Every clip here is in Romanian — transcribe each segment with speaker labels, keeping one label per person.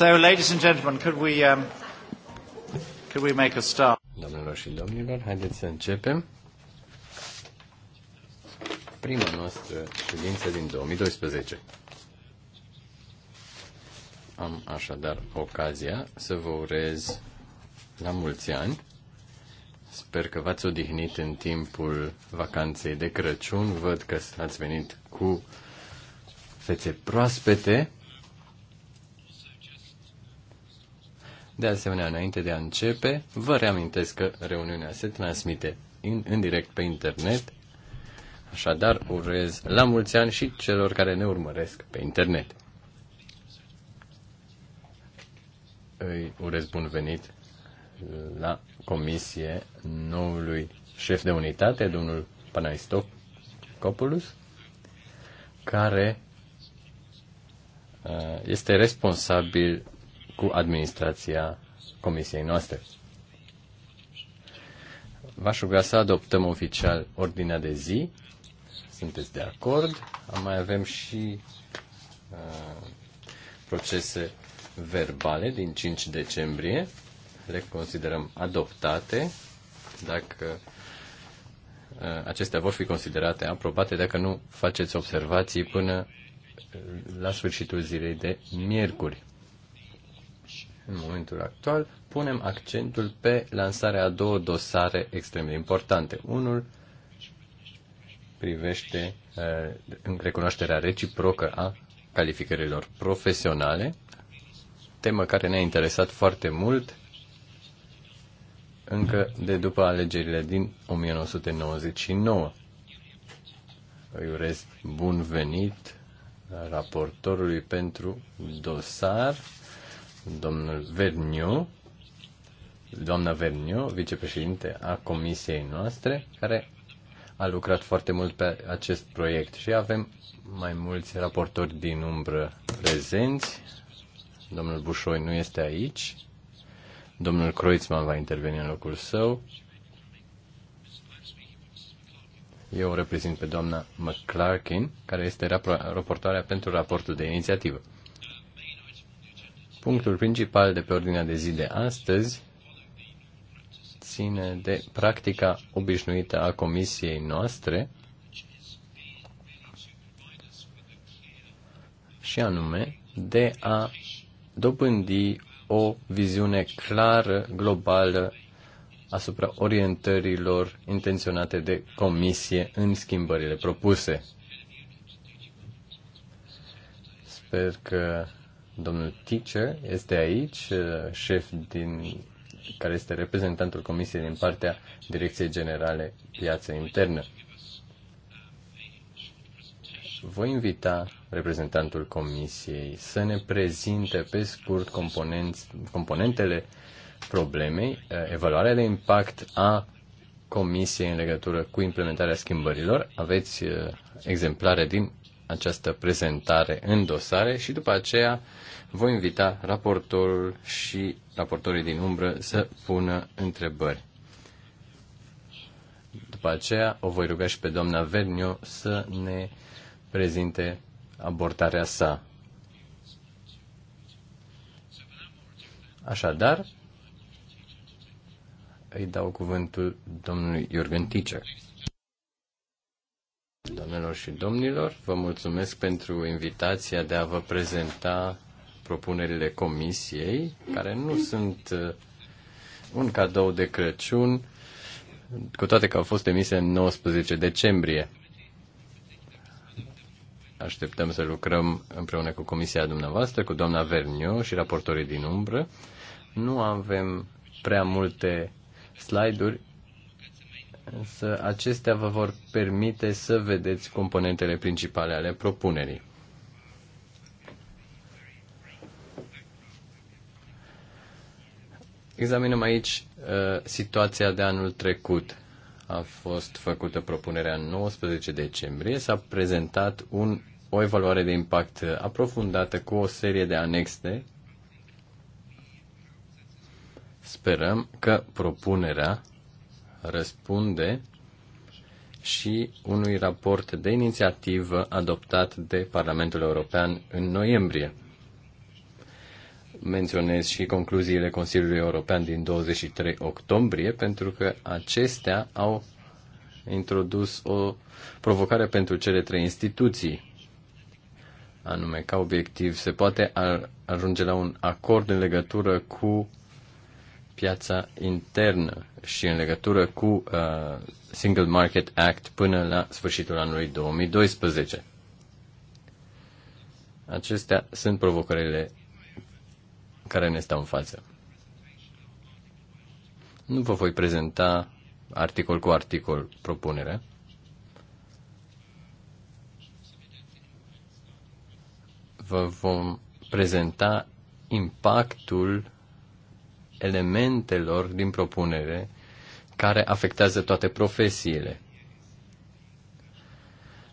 Speaker 1: So, ladies and gentlemen, could we, um, could we make a start? Domnilor și domnilor, haideți să începem. Prima noastră ședință din 2012. Am așadar ocazia să vă urez la mulți ani. Sper că v-ați odihnit în timpul vacanței de Crăciun. Văd că ați venit cu fețe proaspete De asemenea, înainte de a începe, vă reamintesc că reuniunea se transmite în, în direct pe internet, așadar urez la mulți ani și celor care ne urmăresc pe internet. Îi urez bun venit la comisie noului șef de unitate, domnul Panaistopoulos, care uh, este responsabil cu administrația comisiei noastre. V-aș ruga să adoptăm oficial ordinea de zi. Sunteți de acord? Mai avem și uh, procese verbale din 5 decembrie. Le considerăm adoptate dacă uh, acestea vor fi considerate aprobate dacă nu faceți observații până la sfârșitul zilei de miercuri în momentul actual, punem accentul pe lansarea a două dosare extrem de importante. Unul privește uh, recunoașterea reciprocă a calificărilor profesionale, temă care ne-a interesat foarte mult încă de după alegerile din 1999. Îi urez bun venit raportorului pentru dosar domnul Verniu, doamna Verniu, vicepreședinte a comisiei noastre, care a lucrat foarte mult pe acest proiect și avem mai mulți raportori din umbră prezenți. Domnul Bușoi nu este aici. Domnul Croițman va interveni în locul său. Eu o reprezint pe doamna McClarkin, care este raportoarea pentru raportul de inițiativă. Punctul principal de pe ordinea de zi de astăzi ține de practica obișnuită a comisiei noastre și anume de a dobândi o viziune clară, globală, asupra orientărilor intenționate de comisie în schimbările propuse. Sper că Domnul Tice este aici, uh, șef din, care este reprezentantul Comisiei din partea Direcției Generale Piață Internă. Voi invita reprezentantul Comisiei să ne prezinte pe scurt componentele problemei, uh, evaluarea de impact a Comisiei în legătură cu implementarea schimbărilor. Aveți uh, exemplare din această prezentare în dosare și după aceea voi invita raportorul și raportorii din umbră să pună întrebări. După aceea o voi ruga și pe doamna Vernio să ne prezinte abordarea sa. Așadar, îi dau cuvântul domnului Jurgen Tice. Doamnelor și domnilor, vă mulțumesc pentru invitația de a vă prezenta propunerile comisiei, care nu sunt uh, un cadou de Crăciun, cu toate că au fost emise în 19 decembrie. Așteptăm să lucrăm împreună cu comisia dumneavoastră, cu doamna Verniu și raportorii din umbră. Nu avem prea multe slide-uri, însă acestea vă vor permite să vedeți componentele principale ale propunerii. Examinăm aici uh, situația de anul trecut. A fost făcută propunerea în 19 decembrie, s-a prezentat un, o evaluare de impact aprofundată cu o serie de anexe. Sperăm că propunerea răspunde și unui raport de inițiativă adoptat de Parlamentul European în noiembrie. Menționez și concluziile Consiliului European din 23 octombrie, pentru că acestea au introdus o provocare pentru cele trei instituții, anume ca obiectiv se poate ajunge la un acord în legătură cu piața internă și în legătură cu uh, Single Market Act până la sfârșitul anului 2012. Acestea sunt provocările care ne stau în față. Nu vă voi prezenta articol cu articol propunerea. Vă vom prezenta impactul elementelor din propunere care afectează toate profesiile.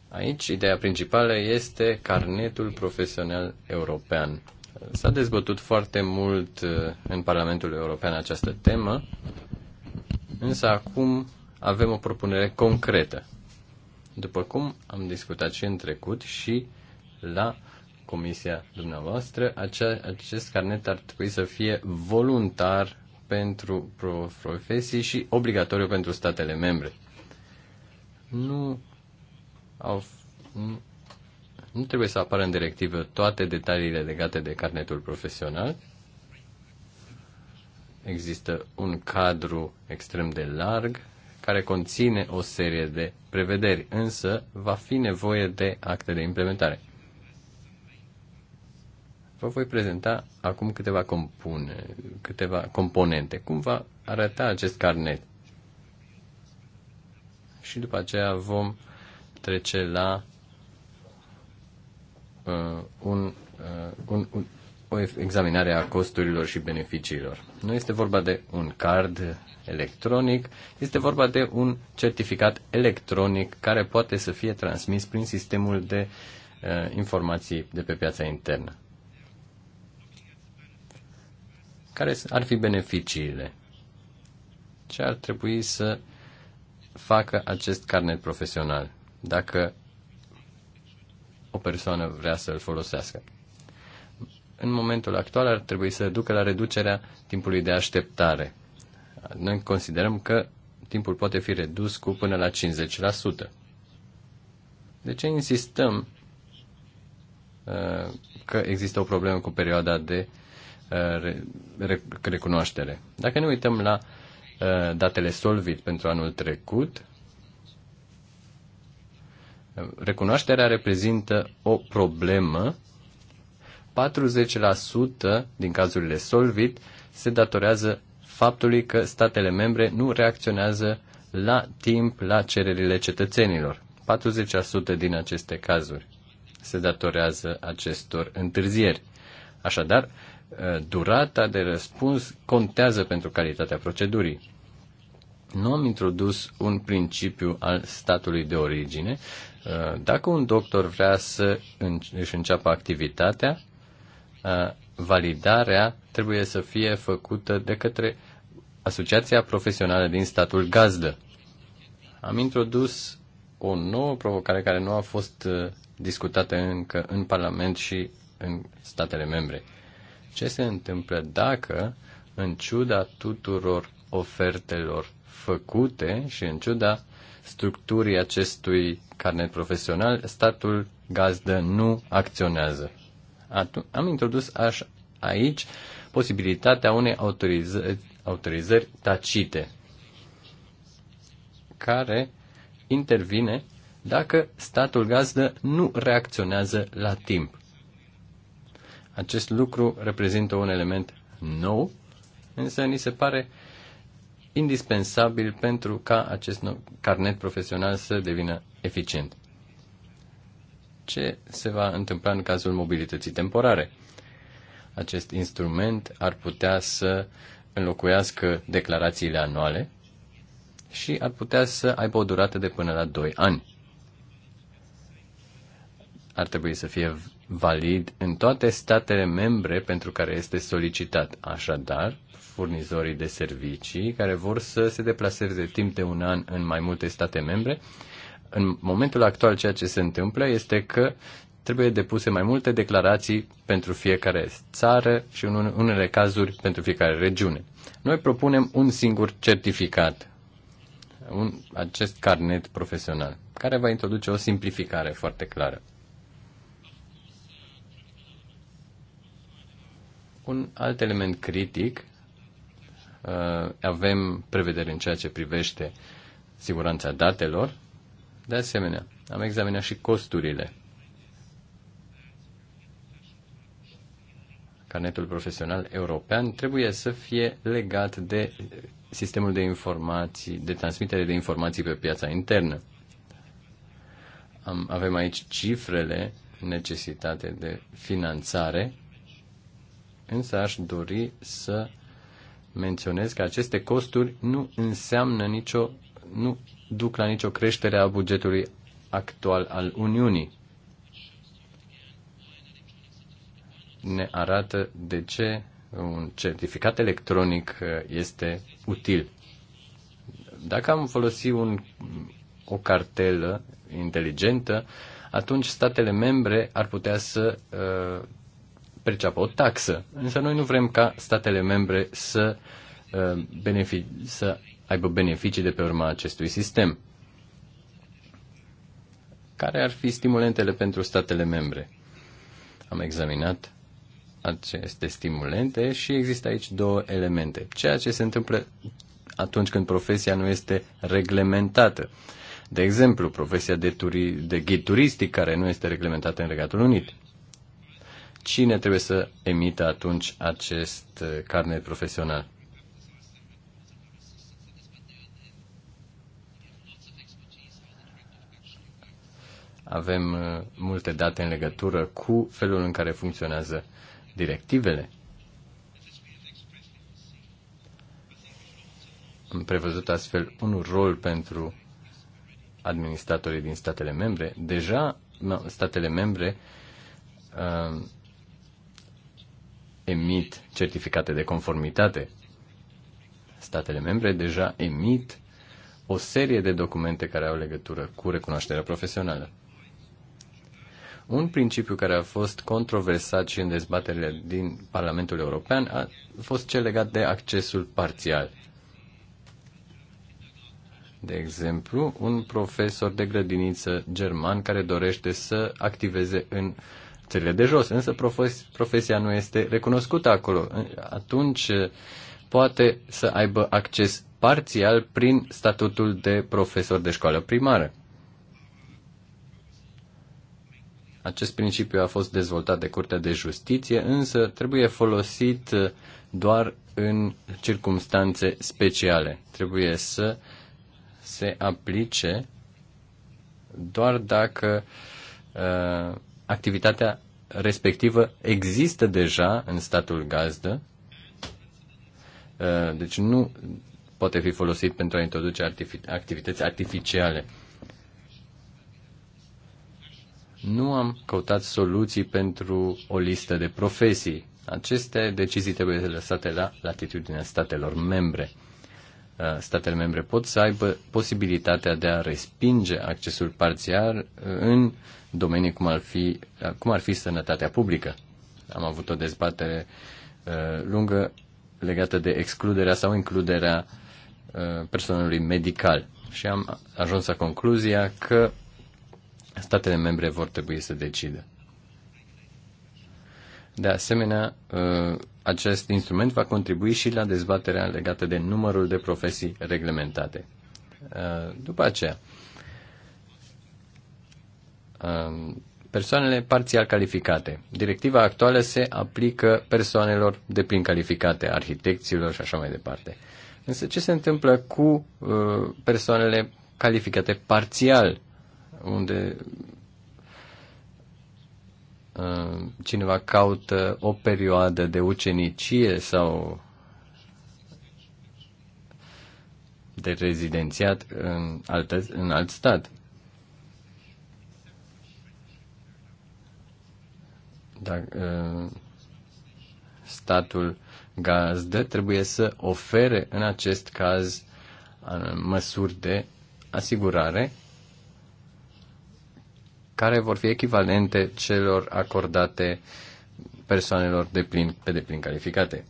Speaker 1: Aici, ideea principală este carnetul profesional european. S-a dezbătut foarte mult uh, în Parlamentul European această temă, însă acum avem o propunere concretă. După cum am discutat și în trecut și la comisia dumneavoastră, acea, acest carnet ar trebui să fie voluntar pentru profesii și obligatoriu pentru statele membre. Nu, au, nu, nu trebuie să apară în directivă toate detaliile legate de carnetul profesional. Există un cadru extrem de larg care conține o serie de prevederi, însă va fi nevoie de acte de implementare. Vă voi prezenta acum câteva, compune, câteva componente. Cum va arăta acest carnet? Și după aceea vom trece la uh, un, uh, un, un, o examinare a costurilor și beneficiilor. Nu este vorba de un card electronic, este vorba de un certificat electronic care poate să fie transmis prin sistemul de uh, informații de pe piața internă. Care ar fi beneficiile? Ce ar trebui să facă acest carnet profesional dacă o persoană vrea să îl folosească? În momentul actual ar trebui să ducă la reducerea timpului de așteptare. Noi considerăm că timpul poate fi redus cu până la 50%. De ce insistăm uh, că există o problemă cu perioada de Uh, recunoaștere. Dacă ne uităm la uh, datele Solvit pentru anul trecut, recunoașterea reprezintă o problemă. 40% din cazurile Solvit se datorează faptului că statele membre nu reacționează la timp la cererile cetățenilor. 40% din aceste cazuri se datorează acestor întârzieri. Așadar, Eh, durata de răspuns contează pentru calitatea procedurii. Nu am introdus un principiu al statului de origine. Eh, dacă un doctor vrea să își înceapă activitatea, eh, validarea trebuie să fie făcută de către Asociația Profesională din statul gazdă. Am introdus o nouă provocare care nu a fost discutată încă în Parlament și în statele membre ce se întâmplă dacă, în ciuda tuturor ofertelor făcute și în ciuda structurii acestui carnet profesional, statul gazdă nu acționează. Atu- am introdus aș, aici posibilitatea unei autorizări, autorizări tacite, care intervine dacă statul gazdă nu reacționează la timp. Acest lucru reprezintă un element nou, însă ni se pare indispensabil pentru ca acest carnet profesional să devină eficient. Ce se va întâmpla în cazul mobilității temporare? Acest instrument ar putea să înlocuiască declarațiile anuale și ar putea să aibă o durată de până la 2 ani. Ar trebui să fie valid în toate statele membre pentru care este solicitat. Așadar, furnizorii de servicii care vor să se deplaseze timp de un an în mai multe state membre, în momentul actual ceea ce se întâmplă este că trebuie depuse mai multe declarații pentru fiecare țară și în unele cazuri pentru fiecare regiune. Noi propunem un singur certificat, un, acest carnet profesional, care va introduce o simplificare foarte clară. Un alt element critic, uh, avem prevederi în ceea ce privește siguranța datelor. De asemenea, am examinat și costurile. Carnetul profesional european trebuie să fie legat de sistemul de informații, de transmitere de informații pe piața internă. Am, avem aici cifrele necesitate de finanțare Însă aș dori să menționez că aceste costuri nu înseamnă nicio, nu duc la nicio creștere a bugetului actual al Uniunii. Ne arată de ce un certificat electronic uh, este util. Dacă am folosit un, o cartelă inteligentă, atunci statele membre ar putea să uh, perceapă o taxă. Însă noi nu vrem ca statele membre să, uh, benefic- să aibă beneficii de pe urma acestui sistem. Care ar fi stimulentele pentru statele membre? Am examinat aceste stimulente și există aici două elemente. Ceea ce se întâmplă atunci când profesia nu este reglementată. De exemplu, profesia de, turi- de ghid turistic, care nu este reglementată în Regatul Unit cine trebuie să emită atunci acest uh, carnet profesional. Avem uh, multe date în legătură cu felul în care funcționează directivele. Am prevăzut astfel un rol pentru administratorii din statele membre. Deja statele membre uh, emit certificate de conformitate. Statele membre deja emit o serie de documente care au legătură cu recunoașterea profesională. Un principiu care a fost controversat și în dezbaterile din Parlamentul European a fost cel legat de accesul parțial. De exemplu, un profesor de grădiniță german care dorește să activeze în uh, țările de jos, însă profesia nu este recunoscută acolo. Atunci poate să aibă acces parțial prin statutul de profesor de școală primară. Acest principiu a fost dezvoltat de Curtea de Justiție, însă trebuie folosit doar în circumstanțe speciale. Trebuie să se aplice doar dacă uh, activitatea respectivă există deja în statul gazdă, uh, deci nu poate fi folosit pentru a introduce activități artificiale. Nu am căutat soluții pentru o listă de profesii. Aceste decizii trebuie lăsate la latitudinea statelor membre. Uh, statele membre pot să aibă posibilitatea de a respinge accesul parțial uh, în domenii cum ar fi, uh, cum ar fi sănătatea publică. Am avut o dezbatere lungă legată de excluderea sau includerea personalului medical și am ajuns la concluzia că statele membre vor trebui să decidă. De asemenea, uh, acest instrument va contribui și la dezbaterea legată de numărul de profesii reglementate. Uh, după aceea, uh, persoanele parțial calificate. Directiva actuală se aplică persoanelor de plin calificate, arhitecților și așa mai departe. Însă ce se întâmplă cu persoanele calificate parțial, unde Uh, cineva caută o perioadă de ucenicie sau de rezidențiat în, altă, în alt stat. Dacă, uh, statul gazdă trebuie să ofere în acest caz uh, măsuri de asigurare care vor fi echivalente celor acordate persoanelor de plin, pe deplin calificate.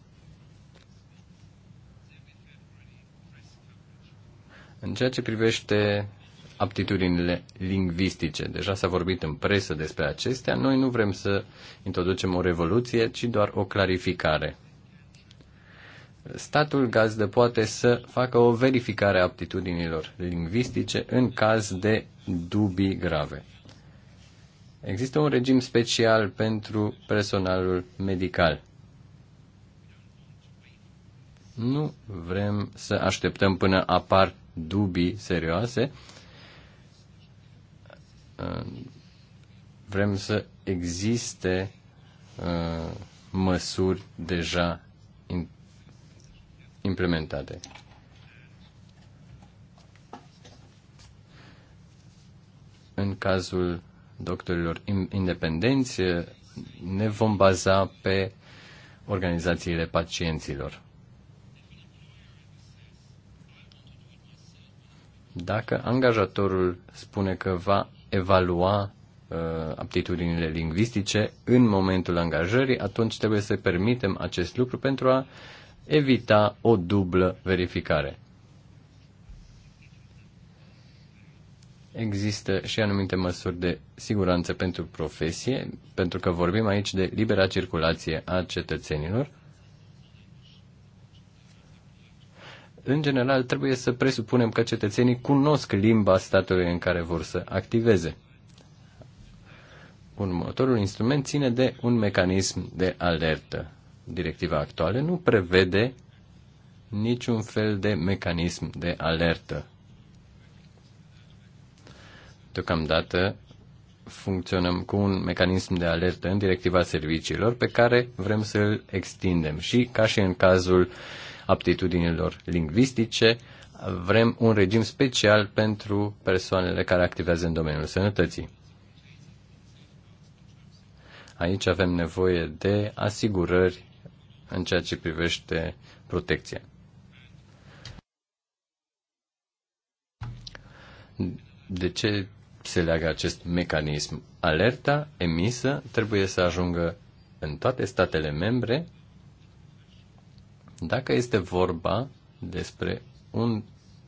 Speaker 1: În ceea ce privește aptitudinile lingvistice, deja s-a vorbit în presă despre acestea, noi nu vrem să introducem o revoluție, ci doar o clarificare. Statul gazdă poate să facă o verificare a aptitudinilor lingvistice în caz de dubii grave. Există un regim special pentru personalul medical. Nu vrem să așteptăm până apar dubii serioase. Uh, vrem să existe uh, măsuri deja implementate. În cazul doctorilor independenți, ne vom baza pe organizațiile pacienților. Dacă angajatorul spune că va evalua uh, aptitudinile lingvistice în momentul angajării, atunci trebuie să permitem acest lucru pentru a evita o dublă verificare. există și anumite măsuri de siguranță pentru profesie, pentru că vorbim aici de libera circulație a cetățenilor. În general, trebuie să presupunem că cetățenii cunosc limba statului în care vor să activeze. Următorul instrument ține de un mecanism de alertă. Directiva actuală nu prevede niciun fel de mecanism de alertă Deocamdată funcționăm cu un mecanism de alertă în directiva serviciilor pe care vrem să îl extindem și, ca și în cazul aptitudinilor lingvistice, vrem un regim special pentru persoanele care activează în domeniul sănătății. Aici avem nevoie de asigurări în ceea ce privește protecția. De ce se leagă acest mecanism. Alerta emisă trebuie să ajungă în toate statele membre dacă este vorba despre un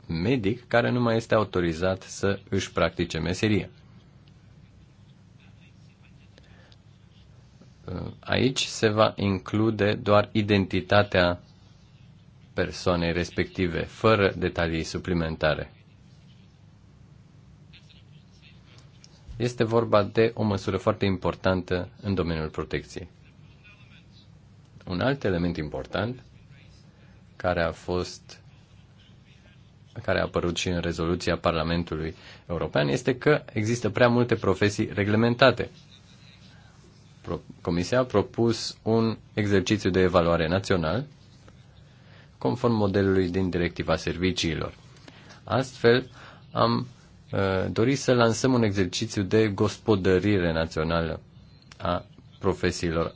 Speaker 1: medic care nu mai este autorizat să își practice meseria. Aici se va include doar identitatea persoanei respective, fără detalii suplimentare. Este vorba de o măsură foarte importantă în domeniul protecției. Un alt element important care a fost care a apărut și în rezoluția Parlamentului European este că există prea multe profesii reglementate. Comisia a propus un exercițiu de evaluare național conform modelului din Directiva Serviciilor. Astfel, am Uh, dori să lansăm un exercițiu de gospodărire națională a profesiilor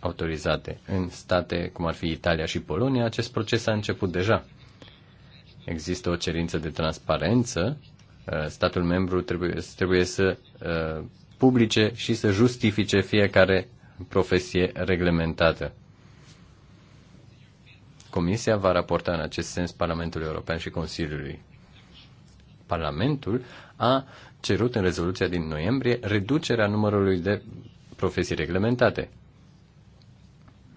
Speaker 1: autorizate. În state cum ar fi Italia și Polonia, acest proces a început deja. Există o cerință de transparență. Uh, statul membru trebuie, trebuie să uh, publice și să justifice fiecare profesie reglementată. Comisia va raporta în acest sens Parlamentului European și Consiliului. Parlamentul a cerut în rezoluția din noiembrie reducerea numărului de profesii reglementate.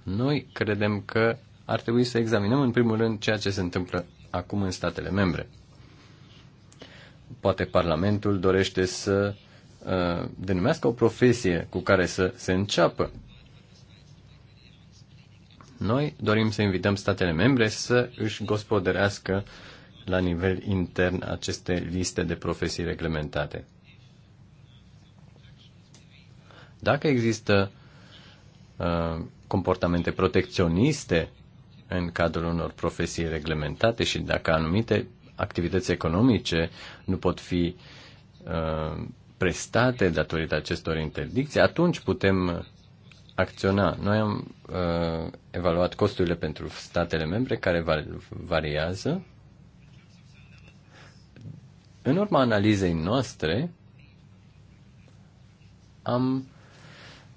Speaker 1: Noi credem că ar trebui să examinăm în primul rând ceea ce se întâmplă acum în statele membre. Poate Parlamentul dorește să uh, denumească o profesie cu care să se înceapă. Noi dorim să invităm statele membre să își gospodărească la nivel intern aceste liste de profesii reglementate. Dacă există uh, comportamente protecționiste în cadrul unor profesii reglementate și dacă anumite activități economice nu pot fi uh, prestate datorită acestor interdicții, atunci putem acționa. Noi am uh, evaluat costurile pentru statele membre care variază în urma analizei noastre, am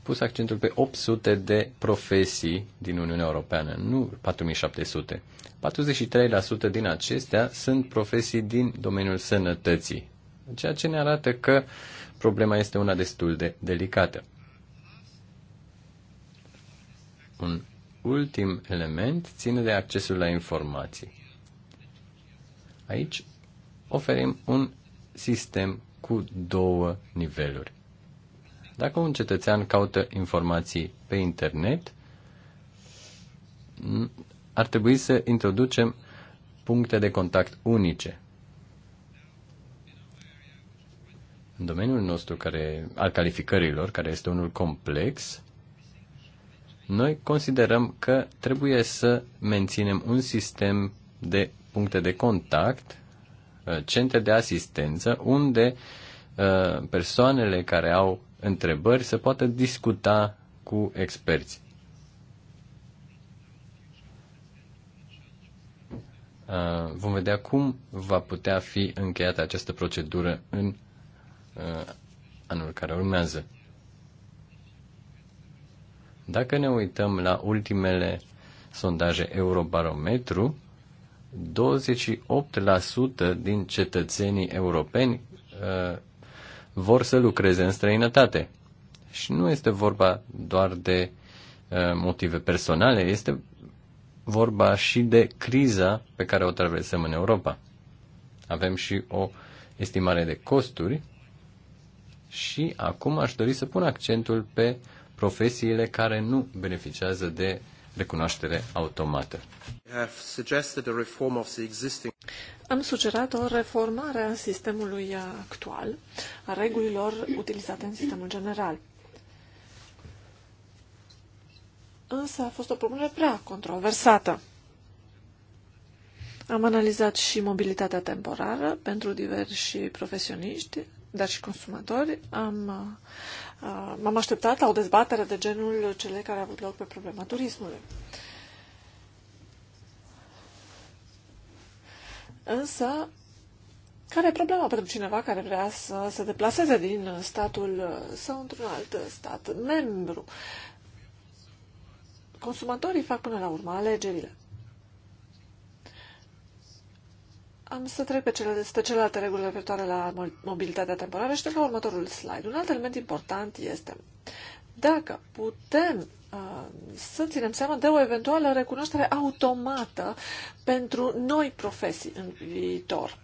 Speaker 1: pus accentul pe 800 de profesii din Uniunea Europeană, nu 4700. 43% din acestea sunt profesii din domeniul sănătății, ceea ce ne arată că problema este una destul de delicată. Un ultim element ține de accesul la informații. Aici oferim un sistem cu două niveluri. Dacă un cetățean caută informații pe internet, ar trebui să introducem puncte de contact unice. În domeniul nostru care, al calificărilor, care este unul complex, noi considerăm că trebuie să menținem un sistem de puncte de contact Uh, centre de asistență unde uh, persoanele care au întrebări să poată discuta cu experți. Uh, vom vedea cum va putea fi încheiată această procedură în anul care urmează. Dacă ne uităm la ultimele sondaje Eurobarometru, 28% din cetățenii europeni uh, vor să lucreze în străinătate. Și nu este vorba doar de uh, motive personale, este vorba și de criza pe care o traversăm în Europa. Avem și o estimare de costuri și acum aș dori să pun accentul pe profesiile care nu beneficiază de recunoaștere automată.
Speaker 2: Am sugerat o reformare a sistemului actual, a regulilor utilizate în sistemul general. Însă a fost o propunere prea controversată. Am analizat și mobilitatea temporară pentru diversi profesioniști, dar și consumatori. Am Uh, m-am așteptat la o dezbatere de genul cele care a avut loc pe problema turismului. Însă, care e problema pentru cineva care vrea să se deplaseze din statul sau într-un alt stat membru? Consumatorii fac până la urmă alegerile. Am să trec pe cele, celelalte reguli referitoare la mobilitatea temporară și trec la următorul slide. Un alt element important este dacă putem uh, să ținem seama de o eventuală recunoaștere automată pentru noi profesii în viitor.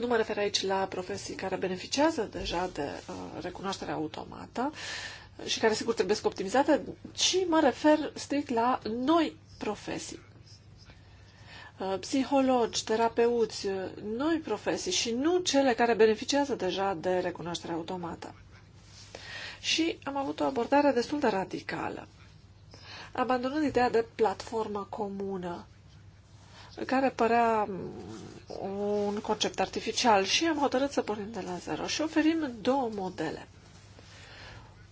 Speaker 2: Nu mă refer aici la profesii care beneficiază deja de uh, recunoaștere automată și care sigur trebuie optimizate, ci mă refer strict la noi profesii Uh, psihologi, terapeuți, uh, noi profesii și nu cele care beneficiază deja de recunoaștere automată. Și am avut o abordare destul de radicală, abandonând ideea de platformă comună, care părea mm, un concept artificial și am hotărât să pornim de la zero și oferim două modele.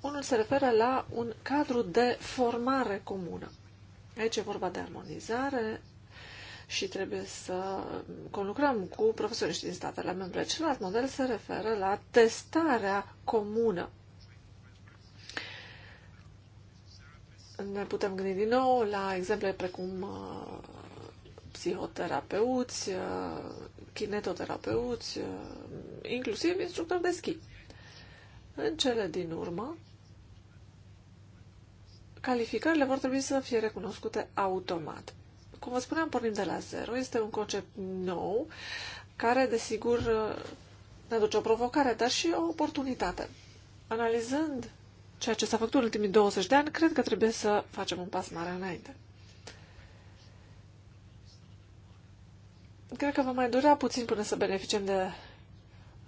Speaker 2: Unul se referă la un cadru de formare comună. Aici e vorba de armonizare, și trebuie să conlucrăm cu profesioniștii din statele membre. Celălalt model se referă la testarea comună. Ne putem gândi din nou la exemple precum uh, psihoterapeuți, uh, kinetoterapeuți, uh, inclusiv instructori de schi. În cele din urmă, calificările vor trebui să fie recunoscute automat. Cum vă spuneam, pornim de la zero. Este un concept nou care, desigur, ne aduce o provocare, dar și o oportunitate. Analizând ceea ce s-a făcut în ultimii 20 de ani, cred că trebuie să facem un pas mare înainte. Cred că va mai dura puțin până să beneficiem de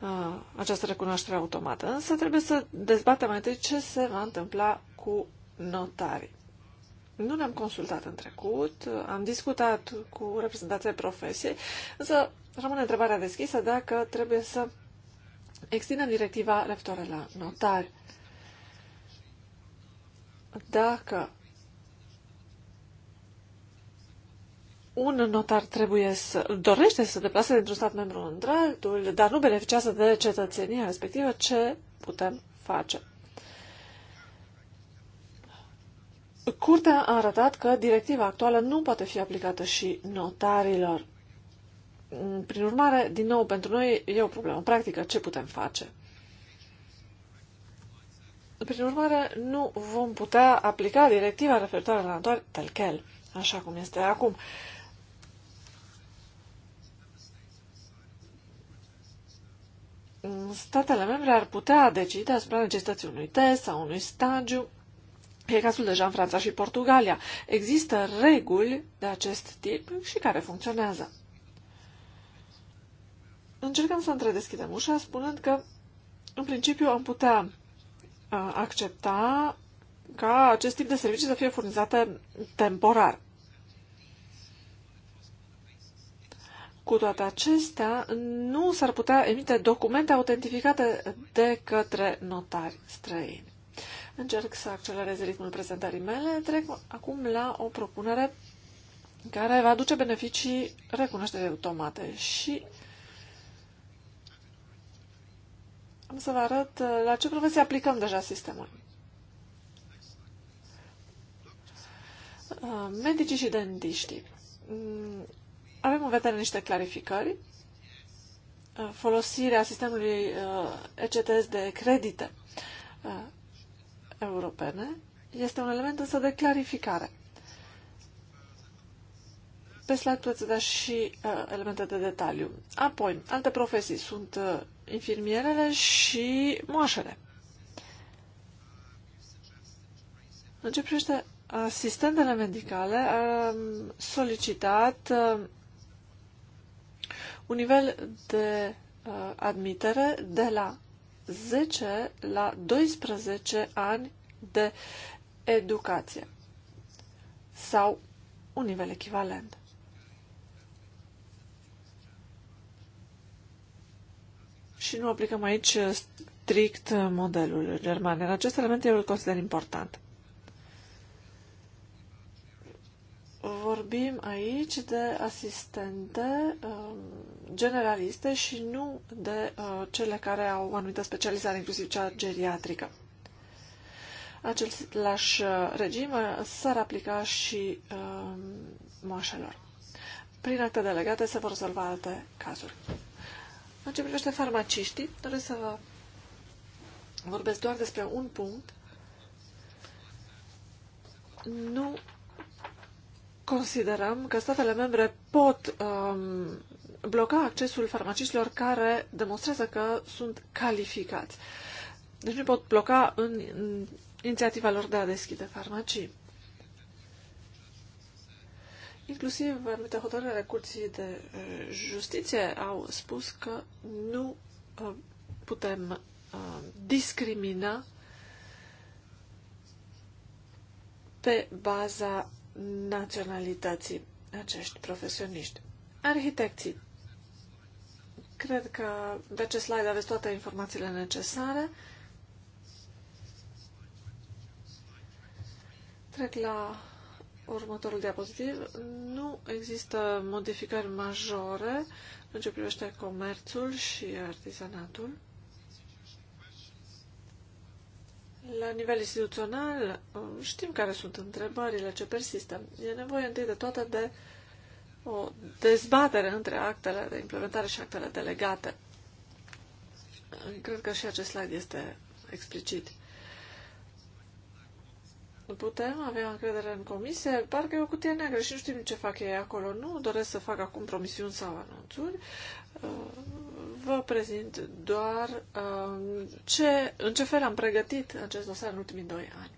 Speaker 2: a, această recunoaștere automată, însă trebuie să dezbatem mai întâi ce se va întâmpla cu notarii. Nu ne-am consultat în trecut, am discutat cu reprezentanții profesiei, însă rămâne întrebarea deschisă dacă trebuie să extindem directiva referitoare la notari. Dacă un notar trebuie să dorește să se deplase dintr-un stat membru într-altul, dar nu beneficiază de cetățenia respectivă, ce putem face? Curtea a arătat că directiva actuală nu poate fi aplicată și notarilor. Prin urmare, din nou, pentru noi e o problemă practică. Ce putem face? Prin urmare, nu vom putea aplica directiva referitoare la notari telchel, așa cum este acum. Statele membre ar putea decide asupra necesității unui test sau unui stagiu E cazul deja în Franța și Portugalia. Există reguli de acest tip și care funcționează. Încercăm să întredeschidem ușa spunând că, în principiu, am putea uh, accepta ca acest tip de servicii să fie furnizate temporar. Cu toate acestea, nu s-ar putea emite documente autentificate de către notari străini. Încerc să accelerez ritmul prezentării mele. Trec acum la o propunere care va aduce beneficii recunoașterii automate și am să vă arăt uh, la ce profesie aplicăm deja sistemul. Uh, medicii și dentiștii. Mm, avem în vedere niște clarificări. Uh, folosirea sistemului ECTS de credite europene este un element însă de clarificare. Pe slide puteți da și uh, elemente de detaliu. Apoi, alte profesii sunt uh, infirmierele și moașele. În ce privește asistentele medicale, am solicitat uh, un nivel de uh, admitere de la 10 la 12 ani de educație sau un nivel echivalent. Și nu aplicăm aici strict modelul german. În acest element eu îl consider important. Vorbim aici de asistente um, generaliste și nu de uh, cele care au o anumită specializare, inclusiv cea geriatrică. Același uh, regim uh, s-ar aplica și uh, moașelor. Prin acte delegate se vor rezolva alte cazuri. În ce privește farmaciștii, doresc să vă vorbesc doar despre un punct. Nu considerăm că statele membre pot um, bloca accesul farmaciștilor care demonstrează că sunt calificați. Deci nu pot bloca în, în inițiativa lor de a deschide farmacii. Inclusiv anumite hotărâri ale Curții de Justiție au spus că nu putem discrimina pe baza naționalității acești profesioniști. Arhitecții Cred că de acest slide aveți toate informațiile necesare. Trec la următorul diapozitiv. Nu există modificări majore în ce privește comerțul și artizanatul. La nivel instituțional știm care sunt întrebările ce persistă. E nevoie întâi de toate de uh, o dezbatere între actele de implementare și actele delegate. Cred că și acest slide este explicit. Nu Putem avea încredere în comisie? Parcă e o cutie neagră și nu știm ce fac ei acolo. Nu doresc să fac acum promisiuni sau anunțuri. Uh, vă prezint doar uh, ce, în ce fel am pregătit acest dosar în ultimii doi ani.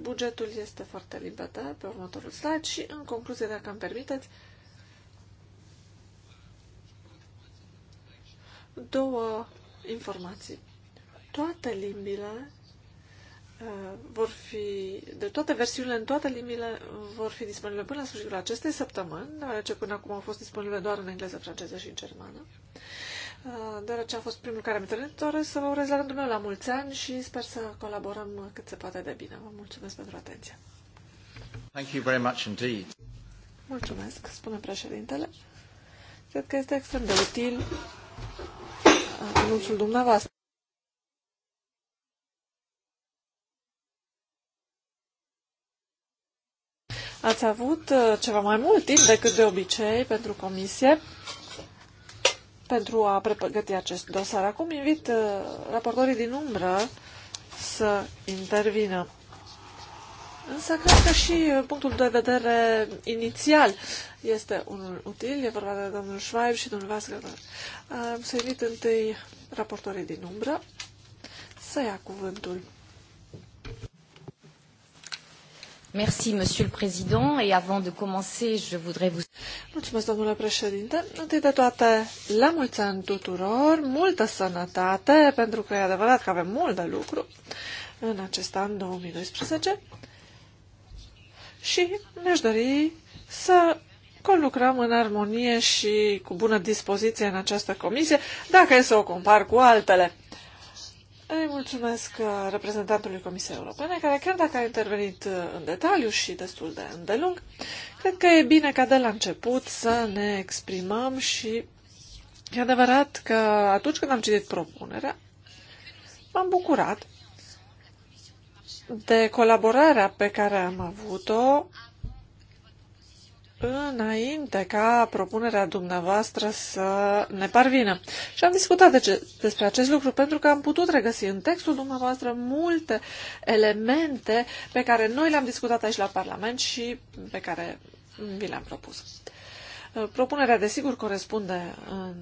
Speaker 2: Bugetul este foarte limitat pe următorul slide și, în concluzie, dacă îmi permiteți, două informații. Toate limbile uh, vor fi, de toate versiunile în toate limbile vor fi disponibile până la sfârșitul acestei săptămâni, deoarece până acum au fost disponibile doar în engleză, franceză și în germană. Uh, deoarece a fost primul care mi-a întâlnit, doresc să vă urez la rândul meu la mulți ani și sper să colaborăm cât se poate de bine. Vă mulțumesc pentru atenție.
Speaker 1: Thank you very much indeed.
Speaker 2: Mulțumesc, spune președintele. Cred că este extrem de util uh, anunțul dumneavoastră. Ați avut uh, ceva mai mult timp decât de obicei pentru comisie pentru a pregăti acest dosar. Acum invit uh, raportorii din umbră să intervină. Însă cred că și punctul de vedere inițial este unul util. E vorba de domnul Schweib și domnul Vasgădăr. Să invit întâi raportorii din umbră să ia cuvântul. Merci, Monsieur le Président. Et avant de commencer, je voudrais vous... Mulțumesc, domnule președinte. Întâi de toate, la mulți ani tuturor, multă sănătate, pentru că e adevărat că avem mult de lucru în acest an 2012. Și mi-aș dori să conlucrăm în armonie și cu bună dispoziție în această comisie, dacă e să o compar cu altele. Îi mulțumesc uh, reprezentantului Comisiei Europene, care chiar dacă a intervenit uh, în detaliu și destul de îndelung, cred că e bine ca de la început să ne exprimăm și e adevărat că atunci când am citit propunerea, m-am bucurat de colaborarea pe care am avut-o înainte ca propunerea dumneavoastră să ne parvină. Și am discutat de ce, despre acest lucru pentru că am putut regăsi în textul dumneavoastră multe elemente pe care noi le-am discutat aici la Parlament și pe care vi le-am propus. Propunerea, desigur, corespunde în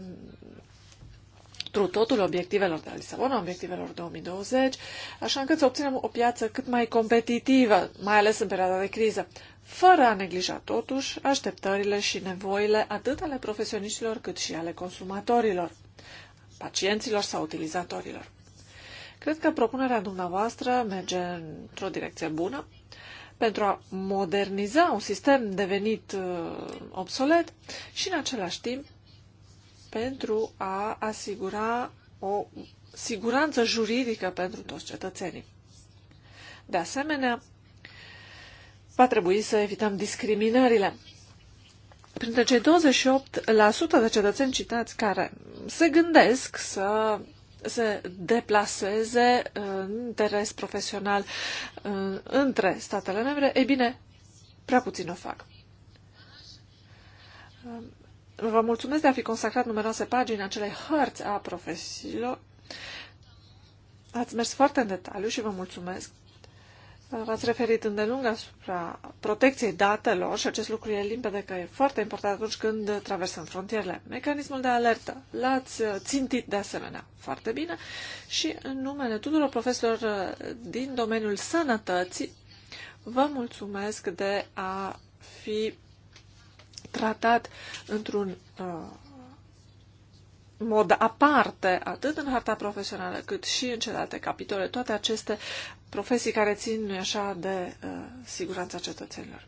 Speaker 2: tru totul obiectivelor de la Lisabona, obiectivelor 2020, așa încât să obținem o piață cât mai competitivă, mai ales în perioada de criză fără a neglija totuși așteptările și nevoile atât ale profesioniștilor cât și ale consumatorilor, pacienților sau utilizatorilor. Cred că propunerea dumneavoastră merge într-o direcție bună. Pentru a moderniza un sistem devenit uh, obsolet și, în același timp, pentru a asigura o siguranță juridică pentru toți cetățenii. De asemenea, va trebui să evităm discriminările. Printre cei 28% de cetățeni citați care se gândesc să se deplaseze în interes profesional între statele membre, e bine, prea puțin o fac. Vă mulțumesc de a fi consacrat numeroase pagini acelei hărți a profesiilor. Ați mers foarte în detaliu și vă mulțumesc V-ați referit îndelung asupra protecției datelor și acest lucru e limpede că e foarte important atunci când traversăm frontierele. Mecanismul de alertă l-ați țintit de asemenea foarte bine și în numele tuturor profesorilor din domeniul sănătății vă mulțumesc de a fi tratat într-un uh, mod aparte, atât în harta profesională cât și în celelalte capitole, toate aceste profesii care țin, nu așa, de uh, siguranța cetățenilor.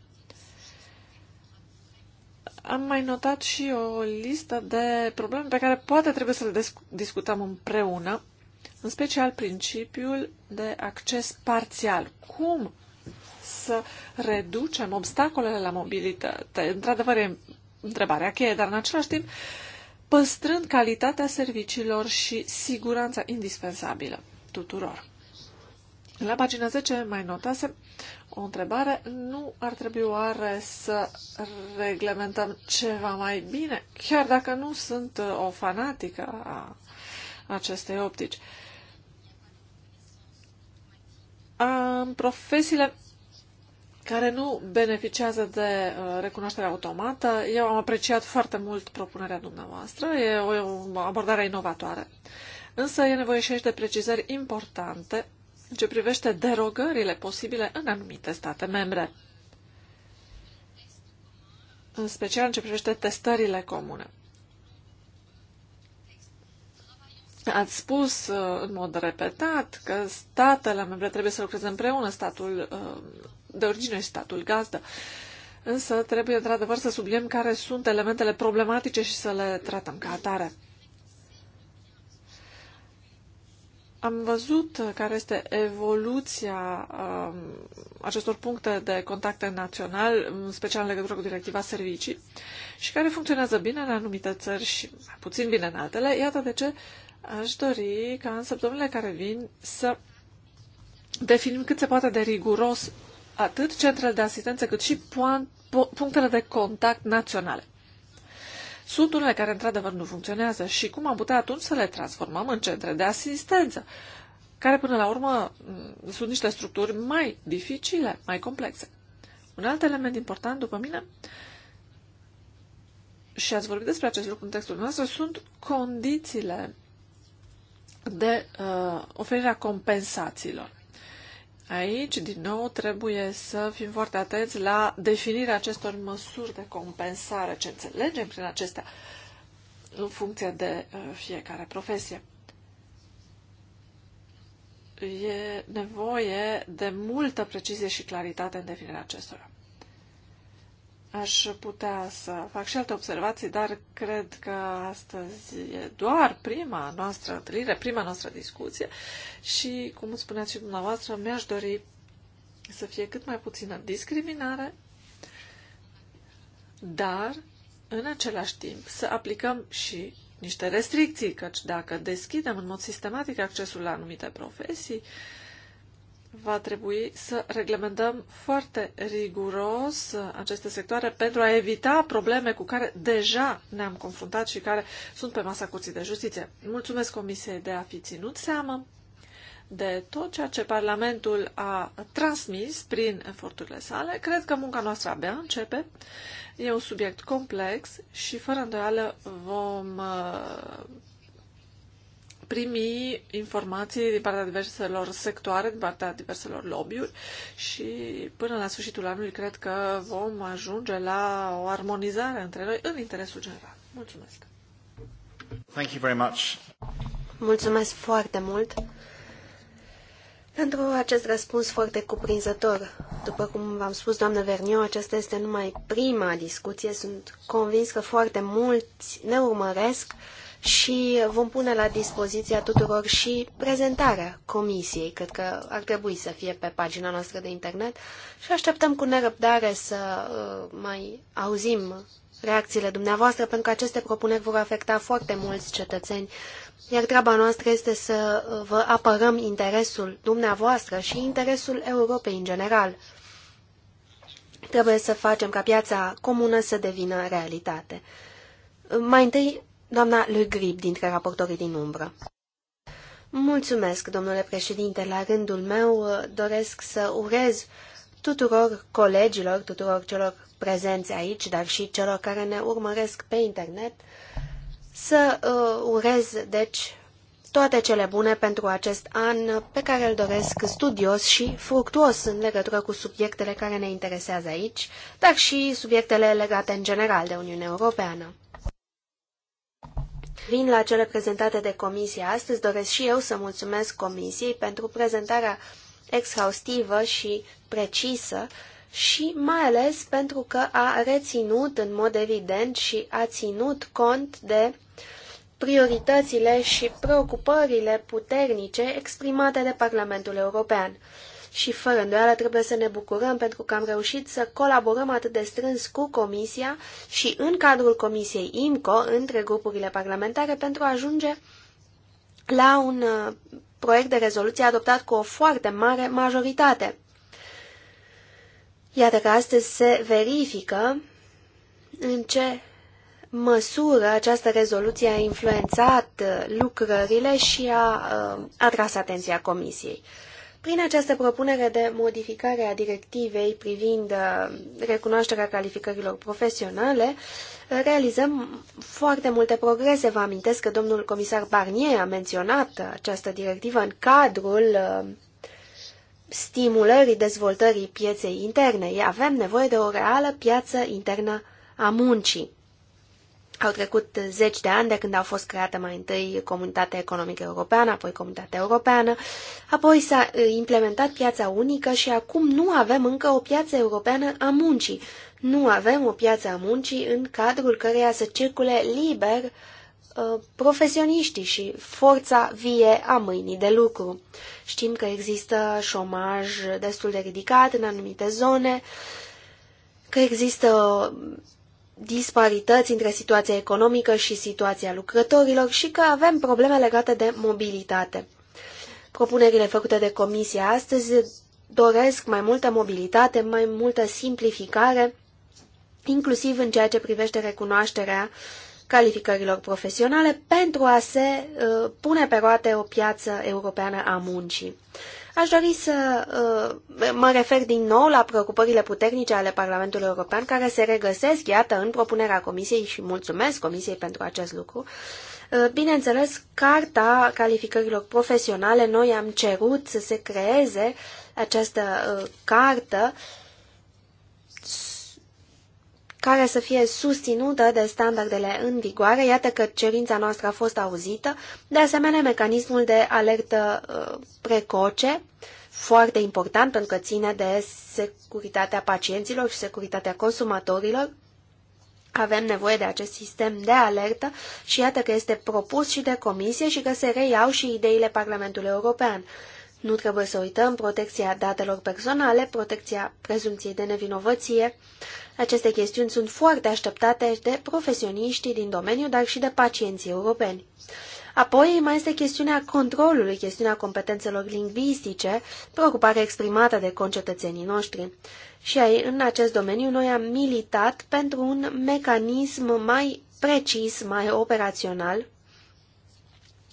Speaker 2: Am mai notat și o listă de probleme pe care poate trebuie să le discutăm împreună, în special principiul de acces parțial. Cum să reducem obstacolele la mobilitate? Într-adevăr, e întrebarea cheie, dar în același timp păstrând calitatea serviciilor și siguranța indispensabilă tuturor. La pagina 10 mai notase o întrebare. Nu ar trebui oare să reglementăm ceva mai bine, chiar dacă nu sunt uh, o fanatică a acestei optici? În profesiile care nu beneficiază de uh, recunoaștere automată, eu am apreciat foarte mult propunerea dumneavoastră, e o abordare inovatoare. Însă e nevoie și aici de precizări importante ce privește derogările posibile în anumite state membre, în special în ce privește testările comune. Ați spus uh, în mod repetat că statele membre trebuie să lucreze împreună, statul uh, de origine și statul gazdă. Însă trebuie într-adevăr să subliniem care sunt elementele problematice și să le tratăm ca atare. Am văzut care este evoluția um, acestor puncte de contacte național, în special în legătură cu directiva servicii, și care funcționează bine în anumite țări și mai puțin bine în altele. Iată de ce aș dori ca în săptămânile care vin să definim cât se poate de riguros atât centrele de asistență cât și punctele de contact naționale. Sunt unele care într-adevăr nu funcționează și cum am putea atunci să le transformăm în centre de asistență, care până la urmă sunt niște structuri mai dificile, mai complexe. Un alt element important, după mine, și ați vorbit despre acest lucru în textul nostru, sunt condițiile de uh, oferirea compensațiilor. Aici, din nou, trebuie să fim foarte atenți la definirea acestor măsuri de compensare, ce înțelegem prin acestea, în funcție de uh, fiecare profesie. E nevoie de multă precizie și claritate în definirea acestora. Aș putea să fac și alte observații, dar cred că astăzi e doar prima noastră întâlnire, prima noastră discuție și, cum spuneați și dumneavoastră, mi-aș dori să fie cât mai puțină discriminare, dar, în același timp, să aplicăm și niște restricții, căci dacă deschidem în mod sistematic accesul la anumite profesii, uh, va trebui să reglementăm foarte riguros aceste sectoare pentru a evita probleme cu care deja ne-am confruntat și care sunt pe masa Curții de Justiție. Mulțumesc Comisiei de a fi ținut seamă de tot ceea ce Parlamentul a transmis prin eforturile sale. Cred că munca noastră abia începe. E un subiect complex și fără îndoială vom primi informații din partea diverselor sectoare, din partea diverselor lobby-uri și până la sfârșitul anului cred că vom ajunge la o armonizare între noi în interesul general. Mulțumesc!
Speaker 1: Thank you very much.
Speaker 3: Mulțumesc foarte mult pentru acest răspuns foarte cuprinzător. După cum v-am spus, doamnă Verniu, aceasta este numai prima discuție. Sunt convins că foarte mulți ne urmăresc și vom pune la dispoziția tuturor și prezentarea comisiei, cred că ar trebui să fie pe pagina noastră de internet și așteptăm cu nerăbdare să uh, mai auzim reacțiile dumneavoastră, pentru că aceste propuneri vor afecta foarte mulți cetățeni, iar treaba noastră este să uh, vă apărăm interesul dumneavoastră și interesul Europei în general. Trebuie să facem ca piața comună să devină realitate. Mai întâi Doamna Le Grip, dintre raportorii din umbră. Mulțumesc, domnule președinte. La rândul meu uh, doresc să urez tuturor colegilor, tuturor celor prezenți aici, dar și celor care ne urmăresc pe internet, să uh, urez, deci, toate cele bune pentru acest an pe care îl doresc studios și fructuos în legătură cu subiectele care ne interesează aici, dar și subiectele legate în general de Uniunea Europeană vin la cele prezentate de comisie astăzi, doresc și eu să mulțumesc comisiei pentru prezentarea exhaustivă și precisă și mai ales pentru că a reținut în mod evident și a ținut cont de prioritățile și preocupările puternice exprimate de Parlamentul European și fără îndoială trebuie să ne bucurăm pentru că am reușit să colaborăm atât de strâns cu Comisia și în cadrul Comisiei IMCO între grupurile parlamentare pentru a ajunge la un uh, proiect de rezoluție adoptat cu o foarte mare majoritate. Iată că astăzi se verifică în ce măsură această rezoluție a influențat uh, lucrările și a uh, atras atenția Comisiei. Prin această propunere de modificare a directivei privind uh, recunoașterea calificărilor profesionale, uh, realizăm foarte multe progrese. Vă amintesc că domnul comisar Barnier a menționat această directivă în cadrul uh, stimulării dezvoltării pieței interne. Avem nevoie de o reală piață internă a muncii. Au trecut zeci de ani de când au fost create mai întâi Comunitatea Economică Europeană, apoi Comunitatea Europeană, apoi s-a implementat piața unică și acum nu avem încă o piață europeană a muncii. Nu avem o piață a muncii în cadrul căreia să circule liber uh, profesioniștii și forța vie a mâinii de lucru. Știm că există șomaj destul de ridicat în anumite zone, că există disparități între situația economică și situația lucrătorilor și că avem probleme legate de mobilitate. Propunerile făcute de comisie astăzi doresc mai multă mobilitate, mai multă simplificare, inclusiv în ceea ce privește recunoașterea calificărilor profesionale pentru a se uh, pune pe roate o piață europeană a muncii. Aș dori să uh, mă refer din nou la preocupările puternice ale Parlamentului European, care se regăsesc, iată, în propunerea Comisiei și mulțumesc Comisiei pentru acest lucru. Uh, bineînțeles, Carta Calificărilor Profesionale, noi am cerut să se creeze această uh, cartă uh, care să fie susținută de standardele în vigoare. Iată că cerința noastră a fost auzită. De asemenea, mecanismul de alertă uh, precoce, foarte important pentru că ține de securitatea pacienților și securitatea consumatorilor. Avem nevoie de acest sistem de alertă și iată că este propus și de comisie și că se reiau și ideile Parlamentului European. Nu trebuie să uităm protecția datelor personale, protecția prezumției de nevinovăție, aceste chestiuni sunt foarte așteptate de profesioniștii din domeniu, dar și de pacienții europeni. Apoi mai este chestiunea controlului, chestiunea competențelor lingvistice, preocupare exprimată de concetățenii noștri. Și în acest domeniu noi am militat pentru un mecanism mai precis, mai operațional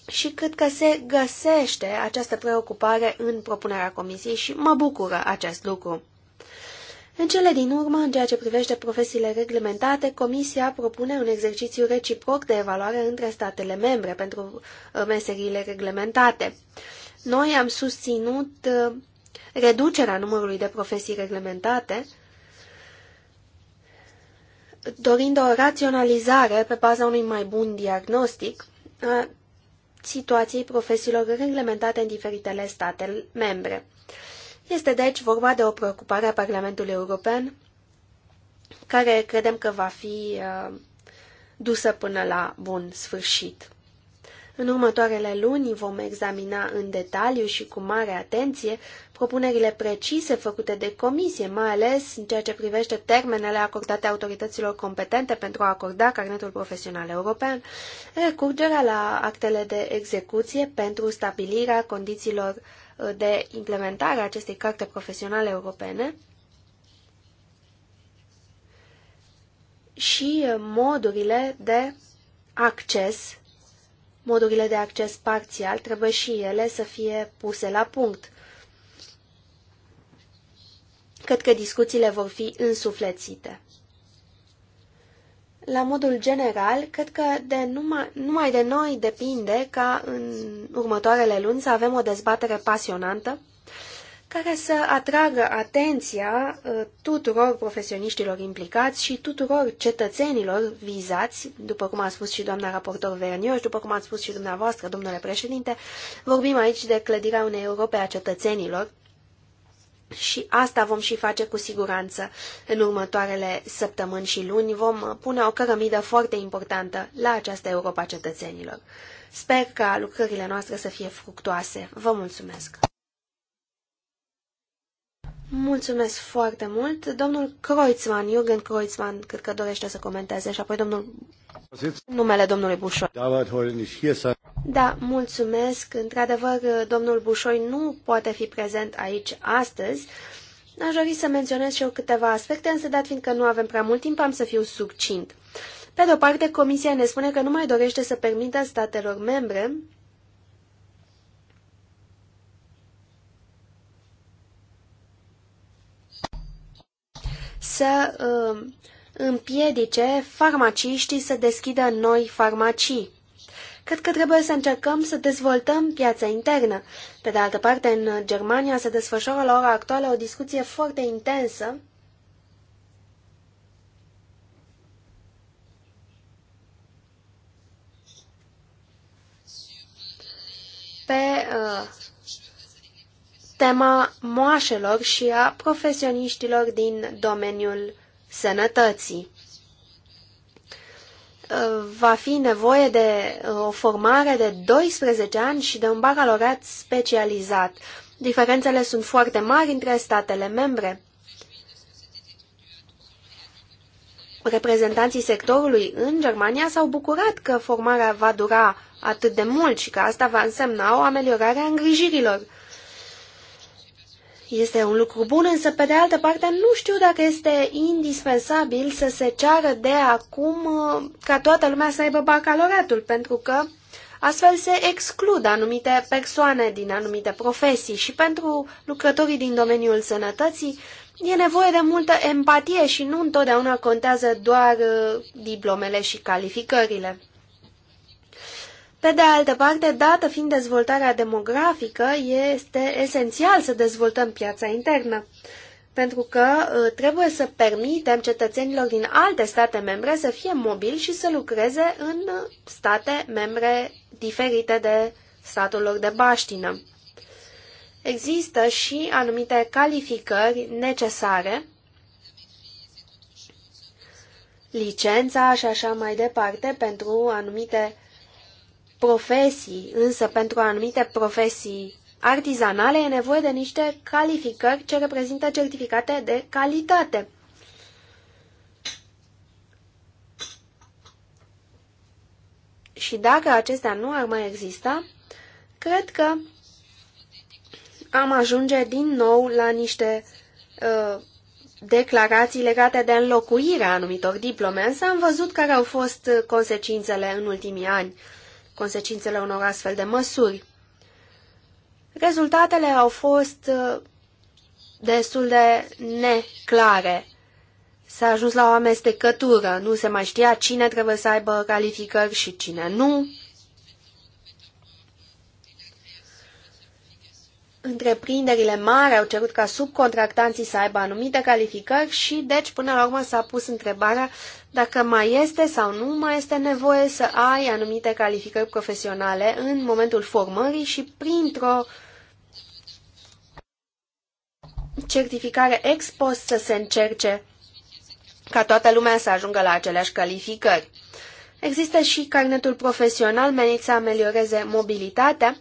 Speaker 3: și cred că se găsește această preocupare în propunerea comisiei și mă bucură acest lucru. În cele din urmă, în ceea ce privește profesiile reglementate, Comisia propune un exercițiu reciproc de evaluare între statele membre pentru uh, meseriile reglementate. Noi am susținut uh, reducerea numărului de profesii reglementate, dorind o raționalizare pe baza unui mai bun diagnostic a situației profesiilor reglementate în diferitele state membre. Este deci vorba de o preocupare a Parlamentului European care credem că va fi uh, dusă până la bun sfârșit. În următoarele luni vom examina în detaliu și cu mare atenție propunerile precise făcute de comisie, mai ales în ceea ce privește termenele acordate autorităților competente pentru a acorda carnetul profesional european, recurgerea la actele de execuție pentru stabilirea condițiilor Uh, de implementare a acestei carte profesionale europene și uh, modurile de acces, modurile de acces parțial trebuie și ele să fie puse la punct. Cred că discuțiile vor fi însuflețite la modul general, cred că de numai, numai de noi depinde ca în următoarele luni să avem o dezbatere pasionantă care să atragă atenția uh, tuturor profesioniștilor implicați și tuturor cetățenilor vizați, după cum a spus și doamna raportor Vernioș, după cum a spus și dumneavoastră, domnule președinte, vorbim aici de clădirea unei Europe a cetățenilor, și asta vom și face cu siguranță. În următoarele săptămâni și luni vom pune o cărămidă foarte importantă la această Europa cetățenilor. Sper ca lucrările noastre să fie fructoase. Vă mulțumesc! Mulțumesc foarte mult. Domnul Kreutzmann, Jürgen Kreutzmann, cred că dorește să comenteze și apoi domnul numele domnului Bușor. Da, mulțumesc. Într-adevăr, domnul Bușoi nu poate fi prezent aici astăzi. Aș dori să menționez și eu câteva aspecte, însă dat fiindcă nu avem prea mult timp, am să fiu succint. Pe de-o parte, Comisia ne spune că nu mai dorește să permită statelor membre să uh, împiedice farmaciștii să deschidă noi farmacii. Cred că trebuie să încercăm să dezvoltăm piața internă. Pe de altă parte, în Germania se desfășoară la ora actuală o discuție foarte intensă pe uh, tema moașelor și a profesioniștilor din domeniul sănătății. Eh, va fi nevoie de eh, o formare de 12 ani și de un bacalaureat specializat. Diferențele sunt foarte mari între statele membre. Reprezentanții sectorului în Germania s-au bucurat că formarea va dura atât de mult și că asta va însemna o ameliorare a îngrijirilor. Este un lucru bun, însă pe de altă parte nu știu dacă este indispensabil să se ceară de acum uh, ca toată lumea să aibă bacaloratul, pentru că astfel se exclud anumite persoane din anumite profesii și pentru lucrătorii din domeniul sănătății e nevoie de multă empatie și nu întotdeauna contează doar uh, diplomele și calificările. Pe de altă parte, dată fiind dezvoltarea demografică, este esențial să dezvoltăm piața internă, pentru că ă, trebuie să permitem cetățenilor din alte state membre să fie mobili și să lucreze în state membre diferite de statul lor de baștină. Există și anumite calificări necesare, licența și așa mai departe, pentru anumite profesii, însă pentru anumite profesii artizanale e nevoie de niște calificări ce reprezintă certificate de calitate. Și dacă acestea nu ar mai exista, cred că am ajunge din nou la niște uh, declarații legate de înlocuirea anumitor diplome, însă am văzut care au fost uh, consecințele în ultimii ani. Uh, consecințele unor astfel de măsuri. Rezultatele au fost uh, destul de neclare. S-a ajuns la o amestecătură, nu se mai știa cine trebuie să aibă calificări și cine nu. Întreprinderile mari au cerut ca subcontractanții să aibă anumite calificări și, deci, până la urmă s-a pus întrebarea dacă mai este sau nu mai este nevoie să ai anumite calificări profesionale în momentul formării și printr-o certificare ex post să se încerce ca toată lumea să ajungă la aceleași calificări. Există și carnetul profesional menit să amelioreze mobilitatea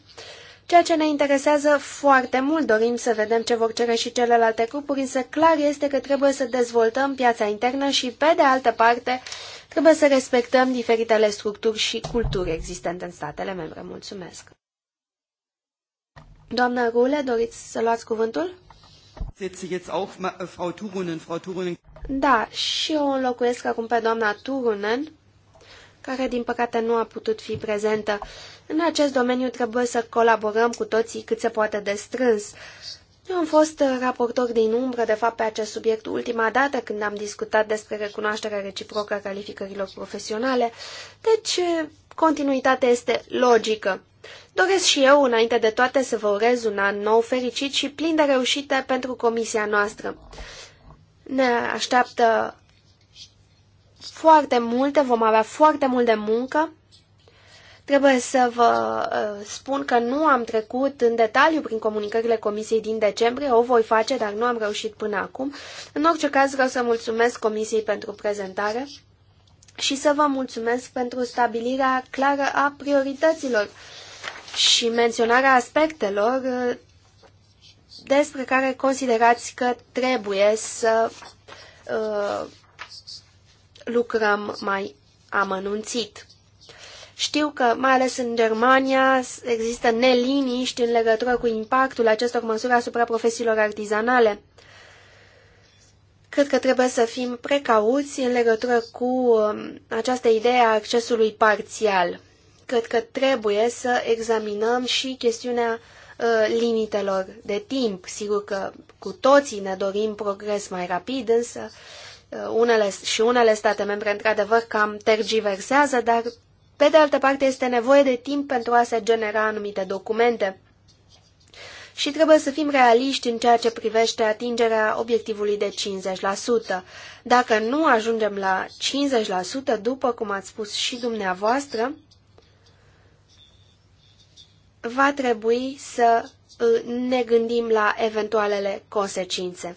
Speaker 3: ceea ce ne interesează foarte mult. Dorim să vedem ce vor cere și celelalte grupuri, însă clar este că trebuie să dezvoltăm piața internă și, pe de altă parte, trebuie să respectăm diferitele structuri și culturi existente în statele membre. Mulțumesc! Doamna Rule, doriți să luați cuvântul? Da, și eu înlocuiesc acum pe doamna Turunen care din păcate nu a putut fi prezentă. În acest domeniu trebuie să colaborăm cu toții cât se poate de strâns. Eu am fost raportor din umbră, de fapt, pe acest subiect ultima dată când am discutat despre recunoașterea reciprocă a calificărilor profesionale, deci continuitatea este logică. Doresc și eu, înainte de toate, să vă urez un an nou fericit și plin de reușite pentru comisia noastră. Ne așteaptă foarte multe, vom avea foarte mult de muncă. Trebuie să vă ă, spun că nu am trecut în detaliu prin comunicările Comisiei din decembrie, o voi face, dar nu am reușit până acum. În orice caz vreau să mulțumesc Comisiei pentru prezentare și să vă mulțumesc pentru stabilirea clară a priorităților și menționarea aspectelor ă, despre care considerați că trebuie să uh, lucrăm mai amănunțit. Știu că, mai ales în Germania, există neliniști în legătură cu impactul acestor măsuri asupra profesiilor artizanale. Cred că trebuie să fim precauți în legătură cu um, această idee a accesului parțial. Cred că trebuie să examinăm și chestiunea uh, limitelor de timp. Sigur că cu toții ne dorim progres mai rapid, însă uh, Uh, unele, și unele state membre, într-adevăr, cam tergiversează, dar, pe de altă parte, este nevoie de timp pentru a se genera anumite documente. Și trebuie să fim realiști în ceea ce privește atingerea obiectivului de 50%. Dacă nu ajungem la 50%, după cum ați spus și dumneavoastră, va trebui să uh, ne gândim la eventualele consecințe.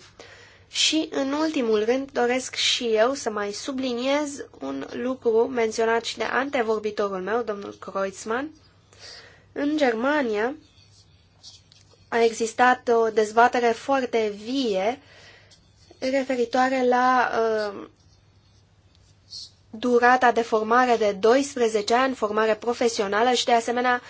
Speaker 3: Și, în ultimul rând, doresc și eu să mai subliniez un lucru menționat și de antevorbitorul meu, domnul Kreuzmann. În Germania a existat o dezbatere foarte vie referitoare la uh, durata de formare de 12 ani, formare profesională și, de asemenea,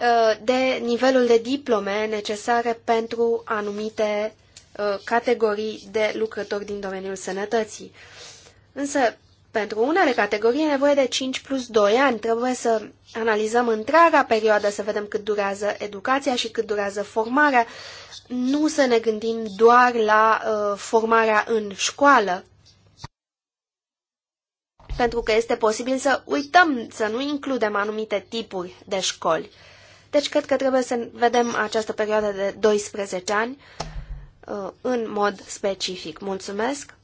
Speaker 3: uh, de nivelul de diplome necesare pentru anumite Uh, categorii de lucrători din domeniul sănătății. Însă, pentru unele categorii e nevoie de 5 plus 2 ani. Trebuie să analizăm întreaga perioadă, să vedem cât durează educația și cât durează formarea. Nu să ne gândim doar la uh, formarea în școală, pentru că este posibil să uităm, să nu includem anumite tipuri de școli. Deci cred că trebuie să vedem această perioadă de 12 ani Uh, în mod specific. Mulțumesc!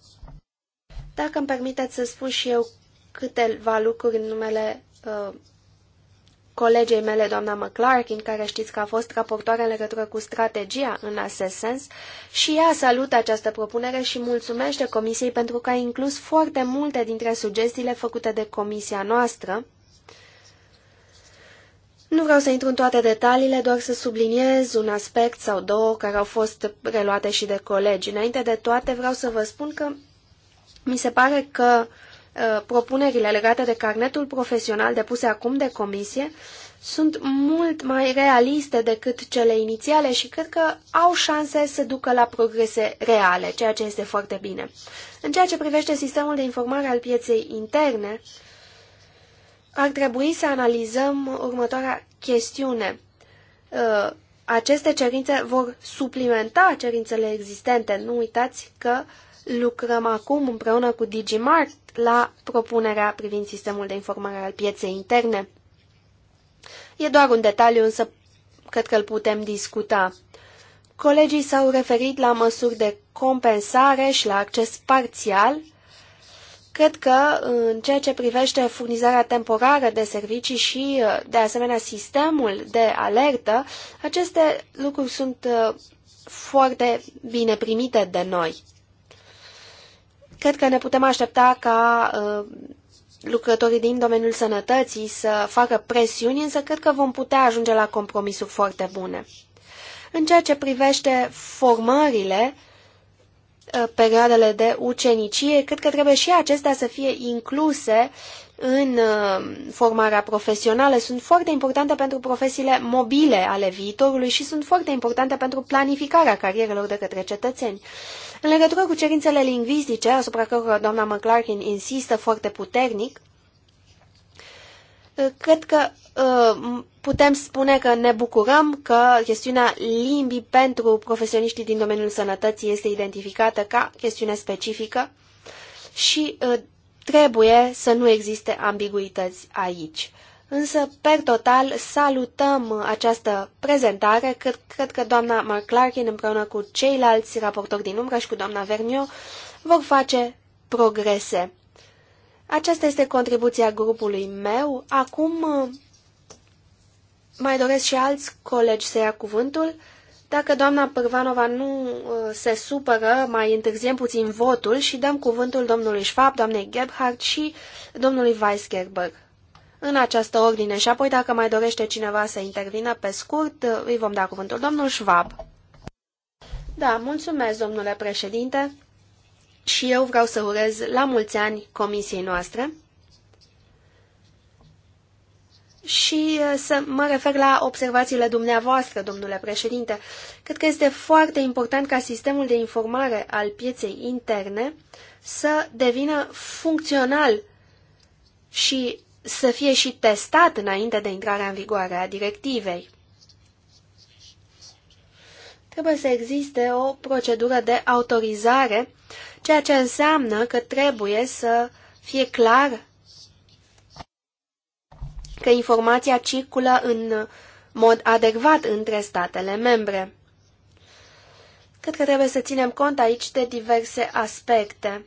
Speaker 3: Dacă îmi permiteți să spun și eu câteva lucruri în numele uh, colegei mele, doamna McClarkin, care știți că a fost raportoare în legătură cu strategia în acest sens, și ea salută această propunere și mulțumește Comisiei pentru că a inclus foarte multe dintre sugestiile făcute de Comisia noastră nu vreau să intru în toate detaliile, doar să subliniez un aspect sau două care au fost reluate și de colegi. Înainte de toate, vreau să vă spun că mi se pare că uh, propunerile legate de carnetul profesional depuse acum de comisie sunt mult mai realiste decât cele inițiale și cred că au șanse să ducă la progrese reale, ceea ce este foarte bine. În ceea ce privește sistemul de informare al pieței interne, uh, ar trebui să analizăm următoarea chestiune. Uh, aceste cerințe vor suplimenta cerințele existente. Nu uitați că lucrăm acum împreună cu Digimart la propunerea privind sistemul de informare al pieței interne. E doar un detaliu, însă cred că îl putem discuta. Colegii s-au referit la măsuri de compensare și la acces parțial, Cred că în ceea ce privește furnizarea temporară de servicii și, de asemenea, sistemul de alertă, aceste lucruri sunt uh, foarte bine primite de noi. Cred că ne putem aștepta ca uh, lucrătorii din domeniul sănătății să facă presiuni, însă cred că vom putea ajunge la compromisuri foarte bune. În ceea ce privește formările, uh, Uh, perioadele de ucenicie, cred că trebuie și acestea să fie incluse în uh, formarea profesională. Sunt foarte importante pentru profesiile mobile ale viitorului și sunt foarte importante pentru planificarea carierelor de către cetățeni. În legătură cu cerințele lingvistice, asupra cărora doamna McClarkin insistă foarte puternic, Cred că uh, putem spune că ne bucurăm că chestiunea limbii pentru profesioniștii din domeniul sănătății este identificată ca chestiune specifică și uh, trebuie să nu existe ambiguități aici. Însă, per total, salutăm această prezentare. Cred, cred că doamna McClarkin împreună cu ceilalți raportori din umbră și cu doamna Vernio vor face progrese aceasta este contribuția grupului meu. Acum eh, mai doresc și alți colegi să ia cuvântul. Dacă doamna Pârvanova nu eh, se supără, mai întârziem puțin votul și dăm cuvântul domnului Schwab, doamnei Gebhardt și domnului Weisgerberg. În această ordine și apoi, dacă mai dorește cineva să intervină pe scurt, eh, îi vom da cuvântul. Domnul Schwab. Da, mulțumesc, domnule președinte și eu vreau să urez la mulți ani comisiei noastre și uh, să mă refer la observațiile dumneavoastră, domnule președinte. Cred că este foarte important ca sistemul de informare al pieței interne să devină funcțional și să fie și testat înainte de intrarea în vigoare a directivei. Trebuie să existe o procedură de autorizare ceea ce înseamnă că trebuie să fie clar că informația circulă în mod adecvat între statele membre. Cred că trebuie să ținem cont aici de diverse aspecte.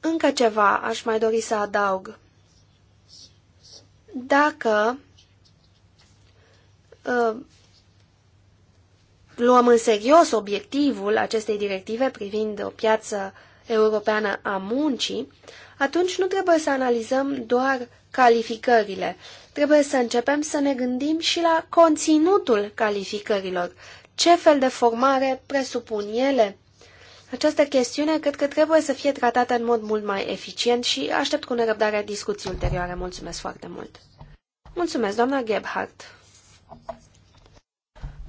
Speaker 3: Încă ceva aș mai dori să adaug. Dacă uh, luăm în serios obiectivul acestei directive privind o piață europeană a muncii, atunci nu trebuie să analizăm doar calificările. Trebuie să începem să ne gândim și la conținutul calificărilor. Ce fel de formare presupun ele? Această chestiune cred că trebuie să fie tratată în mod mult mai eficient și aștept cu nerăbdare discuții ulterioare. Mulțumesc foarte mult! Mulțumesc, doamna Gebhardt!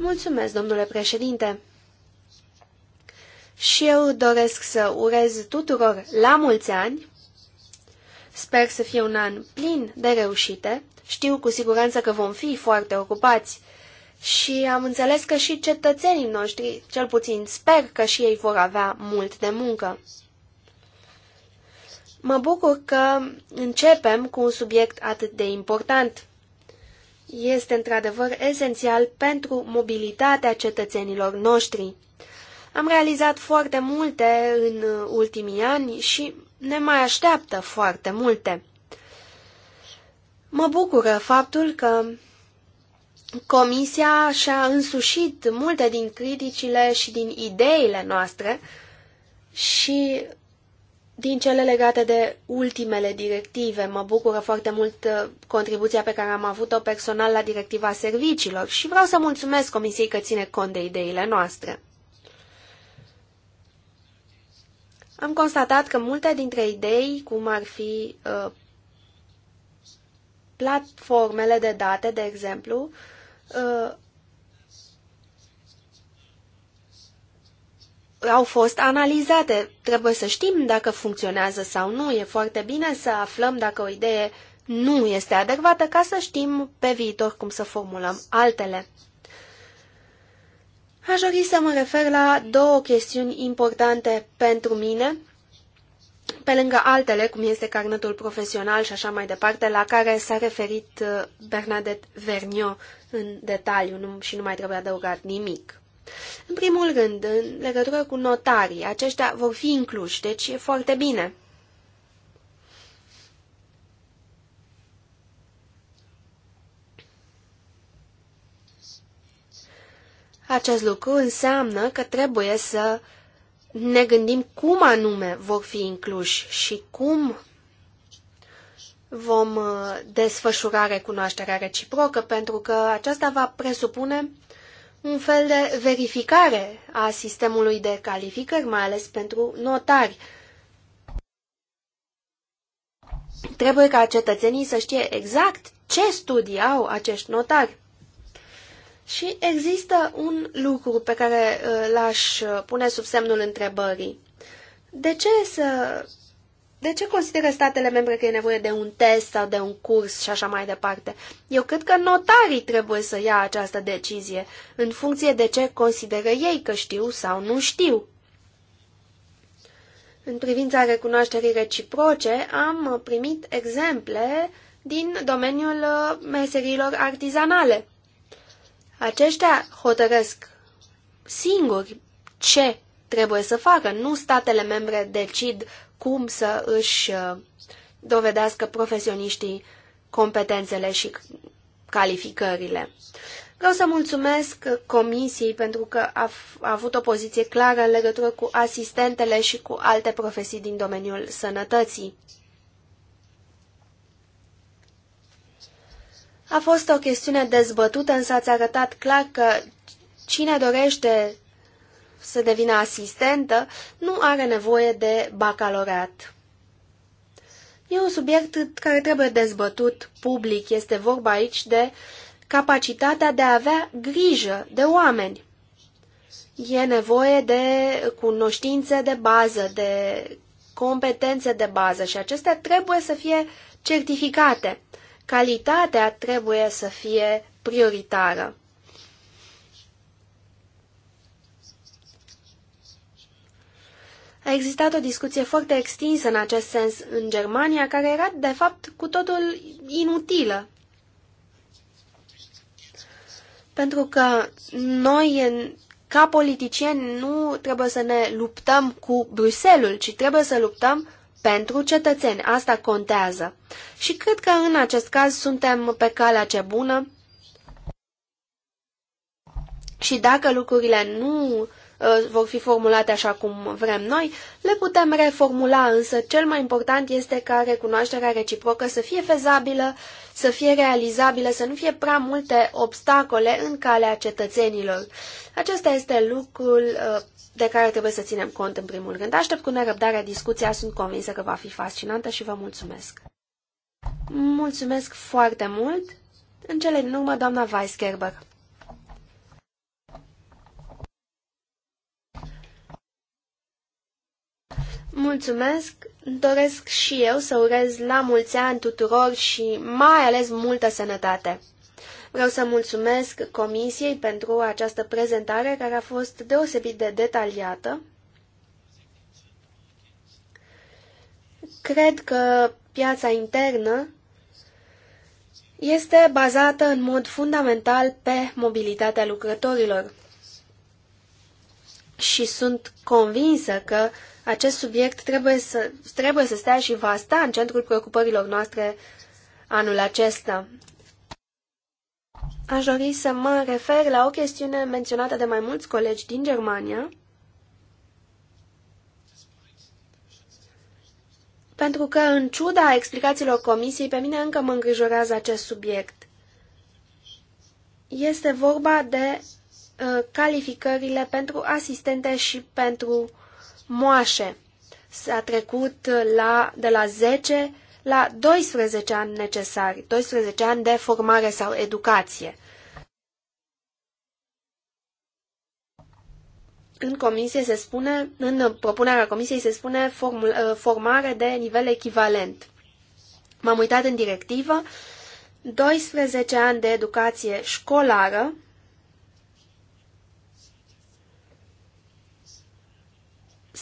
Speaker 3: Mulțumesc, domnule președinte! Și eu doresc să urez tuturor la mulți ani. Sper să fie un an plin de reușite. Știu cu siguranță că vom fi foarte ocupați și am înțeles că și cetățenii noștri, cel puțin sper că și ei vor avea mult de muncă. Mă bucur că începem cu un subiect atât de important este într-adevăr esențial pentru mobilitatea cetățenilor noștri. Am realizat foarte multe în ultimii ani și ne mai așteaptă foarte multe. Mă bucură faptul că Comisia și-a însușit multe din criticile și din ideile noastre și din cele legate de ultimele directive, mă bucură foarte mult uh, contribuția pe care am avut-o personal la directiva serviciilor și vreau să mulțumesc Comisiei că ține cont de ideile noastre. Am constatat că multe dintre idei, cum ar fi uh, platformele de date, de exemplu, uh, au fost analizate. Trebuie să știm dacă funcționează sau nu. E foarte bine să aflăm dacă o idee nu este adecvată ca să știm pe viitor cum să formulăm altele. Aș dori să mă refer la două chestiuni importante pentru mine, pe lângă altele, cum este carnetul profesional și așa mai departe, la care s-a referit uh, Bernadette Vergniaud în detaliu și nu mai trebuie adăugat nimic. În primul rând, în legătură cu notarii, aceștia vor fi incluși, deci e foarte bine. Acest lucru înseamnă că trebuie să ne gândim cum anume vor fi incluși și cum vom uh, desfășura recunoașterea reciprocă, pentru că aceasta va presupune un fel de verificare a sistemului de calificări, mai ales pentru notari. Trebuie ca cetățenii să știe exact ce studii au acești notari. Și există un lucru pe care uh, l-aș uh, pune sub semnul întrebării. De ce să de ce consideră statele membre că e nevoie de un test sau de un curs și așa mai departe? Eu cred că notarii trebuie să ia această decizie, în funcție de ce consideră ei că știu sau nu știu. În privința recunoașterii reciproce, am primit exemple din domeniul uh, meserilor artizanale. Aceștia hotărăsc singuri ce trebuie să facă. Nu statele membre decid cum să își uh, dovedească profesioniștii competențele și calificările. Vreau să mulțumesc Comisiei pentru că a, a avut o poziție clară în legătură cu asistentele și cu alte profesii din domeniul sănătății. A fost o chestiune dezbătută, însă ați arătat clar că cine dorește să devină asistentă, nu are nevoie de bacalaureat. E un subiect care trebuie dezbătut public. Este vorba aici de capacitatea de a avea grijă de oameni. E nevoie de cunoștințe de bază, de competențe de bază și acestea trebuie să fie certificate. Calitatea trebuie să fie prioritară. A existat o discuție foarte extinsă în acest sens în Germania, care era, de fapt, cu totul inutilă. Pentru că noi, ca politicieni, nu trebuie să ne luptăm cu Bruselul, ci trebuie să luptăm pentru cetățeni. Asta contează. Și cred că în acest caz suntem pe calea ce bună. Și dacă lucrurile nu Uh, vor fi formulate așa cum vrem noi, le putem reformula, însă cel mai important este ca recunoașterea reciprocă să fie fezabilă, să fie realizabilă, să nu fie prea multe obstacole în calea cetățenilor. Acesta este lucrul uh, de care trebuie să ținem cont în primul rând. Aștept cu nerăbdare discuția, sunt convinsă că va fi fascinantă și vă mulțumesc. Mulțumesc foarte mult! În cele din urmă, doamna Weisgerber. Mulțumesc! Doresc și eu să urez la mulți ani tuturor și mai ales multă sănătate. Vreau să mulțumesc Comisiei pentru această prezentare care a fost deosebit de detaliată. Cred că piața internă este bazată în mod fundamental pe mobilitatea lucrătorilor. Și sunt convinsă că acest subiect trebuie să, trebuie să stea și va sta în centrul preocupărilor noastre anul acesta. Aș dori să mă refer la o chestiune menționată de mai mulți colegi din Germania, pentru că, în ciuda explicațiilor comisiei, pe mine încă mă îngrijorează acest subiect. Este vorba de uh, calificările pentru asistente și pentru moașe. S-a trecut la, de la 10 la 12 ani necesari, 12 ani de formare sau educație. În comisie se spune, în propunerea comisiei se spune form, uh, formare de nivel echivalent. M-am uitat în directivă, 12 ani de educație școlară,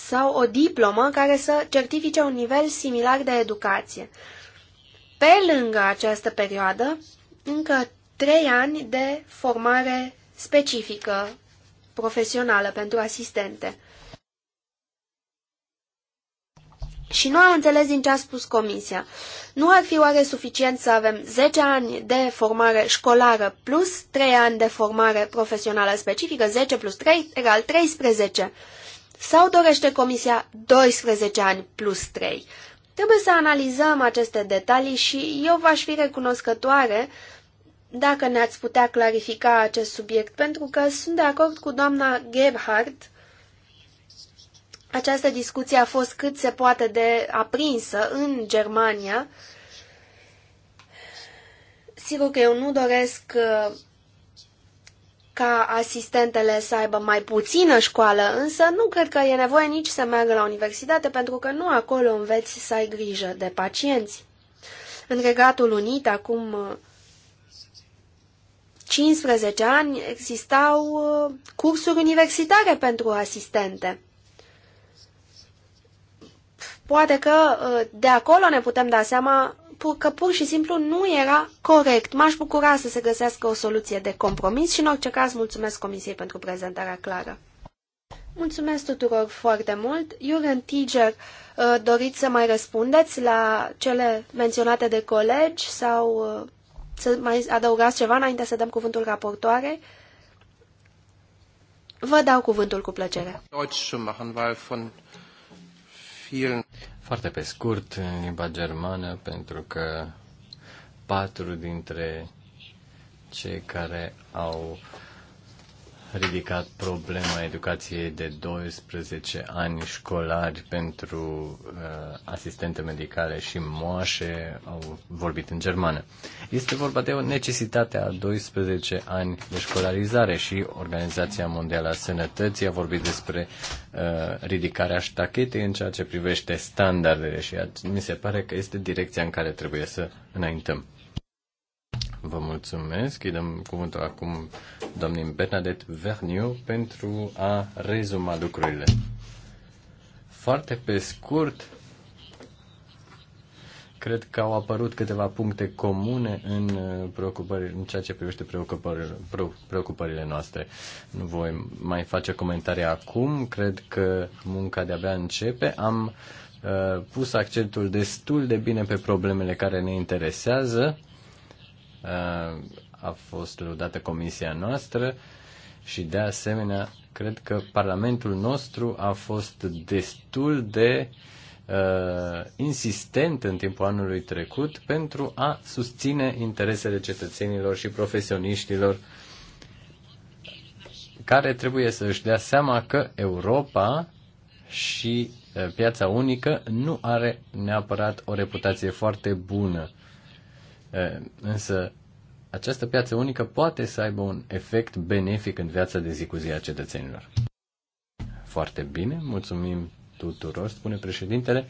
Speaker 3: sau o diplomă care să certifice un nivel similar de educație. Pe lângă această perioadă, încă trei ani de formare specifică profesională pentru asistente. Și nu am înțeles din ce a spus comisia. Nu ar fi oare suficient să avem 10 ani de formare școlară plus 3 ani de formare profesională specifică, 10 plus 3 egal 13? Sau dorește Comisia 12 ani plus 3? Trebuie să analizăm aceste detalii și eu v-aș fi recunoscătoare dacă ne-ați putea clarifica acest subiect, pentru că sunt de acord cu doamna Gebhardt. Această discuție a fost cât se poate de aprinsă în Germania. Sigur că eu nu doresc uh, ca asistentele să aibă mai puțină școală, însă nu cred că e nevoie nici să meargă la universitate, pentru că nu acolo înveți să ai grijă de pacienți. În Regatul Unit, acum 15 uh, ani, existau uh, cursuri universitare pentru asistente. Poate că uh, de acolo ne putem da seama că pur și simplu nu era corect. M-aș bucura să se găsească o soluție de compromis și în orice caz mulțumesc Comisiei pentru prezentarea clară. Mulțumesc tuturor foarte mult. Iuren Tiger, uh, doriți să mai răspundeți la cele menționate de colegi sau uh, să mai adăugați ceva înainte să dăm cuvântul raportoarei? Vă dau cuvântul cu plăcere.
Speaker 1: Foarte pe scurt, în limba germană, pentru că patru dintre cei care au ridicat problema educației de 12 ani școlari pentru uh, asistente medicale și moașe, au vorbit în germană. Este vorba de o necesitate a 12 ani de școlarizare și Organizația Mondială a Sănătății a vorbit despre uh, ridicarea ștachetei în ceea ce privește standardele și mi se pare că este direcția în care trebuie să înaintăm. Vă mulțumesc. Îi dăm cuvântul acum doamnei Bernadette Verniu pentru a rezuma lucrurile. Foarte pe scurt, cred că au apărut câteva puncte comune în, uh, preocupări, în ceea ce privește preocupările, preocupările noastre. Nu voi mai face comentarii acum, cred că munca de-abia începe. Am uh, pus accentul destul de bine pe problemele care ne interesează a fost lăudată comisia noastră și de asemenea cred că Parlamentul nostru a fost destul de uh, insistent în timpul anului trecut pentru a susține interesele cetățenilor și profesioniștilor care trebuie să își dea seama că Europa și uh, piața unică nu are neapărat o reputație foarte bună Însă această piață unică poate să aibă un efect benefic în viața de zi cu zi a cetățenilor. Foarte bine, mulțumim tuturor, spune președintele.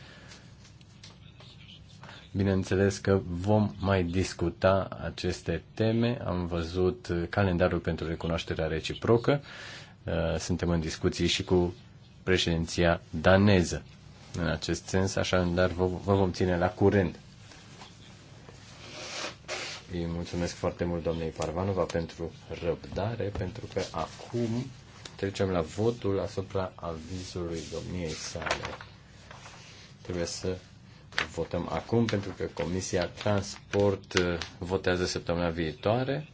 Speaker 1: Bineînțeles că vom mai discuta aceste teme. Am văzut calendarul pentru recunoașterea reciprocă. Suntem în discuții și cu președinția daneză. În acest sens, așa, dar vă vom ține la curent. Îi mulțumesc foarte mult doamnei Parvanova pentru răbdare, pentru că acum trecem la votul asupra avizului domniei sale. Trebuie să votăm acum pentru că Comisia Transport uh, votează săptămâna viitoare.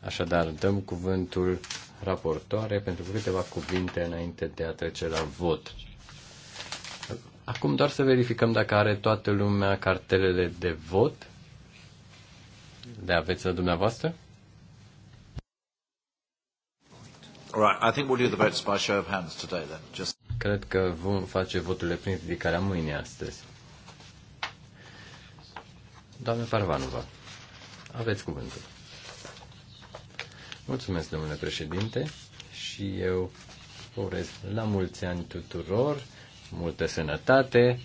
Speaker 1: Așadar, dăm cuvântul raportoare pentru câteva cuvinte înainte de a trece la vot. Acum doar să verificăm dacă are toată lumea cartelele de vot de aveți la dumneavoastră? Right, I think we'll do the votes by show of hands today then. Just... Cred că vom face voturile prin ridicarea mâinii astăzi. Doamne Parvanova, aveți cuvântul. Mulțumesc, domnule președinte, și eu urez la mulți ani tuturor, multă sănătate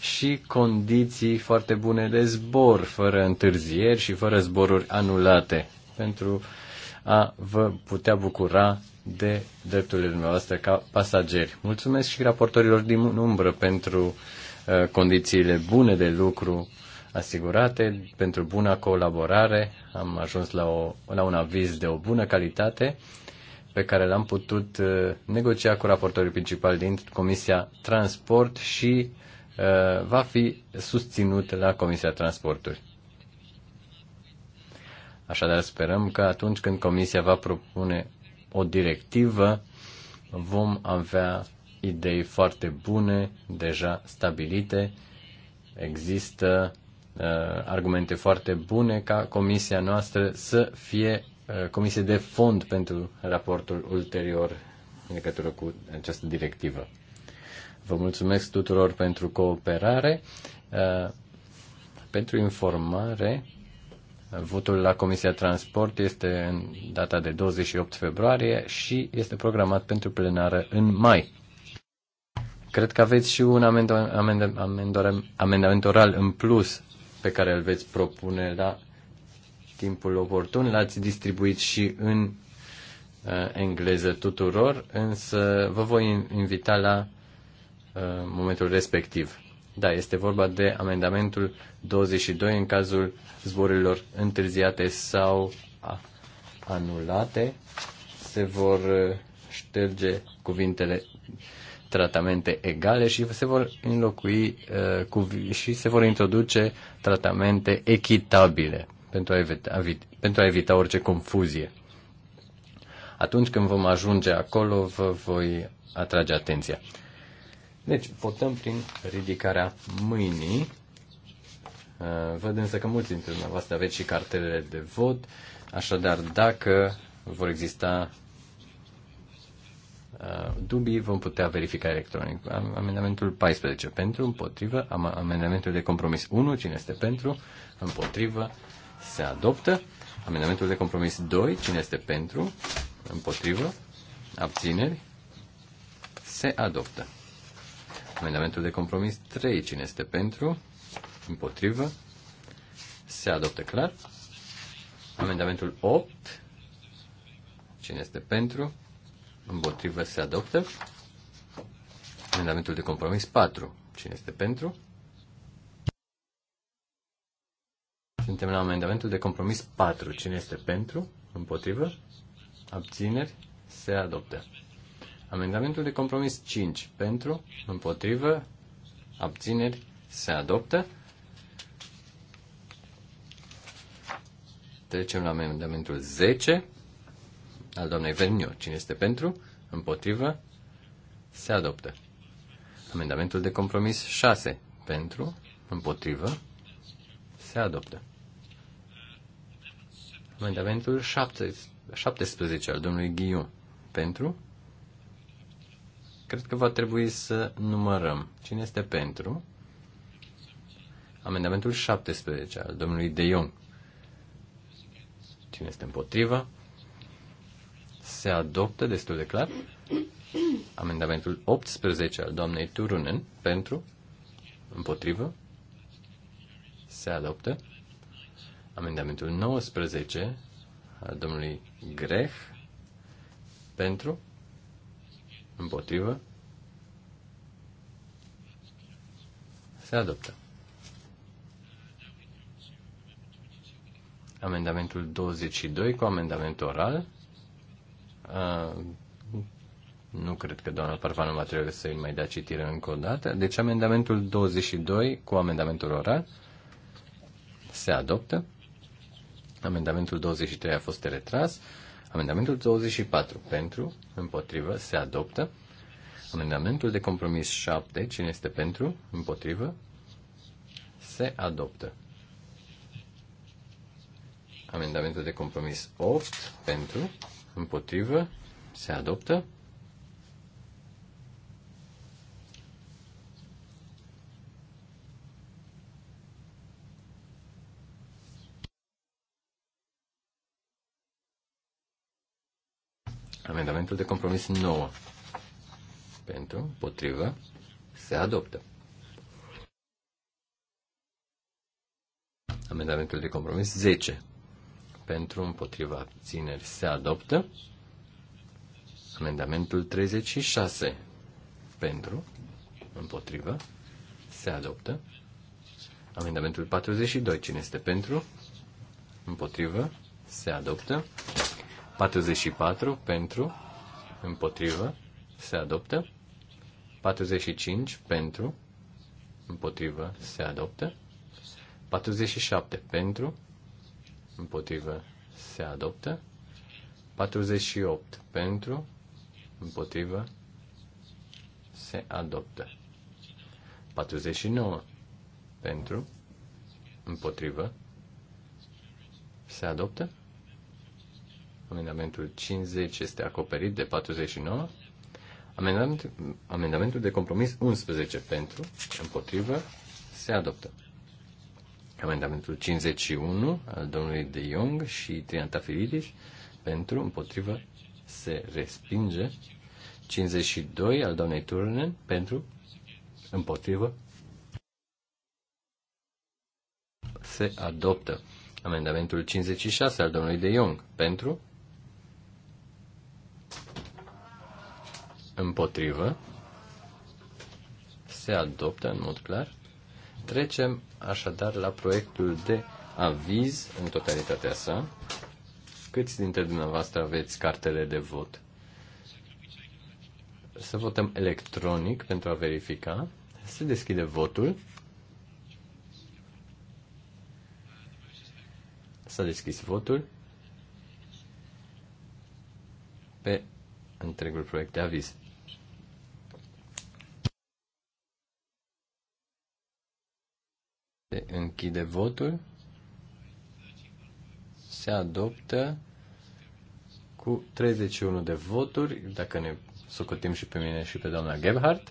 Speaker 1: și condiții foarte bune de zbor, fără întârzieri și fără zboruri anulate, pentru a vă putea bucura de drepturile dumneavoastră ca pasageri. Mulțumesc și raportorilor din umbră pentru uh, condițiile bune de lucru asigurate, pentru buna colaborare. Am ajuns la, o, la un aviz de o bună calitate pe care l-am putut uh, negocia cu raportorii principali din Comisia Transport și Uh, va fi susținut la Comisia Transporturi. Așadar, sperăm că atunci când Comisia va propune o directivă, vom avea idei foarte bune, deja stabilite. Există uh, argumente foarte bune ca Comisia noastră să fie uh, Comisie de fond pentru raportul ulterior în legătură cu această directivă. Vă mulțumesc tuturor pentru cooperare, uh, pentru informare. Votul la Comisia Transport este în data de 28 februarie și este programat pentru plenară în mai. Cred că aveți și un amendament oral în plus pe care îl veți propune la timpul oportun. L-ați distribuit și în uh, engleză tuturor, însă vă voi invita la Uh, momentul respectiv. Da, este vorba de amendamentul 22 în cazul zborurilor întârziate sau anulate. Se vor uh, șterge cuvintele tratamente egale și se vor înlocui uh, și se vor introduce tratamente echitabile pentru a, evita, pentru a evita orice confuzie. Atunci când vom ajunge acolo, vă voi atrage atenția. Deci, votăm prin ridicarea mâinii. Uh, văd însă că mulți dintre dumneavoastră aveți și cartelele de vot, așadar dacă vor exista uh, dubii, vom putea verifica electronic. Amendamentul 14 pentru, împotrivă, amendamentul de compromis 1, cine este pentru, împotrivă, se adoptă. Amendamentul de compromis 2, cine este pentru, împotrivă, abțineri, se adoptă. Amendamentul de compromis 3. Cine este pentru? Împotrivă? Se adoptă clar. Amendamentul 8. Cine este pentru? Împotrivă? Se adoptă. Amendamentul de compromis 4. Cine este pentru? Suntem la amendamentul de compromis 4. Cine este pentru? Împotrivă? Abțineri? Se adoptă. Amendamentul de compromis 5 pentru, împotrivă, abțineri, se adoptă. Trecem la amendamentul 10 al doamnei Vernio. Cine este pentru, împotrivă, se adoptă. Amendamentul de compromis 6 pentru, împotrivă, se adoptă. Amendamentul 17 al domnului Ghiu pentru, Cred că va trebui să numărăm. Cine este pentru? Amendamentul 17 al domnului De Jong. Cine este împotrivă? Se adoptă destul de clar. Amendamentul 18 al doamnei Turunen pentru, împotrivă, se adoptă. Amendamentul 19 al domnului Greh pentru, Împotrivă. Se adoptă. Amendamentul 22 cu amendament oral. Uh, nu cred că doamna va trebui să îi mai dea citire încă o dată. Deci amendamentul 22 cu amendamentul oral se adoptă. Amendamentul 23 a fost retras. Amendamentul 24 pentru, împotrivă, se adoptă. Amendamentul de compromis 7, cine este pentru, împotrivă, se adoptă. Amendamentul de compromis 8, pentru, împotrivă, se adoptă. Amendamentul de compromis 9. Pentru, potrivă, se adoptă. Amendamentul de compromis 10. Pentru, împotriva, abțineri se adoptă. Amendamentul 36. Pentru, împotriva, se adoptă. Amendamentul 42. Cine este pentru? Împotrivă. Se adoptă. 44 pentru, împotrivă, se adoptă. 45 pentru, împotrivă, se adoptă. 47 pentru, împotrivă, se adoptă. 48 pentru, împotrivă, se adoptă. 49 pentru, împotrivă, se adoptă. Amendamentul 50 este acoperit de 49. Amendament, amendamentul de compromis 11 pentru, împotrivă, se adoptă. Amendamentul 51 al domnului De Jong și Filidis pentru, împotrivă, se respinge. 52 al doamnei Turnen pentru, împotrivă, se adoptă. Amendamentul 56 al domnului De Jong pentru, Împotrivă. Se adoptă în mod clar. Trecem așadar la proiectul de aviz în totalitatea sa. Câți dintre dumneavoastră aveți cartele de vot? Să votăm electronic pentru a verifica. Se deschide votul. S-a deschis votul pe întregul proiect de aviz. Se închide votul. Se adoptă cu 31 de voturi, dacă ne socotim și pe mine și pe doamna Gebhardt.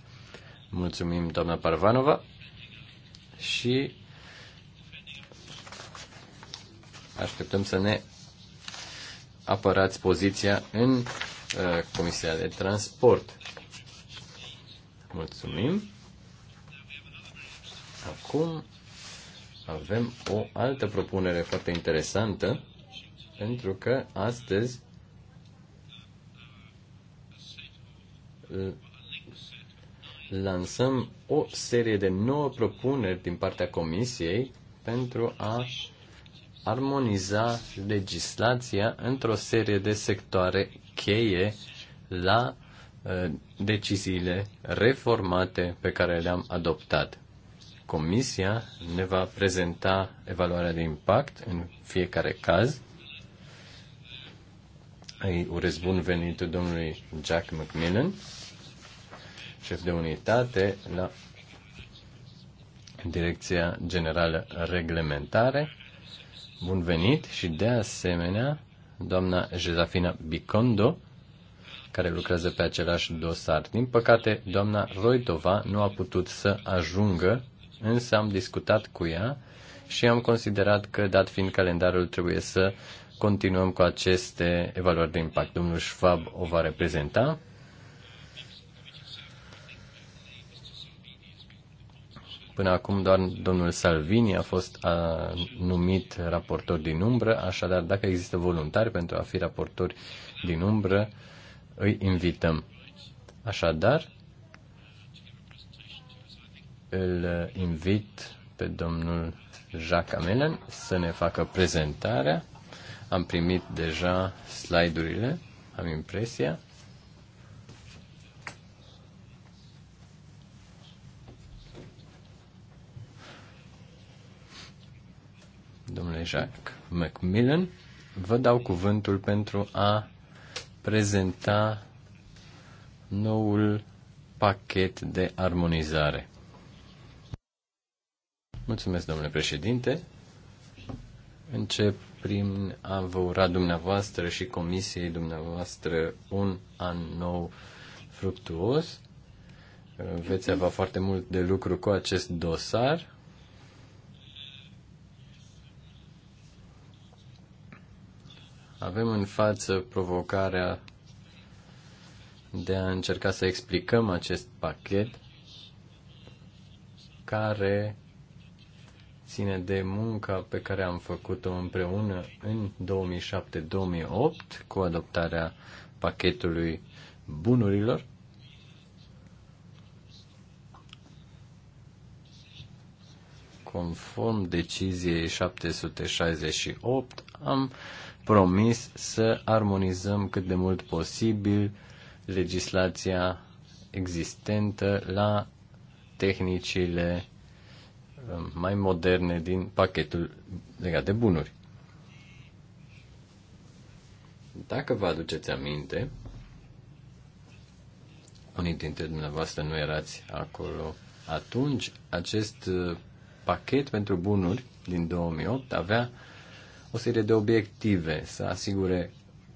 Speaker 1: Mulțumim, doamna Parvanova. Și așteptăm să ne apărați poziția în uh, Comisia de Transport. Mulțumim. Acum avem o altă propunere foarte interesantă, pentru că astăzi lansăm o serie de nouă propuneri din partea Comisiei pentru a armoniza legislația într-o serie de sectoare cheie la uh, deciziile reformate pe care le-am adoptat. Comisia ne va prezenta evaluarea de impact în fiecare caz. Îi urez bun venit domnului Jack McMillan, șef de unitate la Direcția Generală Reglementare. Bun venit și de asemenea doamna Jezafina Bicondo, care lucrează pe același dosar. Din păcate, doamna Roitova nu a putut să ajungă însă am discutat cu ea și am considerat că, dat fiind calendarul, trebuie să continuăm cu aceste evaluări de impact. Domnul Schwab o va reprezenta. Până acum doar domnul Salvini a fost a, numit raportor din umbră, așadar dacă există voluntari pentru a fi raportori din umbră, îi invităm. Așadar, îl invit pe domnul Jacques Amelen să ne facă prezentarea. Am primit deja slide-urile, am impresia. Domnule Jacques Macmillan, vă dau cuvântul pentru a prezenta noul pachet de armonizare. Mulțumesc, domnule președinte. Încep prin a vă ura dumneavoastră și comisiei dumneavoastră un an nou fructuos. Veți avea foarte mult de lucru cu acest dosar. Avem în față provocarea de a încerca să explicăm acest pachet care ține de munca pe care am făcut-o împreună în 2007-2008 cu adoptarea pachetului bunurilor. Conform deciziei 768, am promis să armonizăm cât de mult posibil legislația existentă la tehnicile mai moderne din pachetul legat de bunuri. Dacă vă aduceți aminte, unii dintre dumneavoastră nu erați acolo atunci, acest uh, pachet pentru bunuri din 2008 avea o serie de obiective să asigure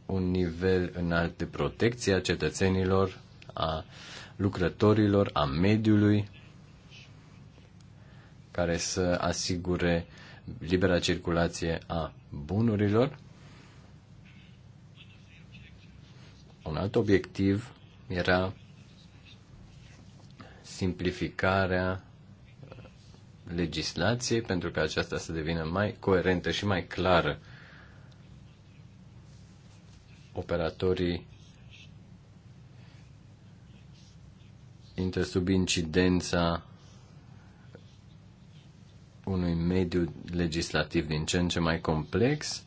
Speaker 1: un nivel înalt de protecție a cetățenilor, a lucrătorilor, a mediului, care să asigure libera circulație a bunurilor. Un alt obiectiv era simplificarea legislației pentru ca aceasta să devină mai coerentă și mai clară. Operatorii intră sub incidența unui mediu legislativ din ce în ce mai complex,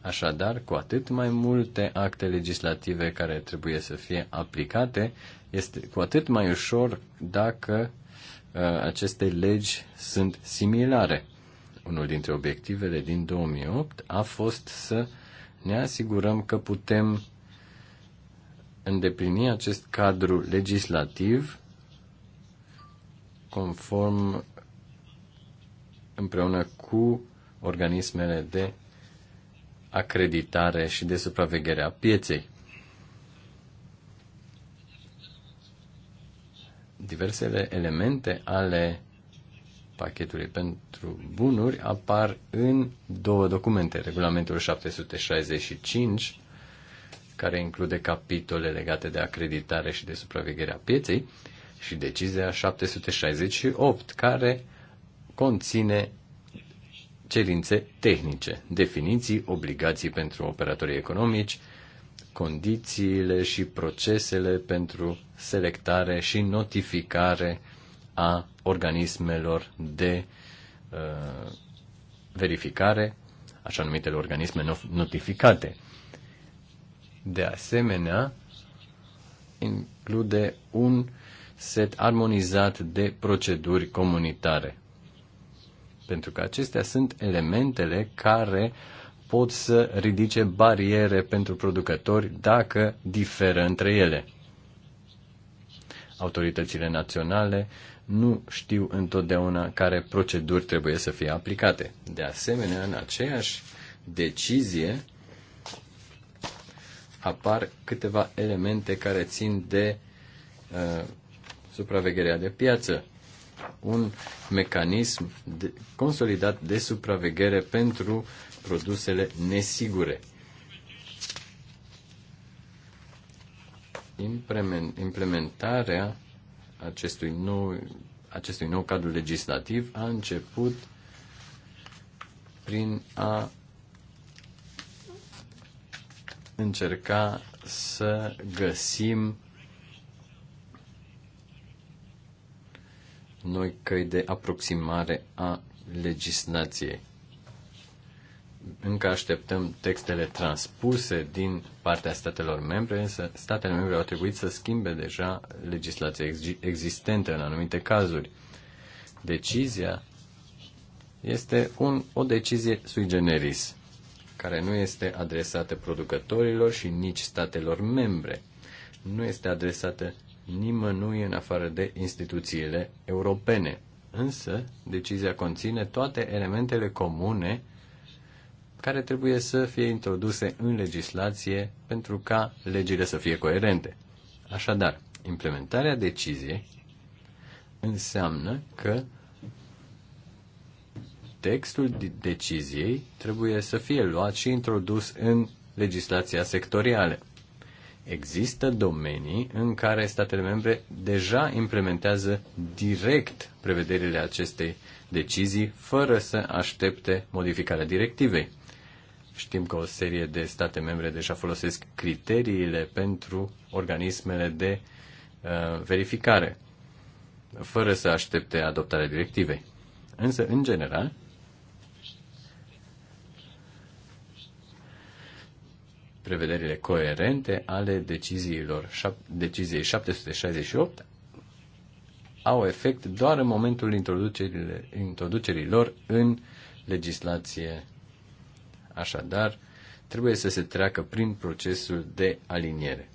Speaker 1: așadar, cu atât mai multe acte legislative care trebuie să fie aplicate, este cu atât mai ușor dacă uh, aceste legi sunt similare. Unul dintre obiectivele din 2008 a fost să ne asigurăm că putem îndeplini acest cadru legislativ conform împreună cu organismele de acreditare și de supraveghere a pieței. Diversele elemente ale pachetului pentru bunuri apar în două documente, regulamentul 765, care include capitole legate de acreditare și de supraveghere a pieței, și decizia 768, care conține cerințe tehnice, definiții, obligații pentru operatorii economici, condițiile și procesele pentru selectare și notificare a organismelor de uh, verificare, așa numitele organisme notificate. De asemenea, include un set armonizat de proceduri comunitare pentru că acestea sunt elementele care pot să ridice bariere pentru producători dacă diferă între ele. Autoritățile naționale nu știu întotdeauna care proceduri trebuie să fie aplicate. De asemenea, în aceeași decizie apar câteva elemente care țin de uh, supravegherea de piață un mecanism de, consolidat de supraveghere pentru produsele nesigure. Implementarea acestui nou, acestui nou cadru legislativ a început prin a încerca să găsim noi căi de aproximare a legislației. Încă așteptăm textele transpuse din partea statelor membre, însă statele membre au trebuit să schimbe deja legislația existentă în anumite cazuri. Decizia este un, o decizie sui generis, care nu este adresată producătorilor și nici statelor membre. Nu este adresată nimănui în afară de instituțiile europene. Însă, decizia conține toate elementele comune care trebuie să fie introduse în legislație pentru ca legile să fie coerente. Așadar, implementarea deciziei înseamnă că textul deciziei trebuie să fie luat și introdus în legislația sectorială. Există domenii în care statele membre deja implementează direct prevederile acestei decizii fără să aștepte modificarea directivei. Știm că o serie de state membre deja folosesc criteriile pentru organismele de uh, verificare, fără să aștepte adoptarea directivei. Însă, în general, prevederile coerente ale deciziilor deciziei 768 au efect doar în momentul introducerii lor în legislație. Așadar, trebuie să se treacă prin procesul de aliniere.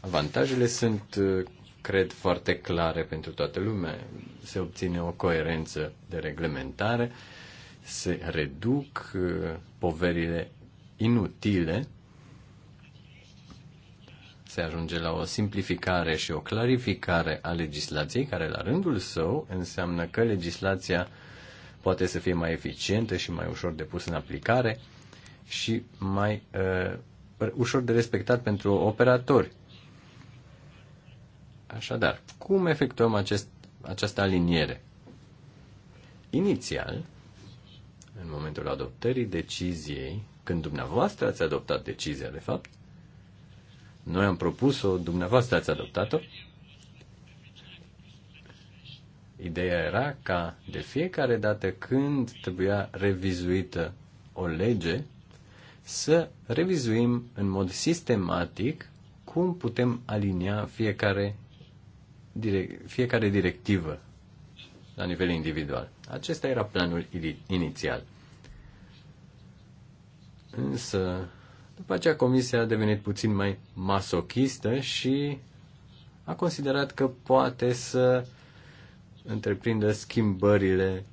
Speaker 1: Avantajele sunt, cred, foarte clare pentru toată lumea. Se obține o coerență de reglementare, se reduc uh, poverile inutile, se ajunge la o simplificare și o clarificare a legislației, care la rândul său înseamnă că legislația poate să fie mai eficientă și mai ușor de pus în aplicare și mai uh, ușor de respectat pentru operatori. Așadar, cum efectuăm acest, această aliniere? Inițial, în momentul adoptării deciziei, când dumneavoastră ați adoptat decizia, de fapt, noi am propus-o, dumneavoastră ați adoptat-o, ideea era ca de fiecare dată când trebuia revizuită o lege, să revizuim în mod sistematic cum putem alinia fiecare, direc- fiecare directivă la nivel individual. Acesta era planul inițial. Însă, după aceea, comisia a devenit puțin mai masochistă și a considerat că poate să întreprindă schimbările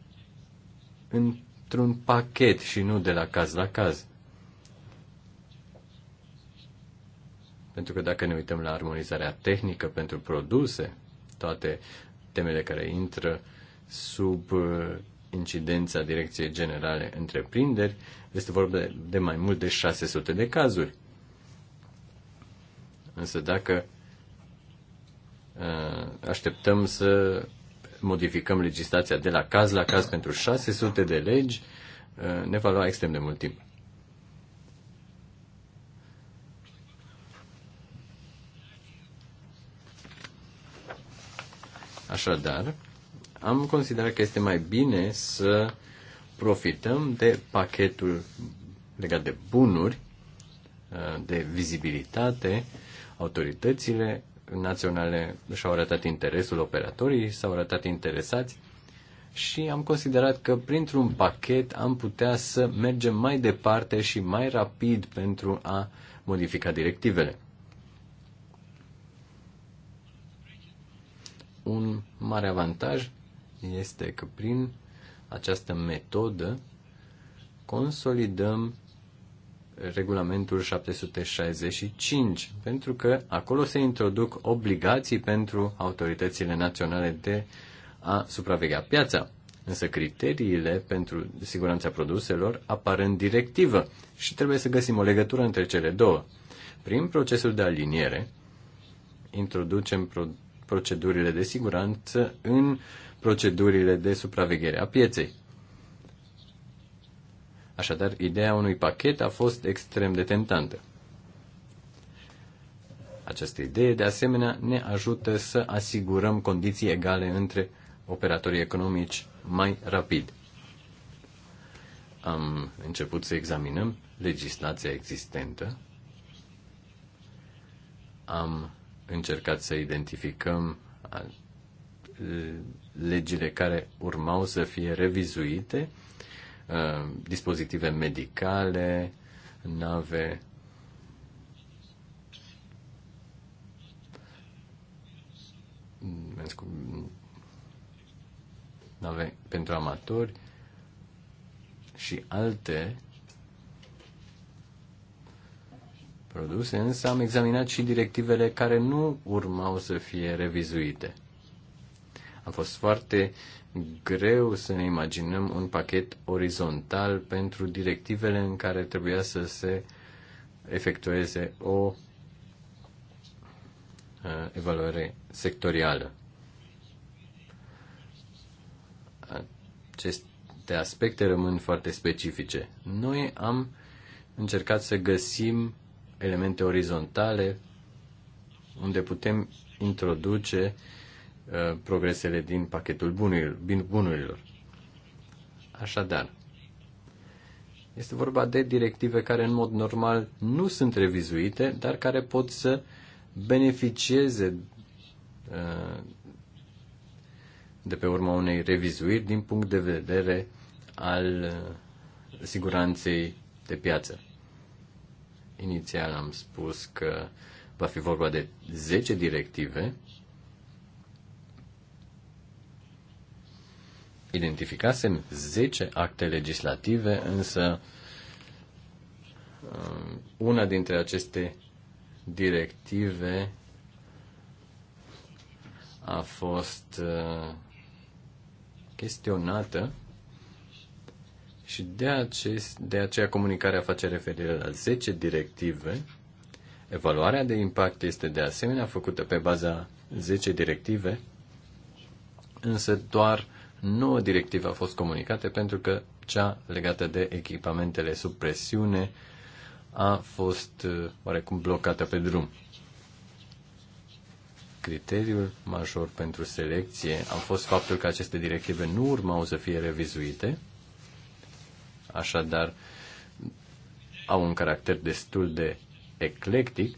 Speaker 1: într-un pachet și nu de la caz la caz. Pentru că dacă ne uităm la armonizarea tehnică pentru produse, toate temele care intră sub uh, incidența Direcției Generale Întreprinderi, este vorba de, mai mult de 600 de cazuri. Însă dacă uh, așteptăm să modificăm legislația de la caz la caz pentru 600 de legi, uh, ne va lua extrem de mult timp. Așadar, am considerat că este mai bine să profităm de pachetul legat de bunuri, uh, de vizibilitate. Autoritățile naționale și-au arătat interesul, operatorii s-au arătat interesați și am considerat că printr-un pachet am putea să mergem mai departe și mai rapid pentru a modifica directivele. Un mare avantaj este că prin această metodă consolidăm regulamentul 765, pentru că acolo se introduc obligații pentru autoritățile naționale de a supraveghea piața. Însă criteriile pentru siguranța produselor apar în directivă și trebuie să găsim o legătură între cele două. Prin procesul de aliniere, introducem pro- procedurile de siguranță în procedurile de supraveghere a pieței. Așadar, ideea unui pachet a fost extrem de tentantă. Această idee, de asemenea, ne ajută să asigurăm condiții egale între operatorii economici mai rapid. Am început să examinăm legislația existentă, am încercat să identificăm legile care urmau să fie revizuite, uh, dispozitive medicale, nave. nave pentru amatori și alte produse, însă am examinat și directivele care nu urmau să fie revizuite. A fost foarte greu să ne imaginăm un pachet orizontal pentru directivele în care trebuia să se efectueze o uh, evaluare sectorială. Aceste aspecte rămân foarte specifice. Noi am încercat să găsim elemente orizontale unde putem introduce uh, Uh, progresele din pachetul bunurilor. Așadar, este vorba de directive care în mod normal nu sunt revizuite, dar care pot să beneficieze uh, de pe urma unei revizuiri din punct de vedere al uh, siguranței de piață. Inițial am spus că va fi vorba de 10 directive identificasem 10 acte legislative, însă um, una dintre aceste directive a fost uh, chestionată și de, acest, de aceea comunicarea face referire la 10 directive. Evaluarea de impact este de asemenea făcută pe baza 10 directive, însă doar nouă directive au fost comunicate pentru că cea legată de echipamentele sub presiune a fost uh, oarecum blocată pe drum. Criteriul major pentru selecție a fost faptul că aceste directive nu urmau să fie revizuite, așadar au un caracter destul de eclectic.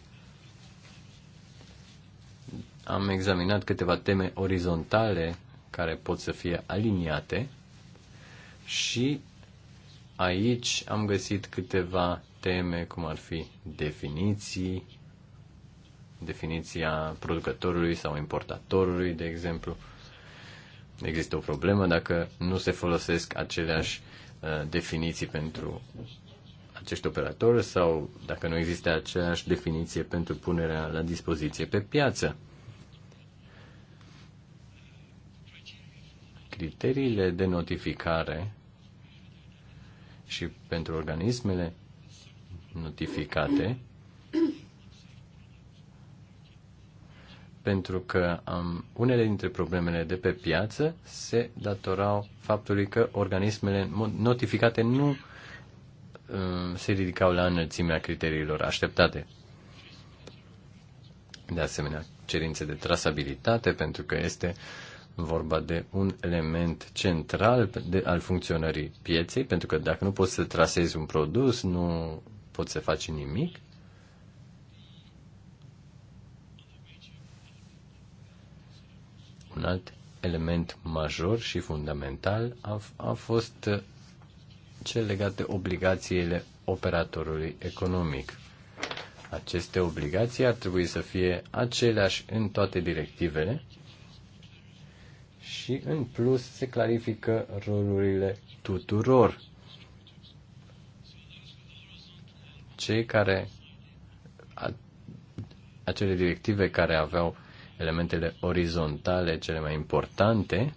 Speaker 1: Am examinat câteva teme orizontale care pot să fie aliniate și aici am găsit câteva teme, cum ar fi definiții, definiția producătorului sau importatorului, de exemplu. Există o problemă dacă nu se folosesc aceleași uh, definiții pentru acești operatori sau dacă nu există aceeași definiție pentru punerea la dispoziție pe piață. criteriile de notificare și pentru organismele notificate, pentru că um, unele dintre problemele de pe piață se datorau faptului că organismele notificate nu um, se ridicau la înălțimea criteriilor așteptate. De asemenea, cerințe de trasabilitate, pentru că este uh, vorba de un element central de, al funcționării pieței, pentru că dacă nu poți să trasezi un produs, nu poți să faci nimic. Un alt element major și fundamental a, a fost uh, cel legat de obligațiile operatorului economic. Aceste obligații ar trebui să fie aceleași în toate directivele și, în plus, se clarifică rolurile tuturor. Cei care a, acele directive care aveau elementele orizontale cele mai importante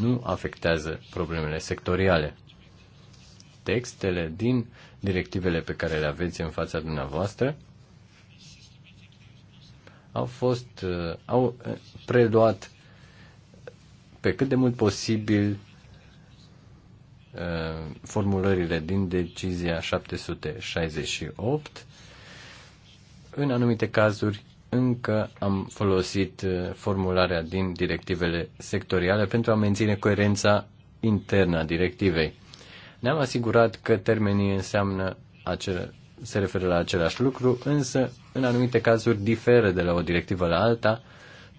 Speaker 1: nu afectează problemele sectoriale. Textele din directivele pe care le aveți în fața dumneavoastră au fost, uh, au uh, preluat pe cât de mult posibil uh, formulările din decizia 768. În anumite cazuri încă am folosit formularea din directivele sectoriale pentru a menține coerența internă a directivei. Ne-am asigurat că termenii înseamnă acel, se referă la același lucru, însă în anumite cazuri diferă de la o directivă la alta,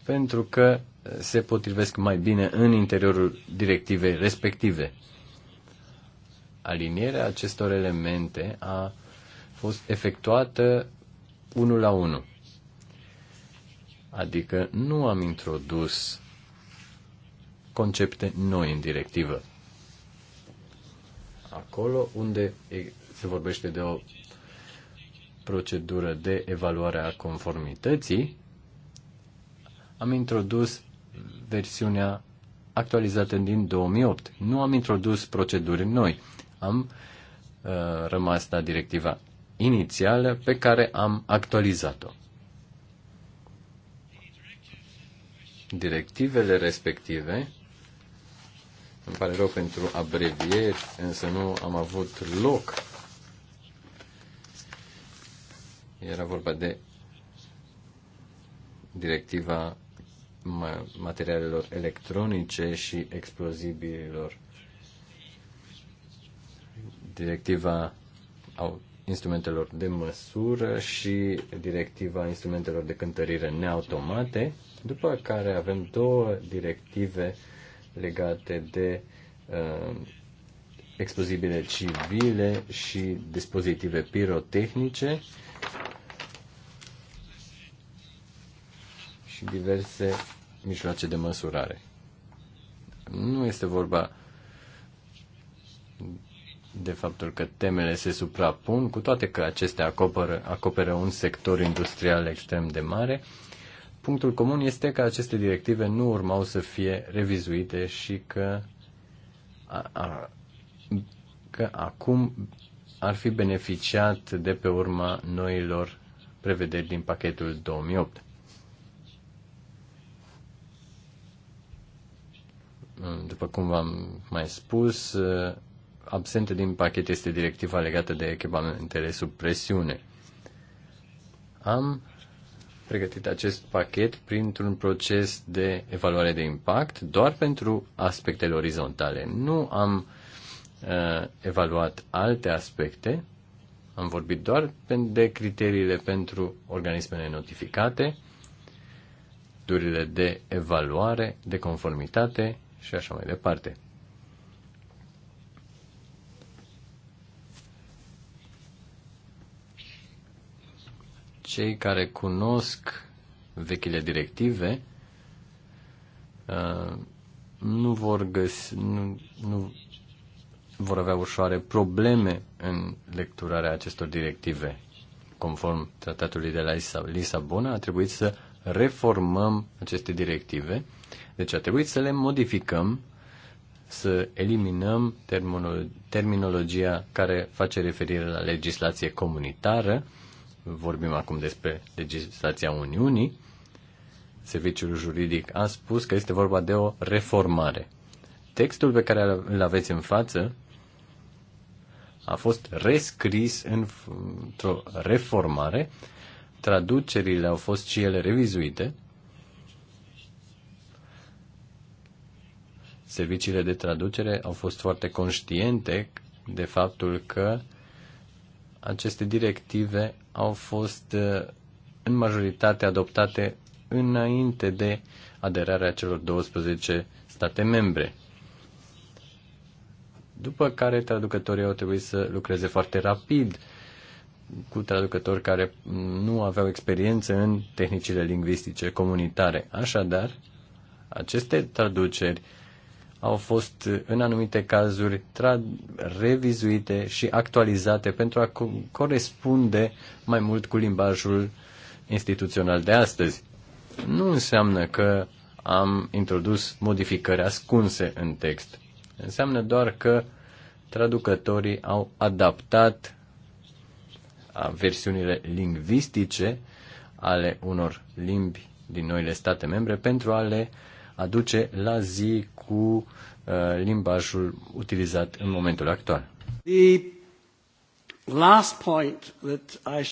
Speaker 1: pentru că uh, se potrivesc mai bine în interiorul directivei respective. Alinierea acestor elemente a fost efectuată unul la unul. Adică nu am introdus concepte noi în directivă. Acolo unde se vorbește de o procedură de evaluare a conformității, am introdus versiunea actualizată din 2008. Nu am introdus proceduri noi. Am uh, rămas la directiva inițială pe care am actualizat-o. Directivele respective, îmi pare rău pentru abrevieri, însă nu am avut loc Era vorba de directiva materialelor electronice și explozibililor. Directiva instrumentelor de măsură și directiva instrumentelor de cântărire neautomate, după care avem două directive legate de uh, explozibile civile și dispozitive pirotehnice și diverse mijloace de măsurare. Nu este vorba de faptul că temele se suprapun, cu toate că acestea acoperă, acoperă un sector industrial extrem de mare, punctul comun este că aceste directive nu urmau să fie revizuite și că, a, a, că acum ar fi beneficiat de pe urma noilor prevederi din pachetul 2008. După cum v-am mai spus, uh, absentă din pachet este directiva legată de echipamentele sub presiune. Am pregătit acest pachet printr-un proces de evaluare de impact doar pentru aspectele orizontale. Nu am uh, evaluat alte aspecte, am vorbit doar de criteriile pentru organismele notificate, durile de evaluare, de conformitate și așa mai departe. Cei care cunosc vechile directive uh, nu vor găsi, nu, nu vor avea ușoare probleme în lecturarea acestor directive. Conform tratatului de la Lisabona, a trebuit să reformăm aceste directive. Deci a trebuit să le modificăm, să eliminăm terminologia care face referire la legislație comunitară. Vorbim acum despre legislația Uniunii. Serviciul juridic a spus că este vorba de o reformare. Textul pe care îl aveți în față a fost rescris într-o reformare traducerile au fost și ele revizuite. Serviciile de traducere au fost foarte conștiente de faptul că aceste directive au fost uh, în majoritate adoptate înainte de aderarea celor 12 state membre. După care traducătorii au trebuit să lucreze foarte rapid cu traducători care nu aveau experiență în tehnicile lingvistice comunitare. Așadar, aceste traduceri au fost în anumite cazuri revizuite și actualizate pentru a corespunde mai mult cu limbajul instituțional de astăzi. Nu înseamnă că am introdus modificări ascunse în text. Înseamnă doar că traducătorii au adaptat a versiunile lingvistice ale unor limbi din noile state membre pentru a le aduce la zi cu uh, limbajul utilizat în momentul actual. The last point that I...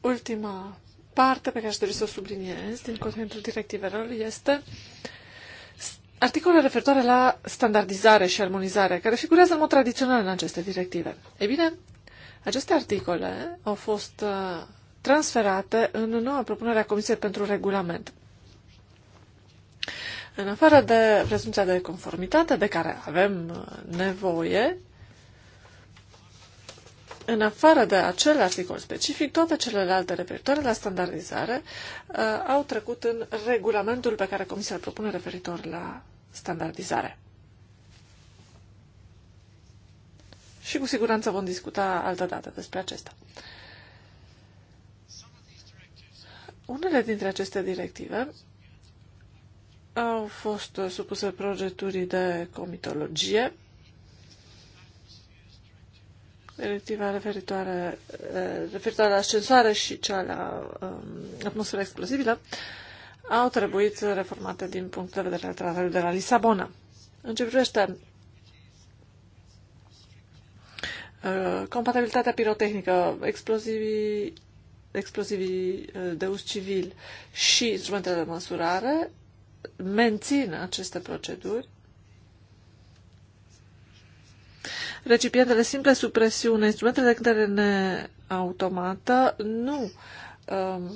Speaker 2: Ultima parte pe care aș dori să o subliniez din contentul directivelor este articolul referitoare la standardizare și armonizare, care figurează în mod tradițional în aceste directive. Ei bine, aceste articole au fost uh, transferate în noua propunere a Comisiei pentru Regulament. În afară de prezumția de conformitate de care avem uh, nevoie, în afară de acel articol specific, toate celelalte referitoare la standardizare uh, au trecut în regulamentul pe care Comisia îl propune referitor la standardizare. și cu siguranță vom discuta altă dată despre acesta. Unele dintre aceste directive au fost supuse proiecturii de comitologie, directiva referitoare, referitoare la ascensoare și cea la um, atmosferă explozibilă, au trebuit reformate din punct de vedere al tratatului de la Lisabona. În ce privește Uh, compatibilitatea pirotehnică, explozivii, explozivii uh, de uz civil și instrumentele de măsurare mențin aceste proceduri. Recipientele simple sub presiune, instrumentele de cântare neautomată nu um,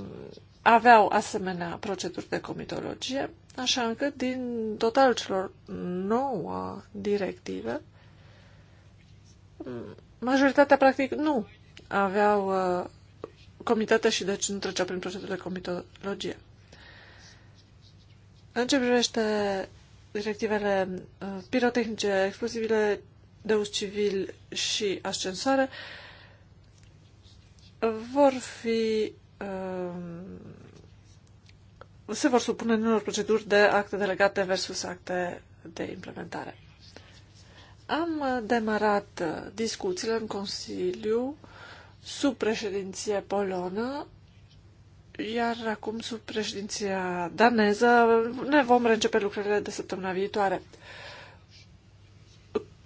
Speaker 2: aveau asemenea proceduri de comitologie, așa încât din totalul celor nouă directive Majoritatea, practic, nu aveau uh, comitate și deci nu trecea prin procedurile de comitologie. În ce privește directivele uh, pirotehnice, explozibile de uz civil și ascensoare, vor fi uh, se vor supune unor proceduri de acte delegate versus acte de implementare. Am uh, demarat uh, discuțiile în Consiliu sub președinție polonă, iar acum sub președinția daneză ne vom reîncepe lucrările de săptămâna viitoare.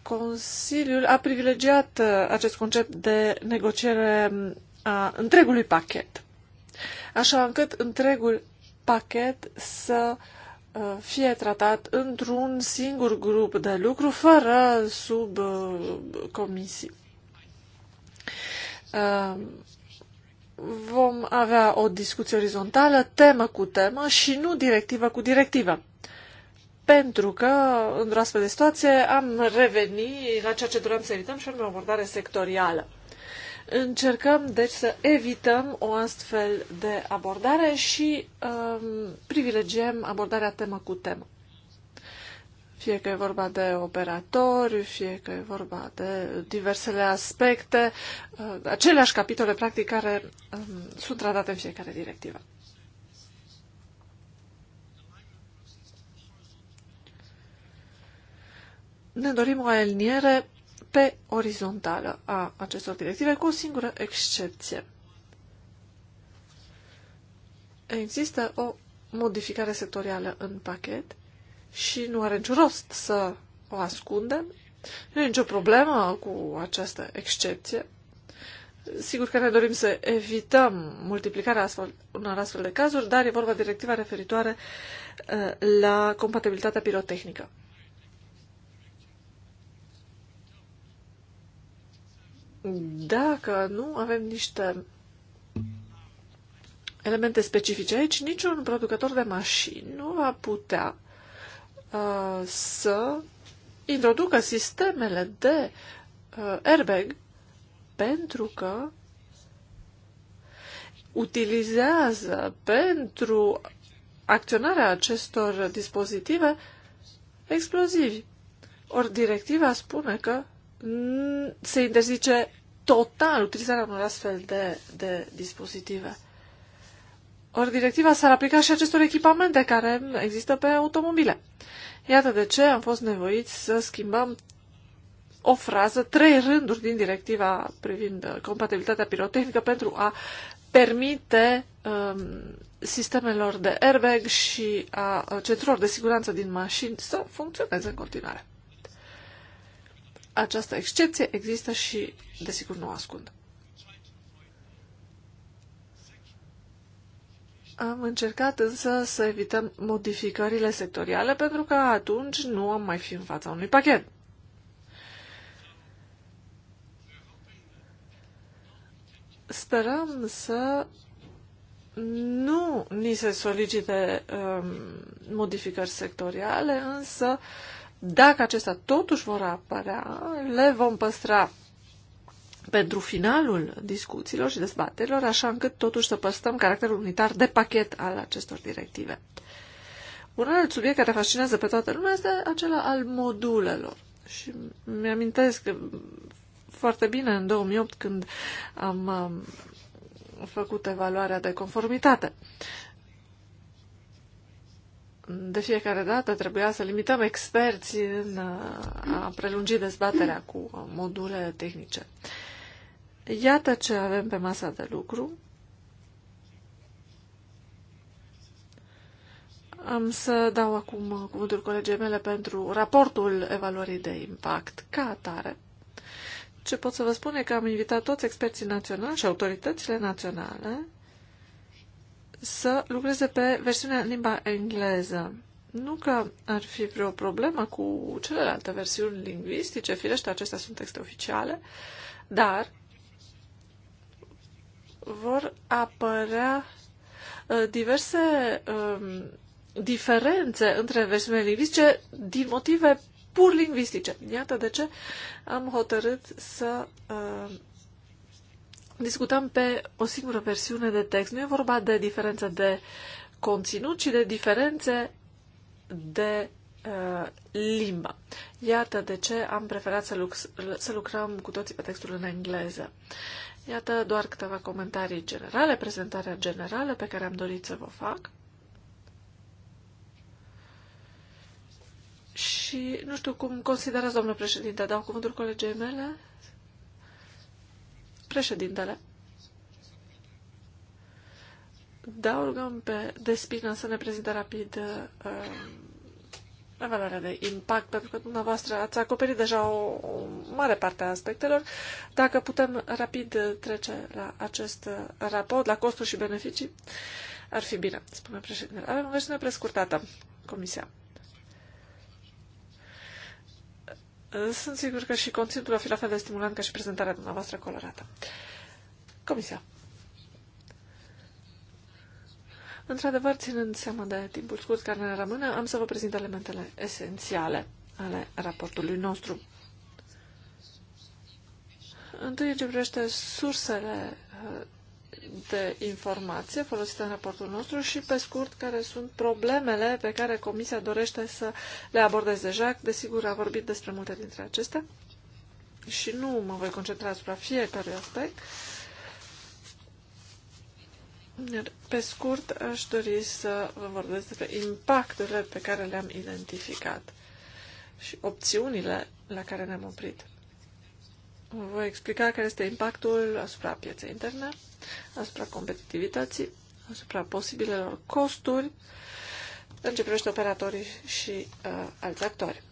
Speaker 2: Consiliul a privilegiat uh, acest concept de negociere mm, a întregului pachet, așa încât întregul pachet să uh, Uh, fie tratat într-un singur grup de lucru, fără sub subcomisii. Uh, uh, vom avea o discuție orizontală, temă cu temă și nu directivă cu directivă. Pentru că, într-o astfel de situație, am revenit la ceea ce doream să evităm și anume o abordare sectorială. Încercăm, deci, să evităm o astfel de abordare și um, privilegiem abordarea temă cu temă. Fie că e vorba de operatori, fie că e vorba de diversele aspecte, uh, aceleași capitole, practic, care um, sunt tratate în fiecare directivă. Ne dorim o aliniere pe orizontală a acestor directive, cu o singură excepție. Există o modificare sectorială în pachet și nu are niciun rost să o ascundem. Nu e nicio problemă cu această excepție. Sigur că ne dorim să evităm multiplicarea astfel, unor astfel de cazuri, dar e vorba de directiva referitoare uh, la compatibilitatea pirotehnică. Dacă nu avem niște elemente specifice aici, niciun producător de mașini nu va putea uh, să introducă sistemele de uh, airbag pentru că utilizează pentru acționarea acestor dispozitive explozivi. Ori directiva spune că se interzice total utilizarea unor astfel de, de dispozitive. Ori directiva s-ar aplica și acestor echipamente care există pe automobile. Iată de ce am fost nevoiți să schimbăm o frază, trei rânduri din directiva privind compatibilitatea pirotehnică pentru a permite um, sistemelor de airbag și a centrelor de siguranță din mașini să funcționeze în continuare această excepție există și, desigur, nu o ascund. Am încercat însă să evităm modificările sectoriale pentru că atunci nu am mai fi în fața unui pachet. Sperăm să nu ni se solicite um, modificări sectoriale, însă uh, dacă acestea totuși vor apărea, le vom păstra pentru finalul discuțiilor și dezbaterilor, așa încât totuși să păstrăm caracterul unitar de pachet al acestor directive. Un alt subiect care fascinează pe toată lumea este acela al modulelor. Și mi-amintesc foarte bine în 2008 când am um, făcut evaluarea de conformitate de fiecare dată trebuia să limităm experți în uh, a prelungi dezbaterea cu uh, module tehnice. Iată ce avem pe masa de lucru. Am să dau acum uh, cuvântul colegii mele pentru raportul evaluării de impact ca atare. Ce pot să vă spun e că am invitat toți experții naționali și autoritățile naționale să lucreze pe versiunea în limba engleză. Nu că ar fi vreo problemă cu celelalte versiuni lingvistice, firește, acestea sunt texte oficiale, dar vor apărea uh, diverse um, diferențe între versiunile lingvistice din motive pur lingvistice. Iată de ce am hotărât să uh, discutăm pe o singură versiune de text. Nu e vorba de diferență de conținut, ci de diferențe de uh, limbă. Iată de ce am preferat să, lux- să lucrăm cu toții pe textul în engleză. Iată doar câteva comentarii generale, prezentarea generală pe care am dorit să vă fac. Și nu știu cum considerați, domnule președinte, dau cuvântul colegei mele? Președintele. Da, rugăm pe Despina să ne prezinte rapid uh, evaluarea de impact, pentru că dumneavoastră ați acoperit deja o, o mare parte a aspectelor. Dacă putem rapid trece la acest raport, la costuri și beneficii, ar fi bine, spune președintele. Avem o versiune prescurtată, Comisia. Sunt sigur că și conținutul va fi la fel de stimulant ca și prezentarea dumneavoastră colorată. Comisia. Într-adevăr, ținând seama de timpul scurt care ne rămâne, am să vă prezint elementele esențiale ale raportului nostru. Întâi ce privește sursele de informație folosite în raportul nostru și, pe scurt, care sunt problemele pe care Comisia dorește să le abordeze. Jacques, desigur, a vorbit despre multe dintre acestea și nu mă voi concentra asupra fiecărui aspect. Pe scurt, aș dori să vă vorbesc despre impacturile pe care le-am identificat și opțiunile la care ne-am oprit voi explica care este impactul asupra pieței interne, asupra competitivității, asupra posibilelor costuri în ce privește operatorii și uh, alți actori.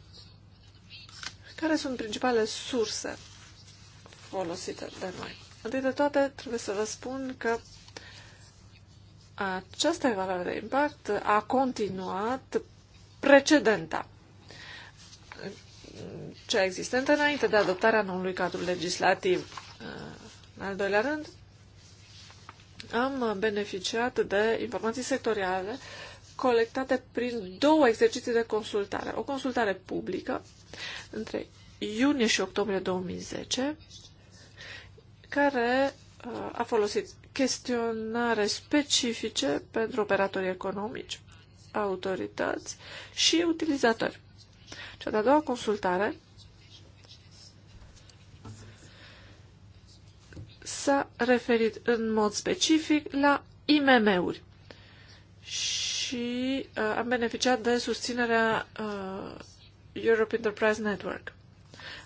Speaker 2: Care sunt principalele surse folosite de noi? Întâi de toate, trebuie să vă spun că această evaluare de impact a continuat precedenta cea existentă înainte de adoptarea noului cadru legislativ. În al doilea rând, am beneficiat de informații sectoriale colectate prin două exerciții de consultare. O consultare publică între iunie și octombrie 2010, care uh, a folosit chestionare specifice pentru operatorii economici, autorități și utilizatori. Cea de-a doua consultare s-a referit în mod specific la IMM-uri și uh, am beneficiat de susținerea uh, Europe Enterprise Network.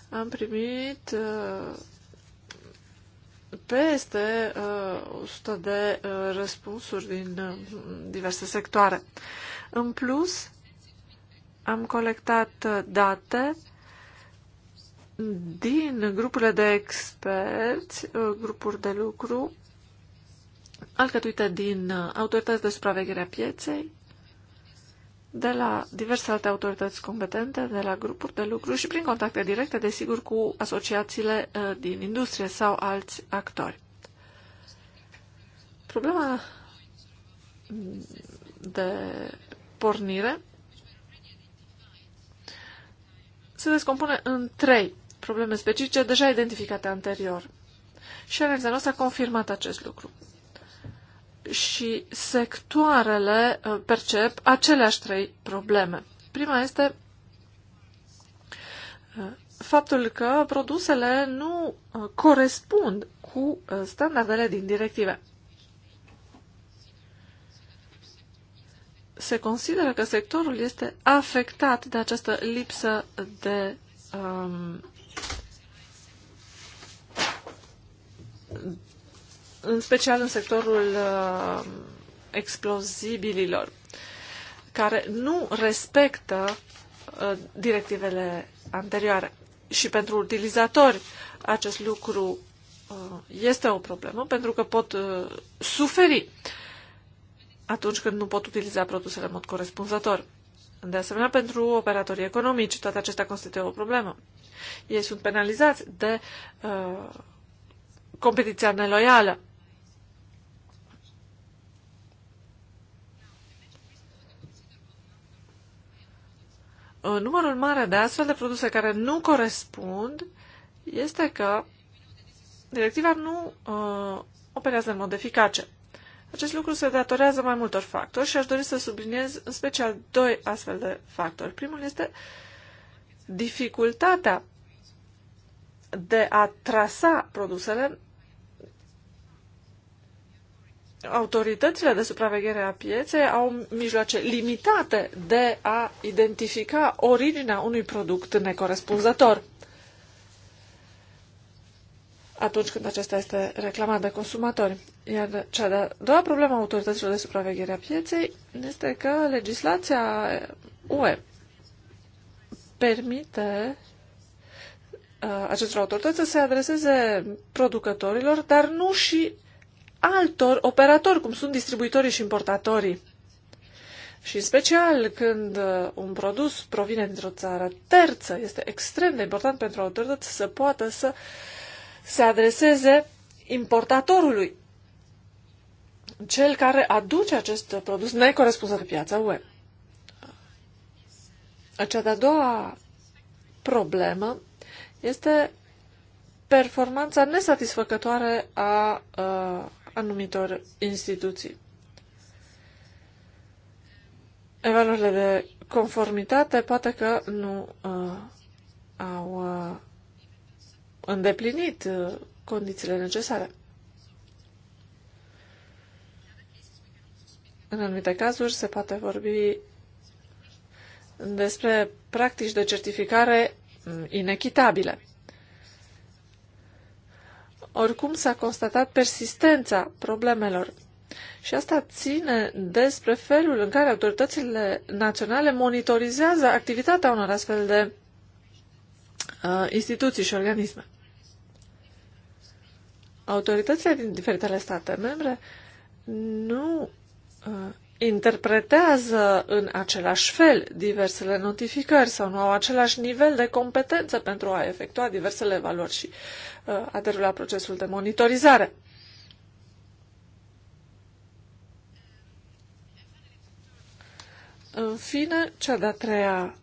Speaker 2: Am primit uh, peste uh, 100 de uh, răspunsuri din uh, diverse sectoare. În plus, am colectat uh, date din grupurile de experți, uh, grupuri de lucru, alcătuite din uh, autorități de supraveghere a pieței, de la diverse alte autorități competente, de la grupuri de lucru și prin contacte directe, desigur, cu asociațiile uh, din industrie sau alți actori. Problema de pornire se descompune în trei probleme specifice deja identificate anterior. Și analiza noastră a confirmat acest lucru. Și sectoarele uh, percep aceleași trei probleme. Prima este uh, faptul că produsele nu uh, corespund cu standardele din directive. Se consideră că sectorul este afectat de această lipsă de um, în special în sectorul uh, explozibililor, care nu respectă uh, directivele anterioare. Și pentru utilizatori acest lucru uh, este o problemă pentru că pot suferi atunci când nu pot utiliza produsele în mod corespunzător. De asemenea, pentru operatorii economici, toate acestea constituie o problemă. Ei sunt penalizați de uh, competiția neloială. Numărul mare de astfel de produse care nu corespund este că directiva nu uh, operează în mod eficace. Acest lucru se datorează mai multor factori și aș dori să subliniez în special doi astfel de factori. Primul este dificultatea de a trasa produsele, autoritățile de supraveghere a pieței au mijloace limitate de a identifica originea unui produs necorespunzător atunci când acesta este reclamat de consumatori. Iar cea de-a doua problemă a autorităților de supraveghere a pieței este că legislația UE permite acestor autorități să se adreseze producătorilor, dar nu și altor operatori, cum sunt distribuitorii și importatorii. Și în special când un produs provine dintr-o țară terță, este extrem de important pentru autorități să poată să se adreseze importatorului, cel care aduce acest produs necorespunzător pe piața UE. Cea de-a doua problemă este performanța nesatisfăcătoare a a anumitor instituții. Evaluările de conformitate poate că nu a au a, îndeplinit a, condițiile necesare. În anumite cazuri se poate vorbi despre practici de certificare Uh, inechitabile. Oricum s-a constatat persistența problemelor și asta ține despre felul în care autoritățile naționale monitorizează activitatea unor astfel de uh, instituții și organisme. Autoritățile din diferitele state membre nu uh, interpretează în același fel diversele notificări sau nu au același nivel de competență pentru a efectua diversele valori și uh, a derula procesul de monitorizare. În fine, cea de-a treia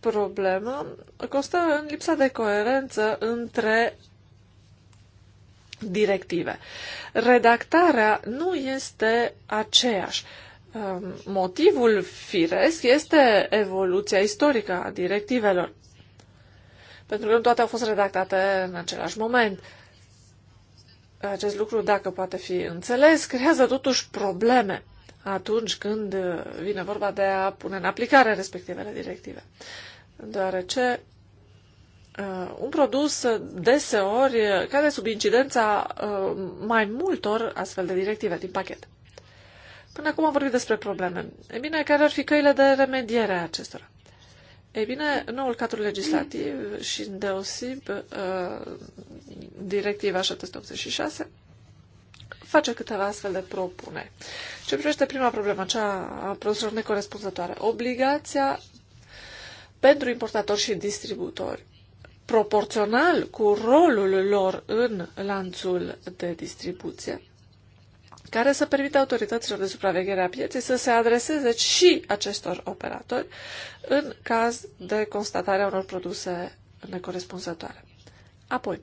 Speaker 2: problemă constă în lipsa de coerență între directive. Redactarea nu este aceeași. Um, motivul firesc este evoluția istorică a directivelor. Pentru că nu toate au fost redactate în același moment. Acest lucru, dacă poate fi înțeles, creează totuși probleme atunci când vine vorba de a pune în aplicare respectivele directive. Deoarece Uh, un produs uh, deseori uh, cade sub incidența uh, mai multor astfel de directive din pachet. Până acum am vorbit despre probleme. E bine, care ar fi căile de remediere a acestora? E bine, noul cadru legislativ și deosib uh, directiva 786 face câteva astfel de propuneri. Ce privește prima problemă, cea a produselor necorespunzătoare, obligația pentru importatori și distributori proporțional cu rolul lor în lanțul de distribuție, care să permită autorităților de supraveghere a pieței să se adreseze și acestor operatori în caz de constatarea unor produse necorespunzătoare. Apoi,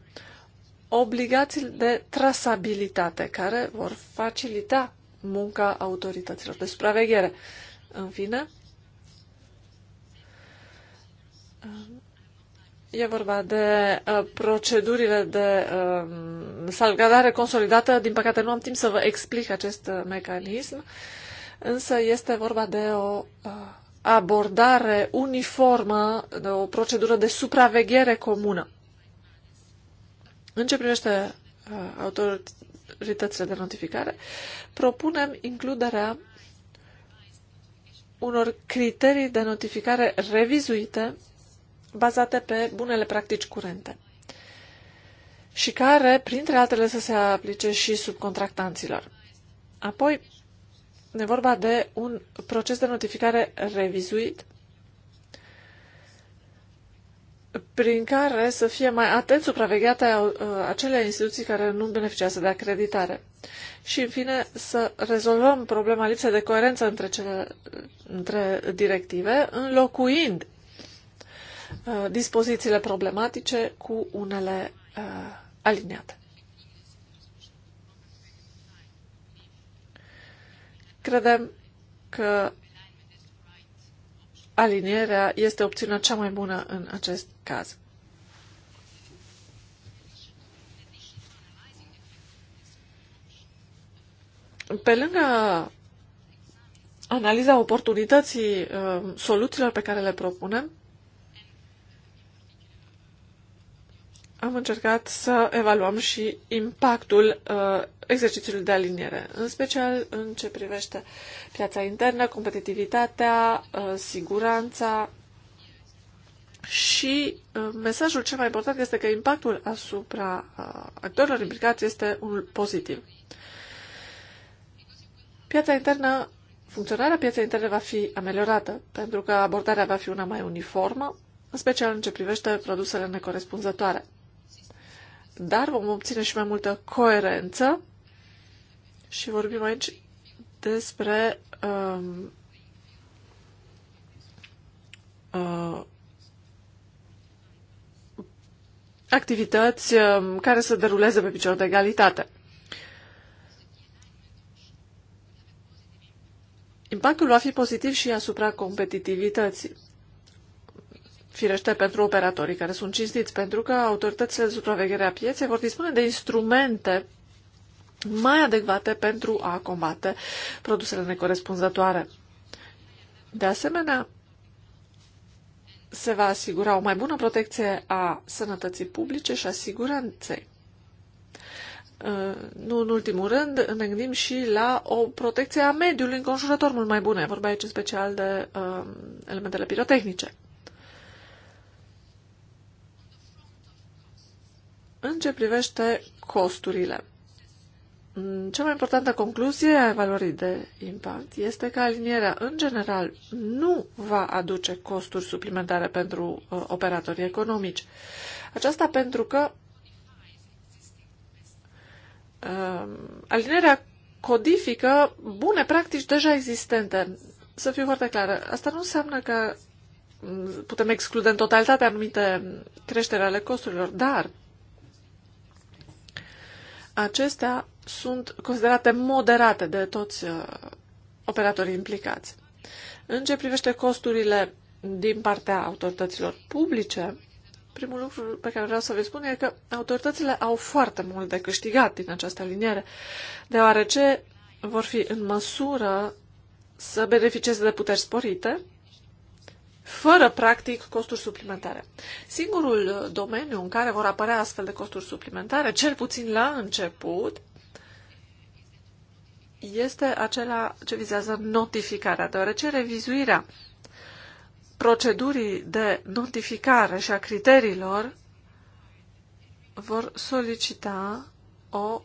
Speaker 2: obligații de trasabilitate care vor facilita munca autorităților de supraveghere. În fine, E vorba de uh, procedurile de uh, salvgardare consolidată. Din păcate nu am timp să vă explic acest uh, mecanism, însă este vorba de o uh, abordare uniformă, de o procedură de supraveghere comună. În ce privește uh, autoritățile de notificare, propunem includerea unor criterii de notificare revizuite bazate pe bunele practici curente și care, printre altele, să se aplice și subcontractanților. Apoi, ne vorba de un proces de notificare revizuit prin care să fie mai atent supravegheate uh, acele instituții care nu beneficiază de acreditare. Și, în fine, să rezolvăm problema lipsei de coerență între, cele, între directive, înlocuind Uh, dispozițiile problematice cu unele uh, aliniate. Credem că alinierea este opțiunea cea mai bună în acest caz. Pe lângă analiza oportunității uh, soluțiilor pe care le propunem, am încercat să evaluăm și impactul uh, exercițiului de aliniere, în special în ce privește piața internă, competitivitatea, uh, siguranța și uh, mesajul cel mai important este că impactul asupra uh, actorilor implicați este unul pozitiv. Piața internă, funcționarea pieței interne va fi ameliorată pentru că abordarea va fi una mai uniformă, în special în ce privește produsele necorespunzătoare dar vom obține și mai multă coerență și vorbim aici despre um, uh, activități um, care să deruleze pe picior de egalitate. Impactul va fi pozitiv și asupra competitivității firește pentru operatorii care sunt cinstiți, pentru că autoritățile de supraveghere a pieței vor dispune de instrumente mai adecvate pentru a combate produsele necorespunzătoare. De asemenea, se va asigura o mai bună protecție a sănătății publice și a siguranței. Uh, nu în ultimul rând, ne gândim și la o protecție a mediului înconjurător mult mai bună. Vorba aici special de uh, elementele pirotehnice. În ce privește costurile, mm, cea mai importantă concluzie a evaluării de impact este că alinierea, în general, nu va aduce costuri suplimentare pentru uh, operatorii economici. Aceasta pentru că uh, alinierea codifică bune practici deja existente. Să fiu foarte clară, asta nu înseamnă că mm, putem exclude în totalitate anumite creșteri ale costurilor, dar acestea sunt considerate moderate de toți uh, operatorii implicați. În ce privește costurile din partea autorităților publice, primul lucru pe care vreau să vă spun e că autoritățile au foarte mult de câștigat din această aliniere, deoarece vor fi în măsură să beneficieze de puteri sporite fără, practic, costuri suplimentare. Singurul uh, domeniu în care vor apărea astfel de costuri suplimentare, cel puțin la început, este acela ce vizează notificarea, deoarece revizuirea procedurii de notificare și a criteriilor vor solicita o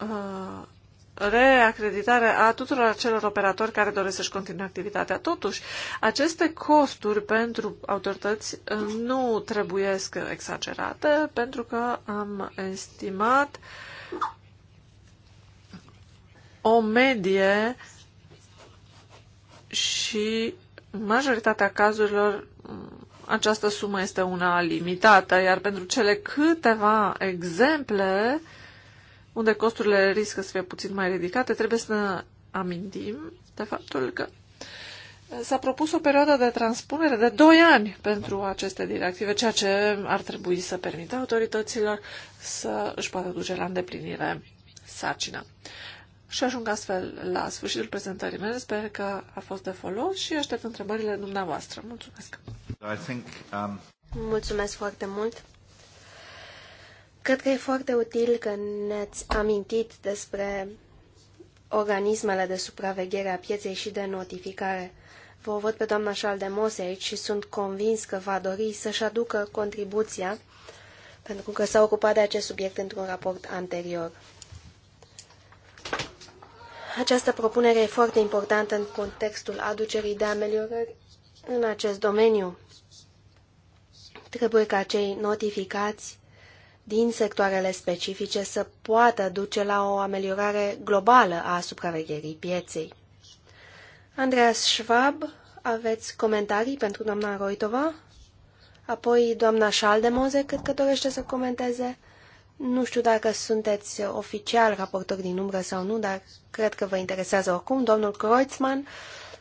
Speaker 2: uh, reacreditare a tuturor acelor operatori care doresc să-și continue activitatea. Totuși, aceste costuri pentru autorități uh, nu trebuie exagerate, pentru că am estimat o medie și majoritatea cazurilor mm, această sumă este una limitată, iar pentru cele câteva exemple unde costurile riscă să fie puțin mai ridicate, trebuie să amintim de faptul că s-a propus o perioadă de transpunere de 2 ani pentru aceste directive, ceea ce ar trebui să permită autorităților să își poată duce la îndeplinire sarcina. Și ajung astfel la sfârșitul prezentării mele. Sper că a fost de folos și aștept întrebările dumneavoastră. Mulțumesc!
Speaker 1: I think, um...
Speaker 2: Mulțumesc foarte
Speaker 3: mult! Cred că e foarte util că ne-ați amintit despre organismele de supraveghere a pieței și de notificare. Vă văd pe doamna Șaldemose aici și sunt convins că va dori să-și aducă contribuția, pentru că s-a ocupat de acest subiect într-un raport anterior. Această propunere e foarte importantă în contextul aducerii de ameliorări în acest domeniu. Trebuie ca cei notificați din sectoarele specifice să poată duce la o ameliorare globală a supravegherii pieței. Andreas Schwab, aveți comentarii pentru doamna Roitova? Apoi doamna Schaldemose, cât că dorește să comenteze. Nu știu dacă sunteți oficial raportor din umbră sau nu, dar cred că vă interesează oricum. Domnul Kreutzmann,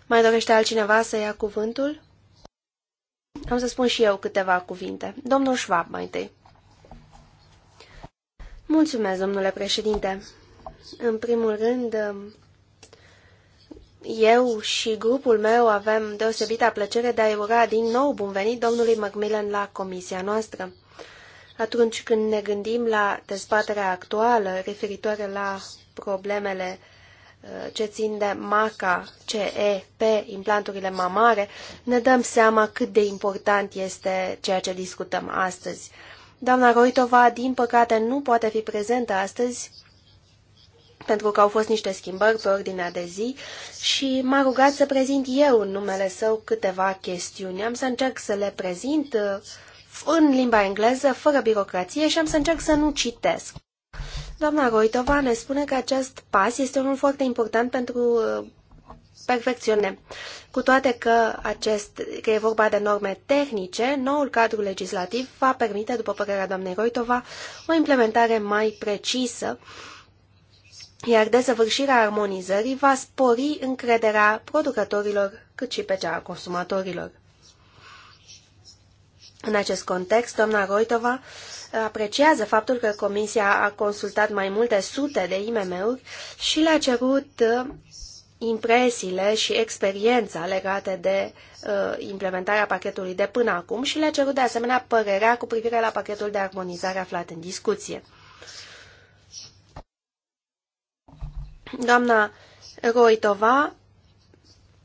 Speaker 3: mai dorește altcineva să ia cuvântul? Am să spun și eu câteva cuvinte. Domnul Schwab, mai întâi. Mulțumesc, domnule președinte. În primul rând, eu și grupul meu avem deosebita plăcere de a-i ura din nou bun venit domnului Macmillan la comisia noastră. Atunci când ne gândim la dezbaterea actuală referitoare la problemele uh, ce țin de MACA, CE, pe implanturile mamare, ne dăm seama cât de important este ceea ce discutăm astăzi. Doamna Roitova, din păcate, nu poate fi prezentă astăzi pentru că au fost niște schimbări pe ordinea de zi și m-a rugat să prezint eu în numele său câteva chestiuni. Am să încerc să le prezint uh, în limba engleză, fără birocrație și am să încerc să nu citesc. Doamna Roitova ne spune că acest pas este unul foarte important pentru uh, perfecțione. Cu toate că, acest, că e vorba de norme tehnice, noul cadru legislativ va permite, după părerea doamnei Roitova, o implementare mai precisă, iar desăvârșirea armonizării va spori încrederea producătorilor cât și pe cea a consumatorilor. În acest context, doamna Roitova apreciază faptul că Comisia a consultat mai multe sute de IMM-uri și le-a cerut impresiile și experiența legate de uh, implementarea pachetului de până acum și le-a cerut de asemenea părerea cu privire la pachetul de armonizare aflat în discuție. Doamna Roitova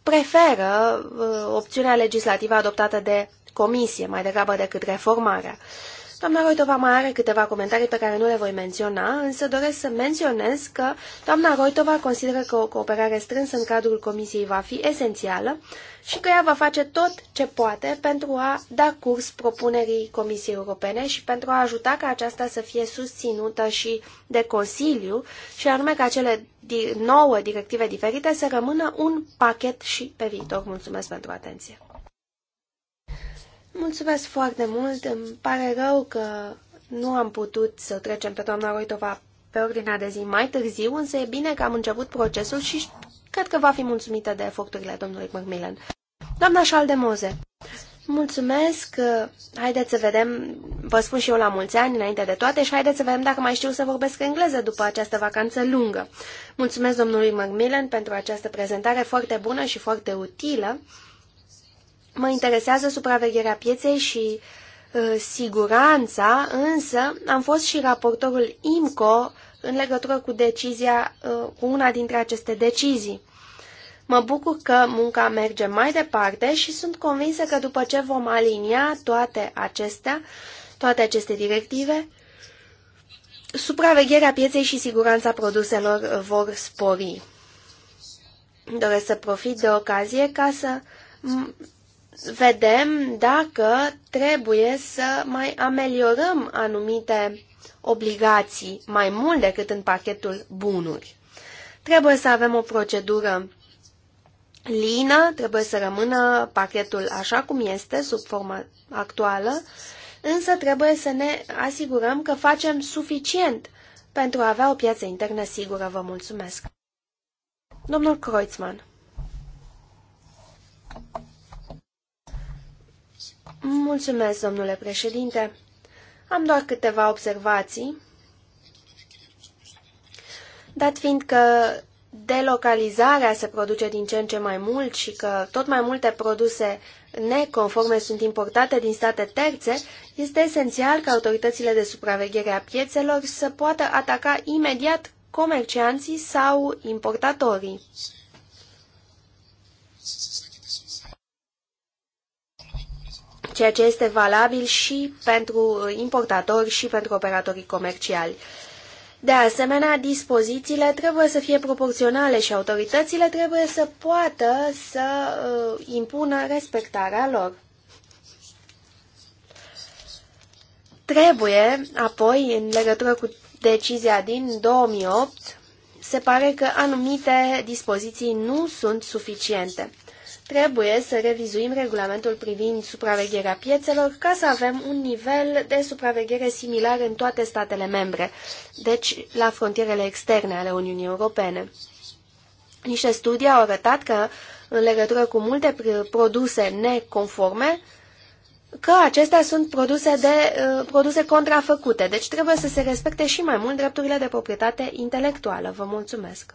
Speaker 3: preferă uh, opțiunea legislativă adoptată de comisie mai degrabă decât reformarea. Uh, Doamna Roitova mai are câteva comentarii pe care nu le voi menționa, însă doresc să menționez că doamna Roitova consideră că o cooperare strânsă în cadrul Comisiei va fi esențială și că ea va face tot ce poate pentru a da curs propunerii Comisiei Europene și pentru a ajuta ca aceasta să fie susținută și de Consiliu, și anume ca cele nouă directive diferite să rămână un pachet și pe viitor. Mulțumesc pentru atenție! Mulțumesc foarte mult. Îmi pare rău că nu am putut să trecem pe doamna Roitova pe ordinea de zi mai târziu, însă e bine că am început procesul și cred că va fi mulțumită de eforturile domnului Macmillan. Doamna Șaldemoze, mulțumesc, haideți să vedem, vă spun și eu la mulți ani înainte de toate și haideți să vedem dacă mai știu să vorbesc engleză după această vacanță lungă. Mulțumesc domnului Macmillan pentru această prezentare foarte bună și foarte utilă. Mă interesează supravegherea pieței și uh, siguranța, însă am fost și raportorul IMCO în legătură cu decizia, uh, cu una dintre aceste decizii. Mă bucur că munca merge mai departe și sunt convinsă că după ce vom alinia toate acestea, toate aceste directive, supravegherea pieței și siguranța produselor uh, vor spori. Doresc să profit de ocazie ca să vedem dacă trebuie să mai ameliorăm anumite obligații mai mult decât în pachetul bunuri. Trebuie să avem o procedură lină, trebuie să rămână pachetul așa cum este, sub forma actuală, însă trebuie să ne asigurăm că facem suficient pentru a avea o piață internă sigură. Vă mulțumesc! Domnul Kreutzmann Mulțumesc, domnule președinte. Am doar câteva observații. Dat fiind că delocalizarea se produce din ce în ce mai mult și că tot mai multe produse neconforme sunt importate din state terțe, este esențial ca autoritățile de supraveghere a piețelor să poată ataca imediat comercianții sau importatorii. ceea ce este valabil și pentru uh, importatori și pentru operatorii comerciali. De asemenea, dispozițiile trebuie să fie proporționale și autoritățile trebuie să poată să uh, impună respectarea lor. Trebuie, apoi, în legătură cu decizia din 2008, se pare că anumite dispoziții nu sunt suficiente. Trebuie să revizuim regulamentul privind supravegherea piețelor ca să avem un nivel de supraveghere similar în toate statele membre, deci la frontierele externe ale Uniunii Europene. Niște studii au arătat că, în legătură cu multe produse neconforme, că acestea sunt produse, de, uh, produse contrafăcute, deci trebuie să se respecte și mai mult drepturile de proprietate intelectuală. Vă mulțumesc!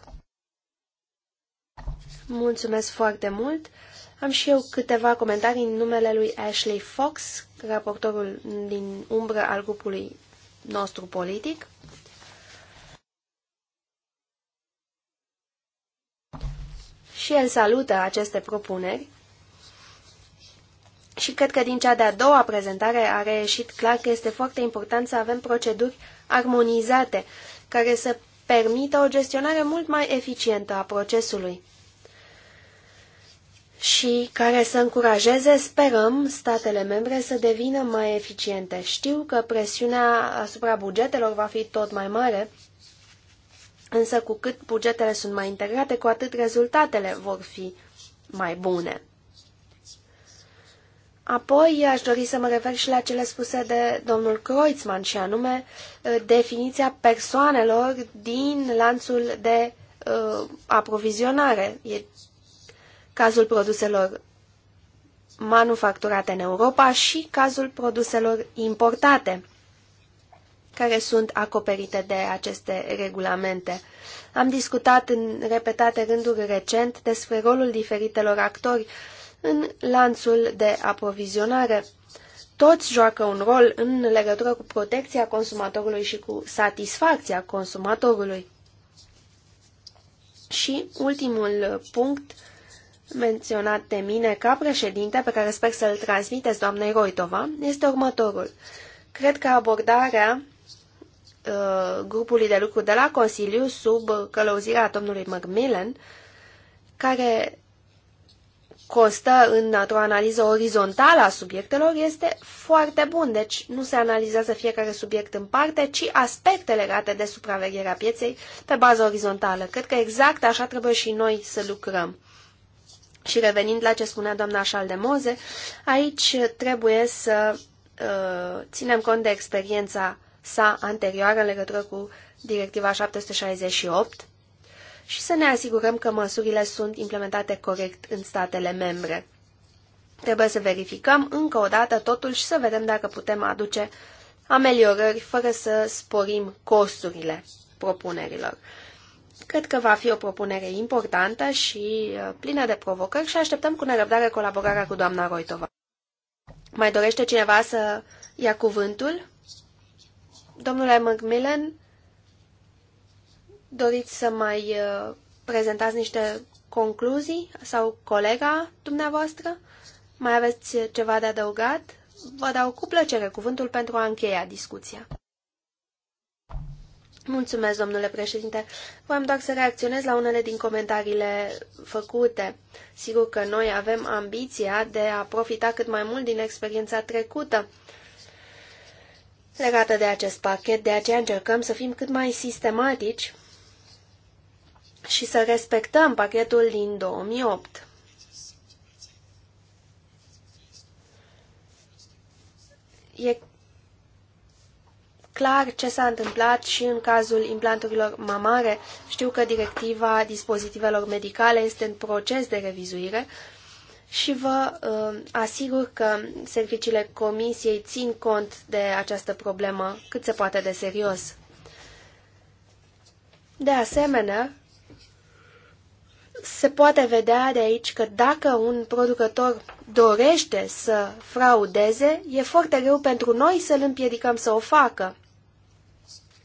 Speaker 3: Mulțumesc foarte mult. Am și eu câteva comentarii în numele lui Ashley Fox, raportorul din umbră al grupului nostru politic. Și el salută aceste propuneri. Și cred că din cea de-a doua prezentare a reieșit clar că este foarte important să avem proceduri armonizate, care să permită o gestionare mult mai eficientă a procesului și care să încurajeze, sperăm, statele membre să devină mai eficiente. Știu că presiunea asupra bugetelor va fi tot mai mare, însă cu cât bugetele sunt mai integrate, cu atât rezultatele vor fi mai bune. Apoi aș dori să mă refer și la cele spuse de domnul Kreutzmann și anume uh, definiția persoanelor din lanțul de uh, aprovizionare. E cazul produselor manufacturate în Europa și cazul produselor importate care sunt acoperite de aceste regulamente. Am discutat în repetate rânduri recent despre rolul diferitelor actori în lanțul de aprovizionare. Toți joacă un rol în legătură cu protecția consumatorului și cu satisfacția consumatorului. Și ultimul punct menționat de mine ca președinte, pe care sper să-l transmiteți doamnei Roitova, este următorul. Cred că abordarea uh, grupului de lucru de la Consiliu sub călăuzirea domnului McMillan, care constă într-o analiză orizontală a subiectelor, este foarte bun. Deci nu se analizează fiecare subiect în parte, ci aspecte legate de supravegherea pieței pe bază orizontală. Cred că exact așa trebuie și noi să lucrăm. Și revenind la ce spunea doamna Șaldemoze, aici trebuie să uh, ținem cont de experiența sa anterioară în legătură cu Directiva 768 și să ne asigurăm că măsurile sunt implementate corect în statele membre. Trebuie să verificăm încă o dată totul și să vedem dacă putem aduce ameliorări fără să sporim costurile propunerilor. Cred că va fi o propunere importantă și uh, plină de provocări și așteptăm cu nerăbdare colaborarea cu doamna Roitova. Mai dorește cineva să ia cuvântul? Domnule McMillan, doriți să mai uh, prezentați niște concluzii sau colega dumneavoastră? Mai aveți ceva de adăugat? Vă dau cu plăcere cuvântul pentru a încheia discuția. Mulțumesc, domnule președinte. Vreau doar să reacționez la unele din comentariile făcute. Sigur că noi avem ambiția de a profita cât mai mult din experiența trecută legată de acest pachet, de aceea încercăm să fim cât mai sistematici și să respectăm pachetul din 2008. E clar ce s-a întâmplat și în cazul implanturilor mamare. Știu că directiva dispozitivelor medicale este în proces de revizuire și vă uh, asigur că serviciile comisiei țin cont de această problemă cât se poate de serios. De asemenea, se poate vedea de aici că dacă un producător dorește să fraudeze, e foarte greu pentru noi să-l împiedicăm să o facă.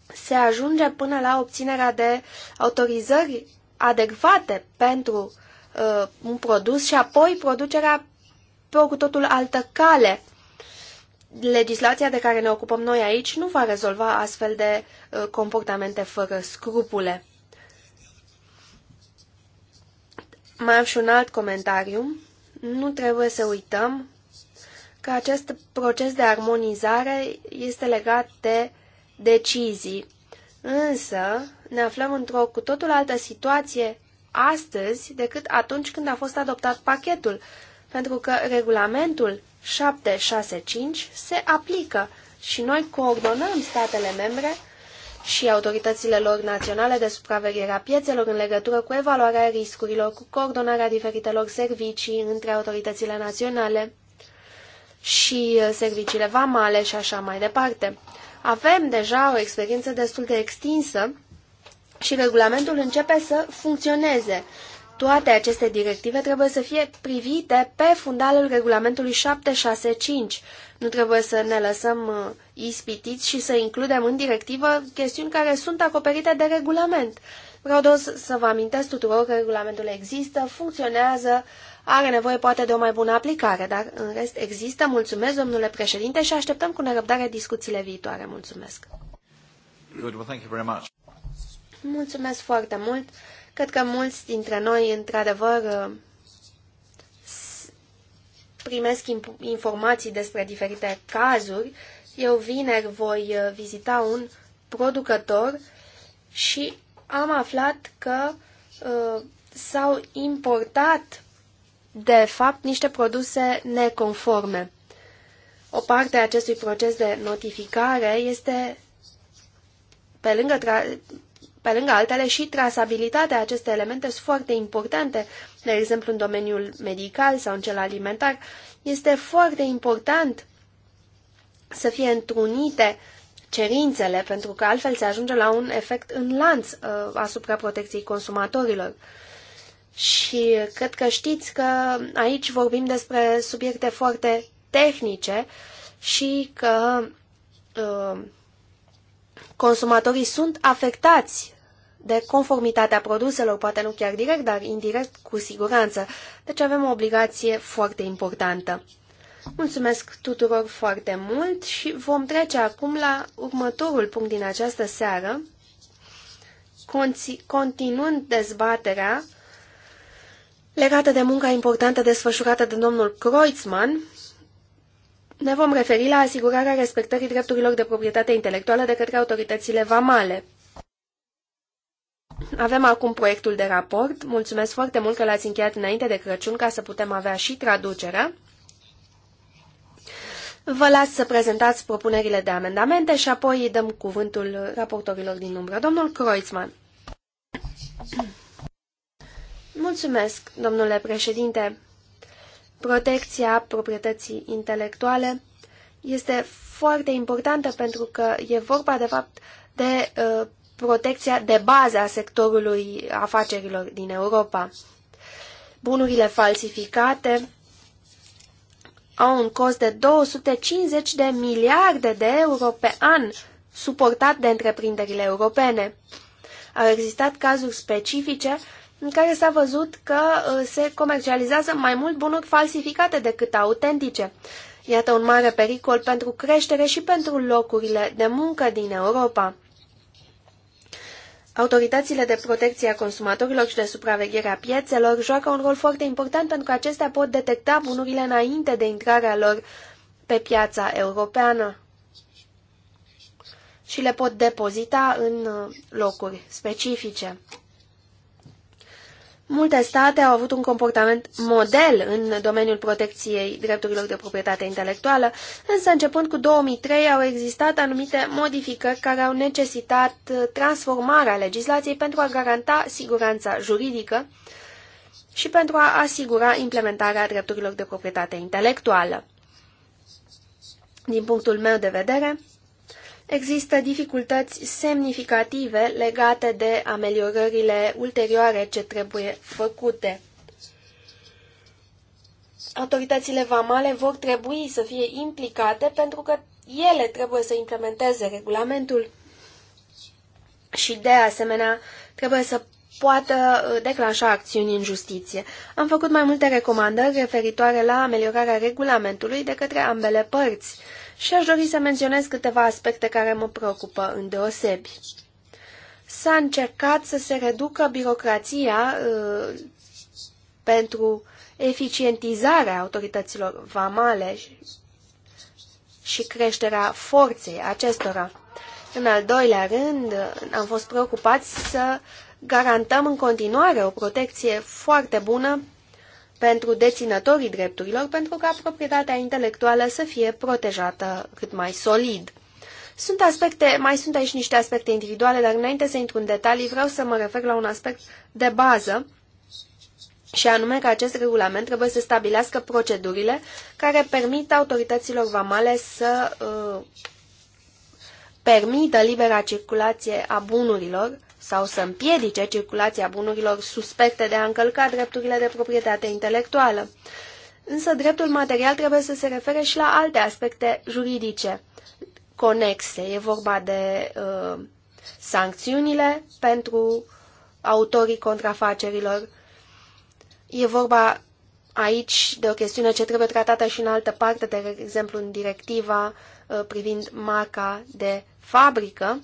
Speaker 3: Se ajunge până la obținerea de autorizări adecvate pentru uh, un produs și apoi producerea pe o cu totul altă cale. Legislația de care ne ocupăm noi aici nu va rezolva astfel de uh, comportamente fără scrupule. Mai am și un alt comentariu. Nu trebuie să uităm că acest proces de armonizare este legat de decizii. Însă ne aflăm într-o cu totul altă situație astăzi decât atunci când a fost adoptat pachetul, pentru că regulamentul 765 se aplică și noi coordonăm statele membre și autoritățile lor naționale de supraveghere a piețelor în legătură cu evaluarea riscurilor, cu coordonarea diferitelor servicii între autoritățile naționale și uh, serviciile vamale și așa mai departe. Avem deja o experiență destul de extinsă și regulamentul începe să funcționeze. Toate aceste directive trebuie să fie privite pe fundalul regulamentului 765. Nu trebuie să ne lăsăm uh, ispitiți și să includem în directivă chestiuni care sunt acoperite de regulament. Vreau doar să vă amintesc tuturor că regulamentul există, funcționează, are nevoie poate de o mai bună aplicare, dar în rest există. Mulțumesc, domnule președinte, și așteptăm cu nerăbdare discuțiile viitoare. Mulțumesc!
Speaker 2: Good, well, thank you very much.
Speaker 3: Mulțumesc foarte mult! Cred că mulți dintre noi, într-adevăr, primesc informații despre diferite cazuri. Eu vineri voi vizita un producător și am aflat că uh, s-au importat, de fapt, niște produse neconforme. O parte a acestui proces de notificare este, pe lângă pe lângă altele și trasabilitatea, acestei elemente sunt foarte importante, de exemplu în domeniul medical sau în cel alimentar. Este foarte important să fie întrunite cerințele, pentru că altfel se ajunge la un efect în lanț uh, asupra protecției consumatorilor. Și cred că știți că aici vorbim despre subiecte foarte tehnice și că uh, consumatorii sunt afectați de conformitatea produselor, poate nu chiar direct, dar indirect cu siguranță. Deci avem o obligație foarte importantă. Mulțumesc tuturor foarte mult și vom trece acum la următorul punct din această seară, continuând dezbaterea legată de munca importantă desfășurată de domnul Kreutzmann, ne vom referi la asigurarea respectării drepturilor de proprietate intelectuală de către autoritățile vamale. Avem acum proiectul de raport. Mulțumesc foarte mult că l-ați încheiat înainte de Crăciun ca să putem avea și traducerea. Vă las să prezentați propunerile de amendamente și apoi îi dăm cuvântul raportorilor din umbră. Domnul Kreuzmann. Mulțumesc, domnule președinte. Protecția proprietății intelectuale este foarte importantă pentru că e vorba, de fapt, de uh, protecția de bază a sectorului afacerilor din Europa. Bunurile falsificate au un cost de 250 de miliarde de euro pe an, suportat de întreprinderile europene. Au existat cazuri specifice în care s-a văzut că uh, se comercializează mai mult bunuri falsificate decât autentice. Iată un mare pericol pentru creștere și pentru locurile de muncă din Europa. Autoritățile de protecție a consumatorilor și de supraveghere a piețelor joacă un rol foarte important pentru că acestea pot detecta bunurile înainte de intrarea lor pe piața europeană și le pot depozita în uh, locuri specifice. Multe state au avut un comportament model în domeniul protecției drepturilor de proprietate intelectuală, însă începând cu 2003 au existat anumite modificări care au necesitat transformarea legislației pentru a garanta siguranța juridică și pentru a asigura implementarea drepturilor de proprietate intelectuală. Din punctul meu de vedere, Există dificultăți semnificative legate de ameliorările ulterioare ce trebuie făcute. Autoritățile vamale vor trebui să fie implicate pentru că ele trebuie să implementeze regulamentul și, de asemenea, trebuie să poată uh, declanșa acțiuni în justiție. Am făcut mai multe recomandări referitoare la ameliorarea regulamentului de către ambele părți și aș dori să menționez câteva aspecte care mă preocupă îndeosebi. S-a încercat să se reducă birocrația uh, pentru eficientizarea autorităților vamale și, și creșterea forței acestora. În al doilea rând, am fost preocupați să garantăm în continuare o protecție foarte bună pentru deținătorii drepturilor pentru ca proprietatea intelectuală să fie protejată cât mai solid. Sunt aspecte, mai sunt aici niște aspecte individuale, dar înainte să intru în detalii vreau să mă refer la un aspect de bază și anume că acest regulament trebuie să stabilească procedurile care permit autorităților vamale să uh, permită libera circulație a bunurilor sau să împiedice circulația bunurilor suspecte de a încălca drepturile de proprietate intelectuală. Însă dreptul material trebuie să se refere și la alte aspecte juridice conexe. E vorba de uh, sancțiunile pentru autorii contrafacerilor. E vorba aici de o chestiune ce trebuie tratată și în altă parte, de exemplu în directiva uh, privind marca de fabrică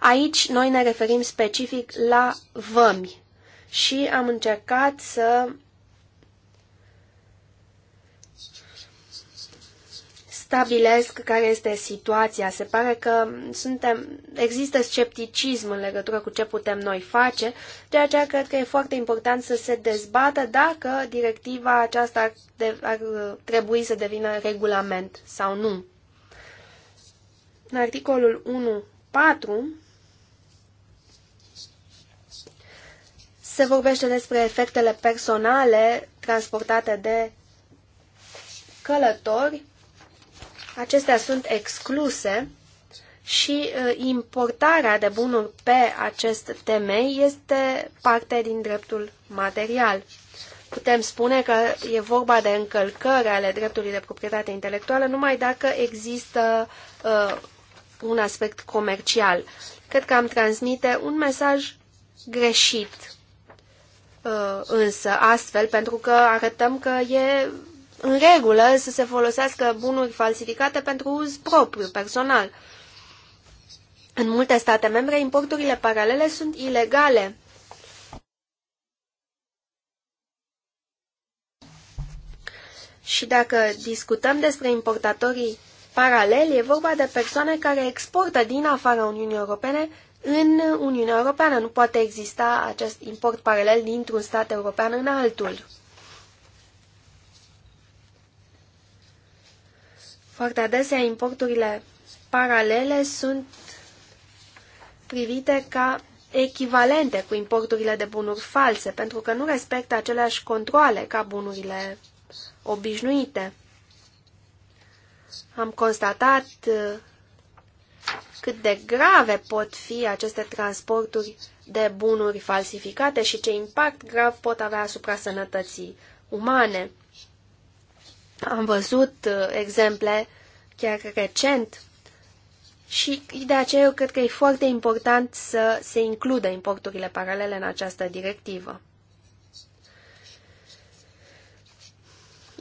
Speaker 3: Aici noi ne referim specific la vămi și am încercat să stabilesc care este situația. Se pare că suntem, există scepticism în legătură cu ce putem noi face, de aceea cred că e foarte important să se dezbată dacă directiva aceasta ar, de, ar trebui să devină regulament sau nu. În articolul 1.4 Se vorbește despre efectele personale transportate de călători. Acestea sunt excluse și importarea de bunuri pe acest temei este parte din dreptul material. Putem spune că e vorba de încălcări ale dreptului de proprietate intelectuală numai dacă există uh, un aspect comercial. Cred că am transmite un mesaj greșit Uh, însă astfel, pentru că arătăm că e în regulă să se folosească bunuri falsificate pentru uz propriu, personal. În multe state membre, importurile paralele sunt ilegale. Și dacă discutăm despre importatorii paraleli, e vorba de persoane care exportă din afara Uniunii Europene în Uniunea Europeană. Nu poate exista acest import paralel dintr-un stat european în altul. Foarte adesea importurile paralele sunt privite ca echivalente cu importurile de bunuri false, pentru că nu respectă aceleași controle ca bunurile obișnuite. Am constatat cât de grave pot fi aceste transporturi de bunuri falsificate și ce impact grav pot avea asupra sănătății umane. Am văzut uh, exemple chiar recent și de aceea eu cred că e foarte important să se includă importurile paralele în această directivă.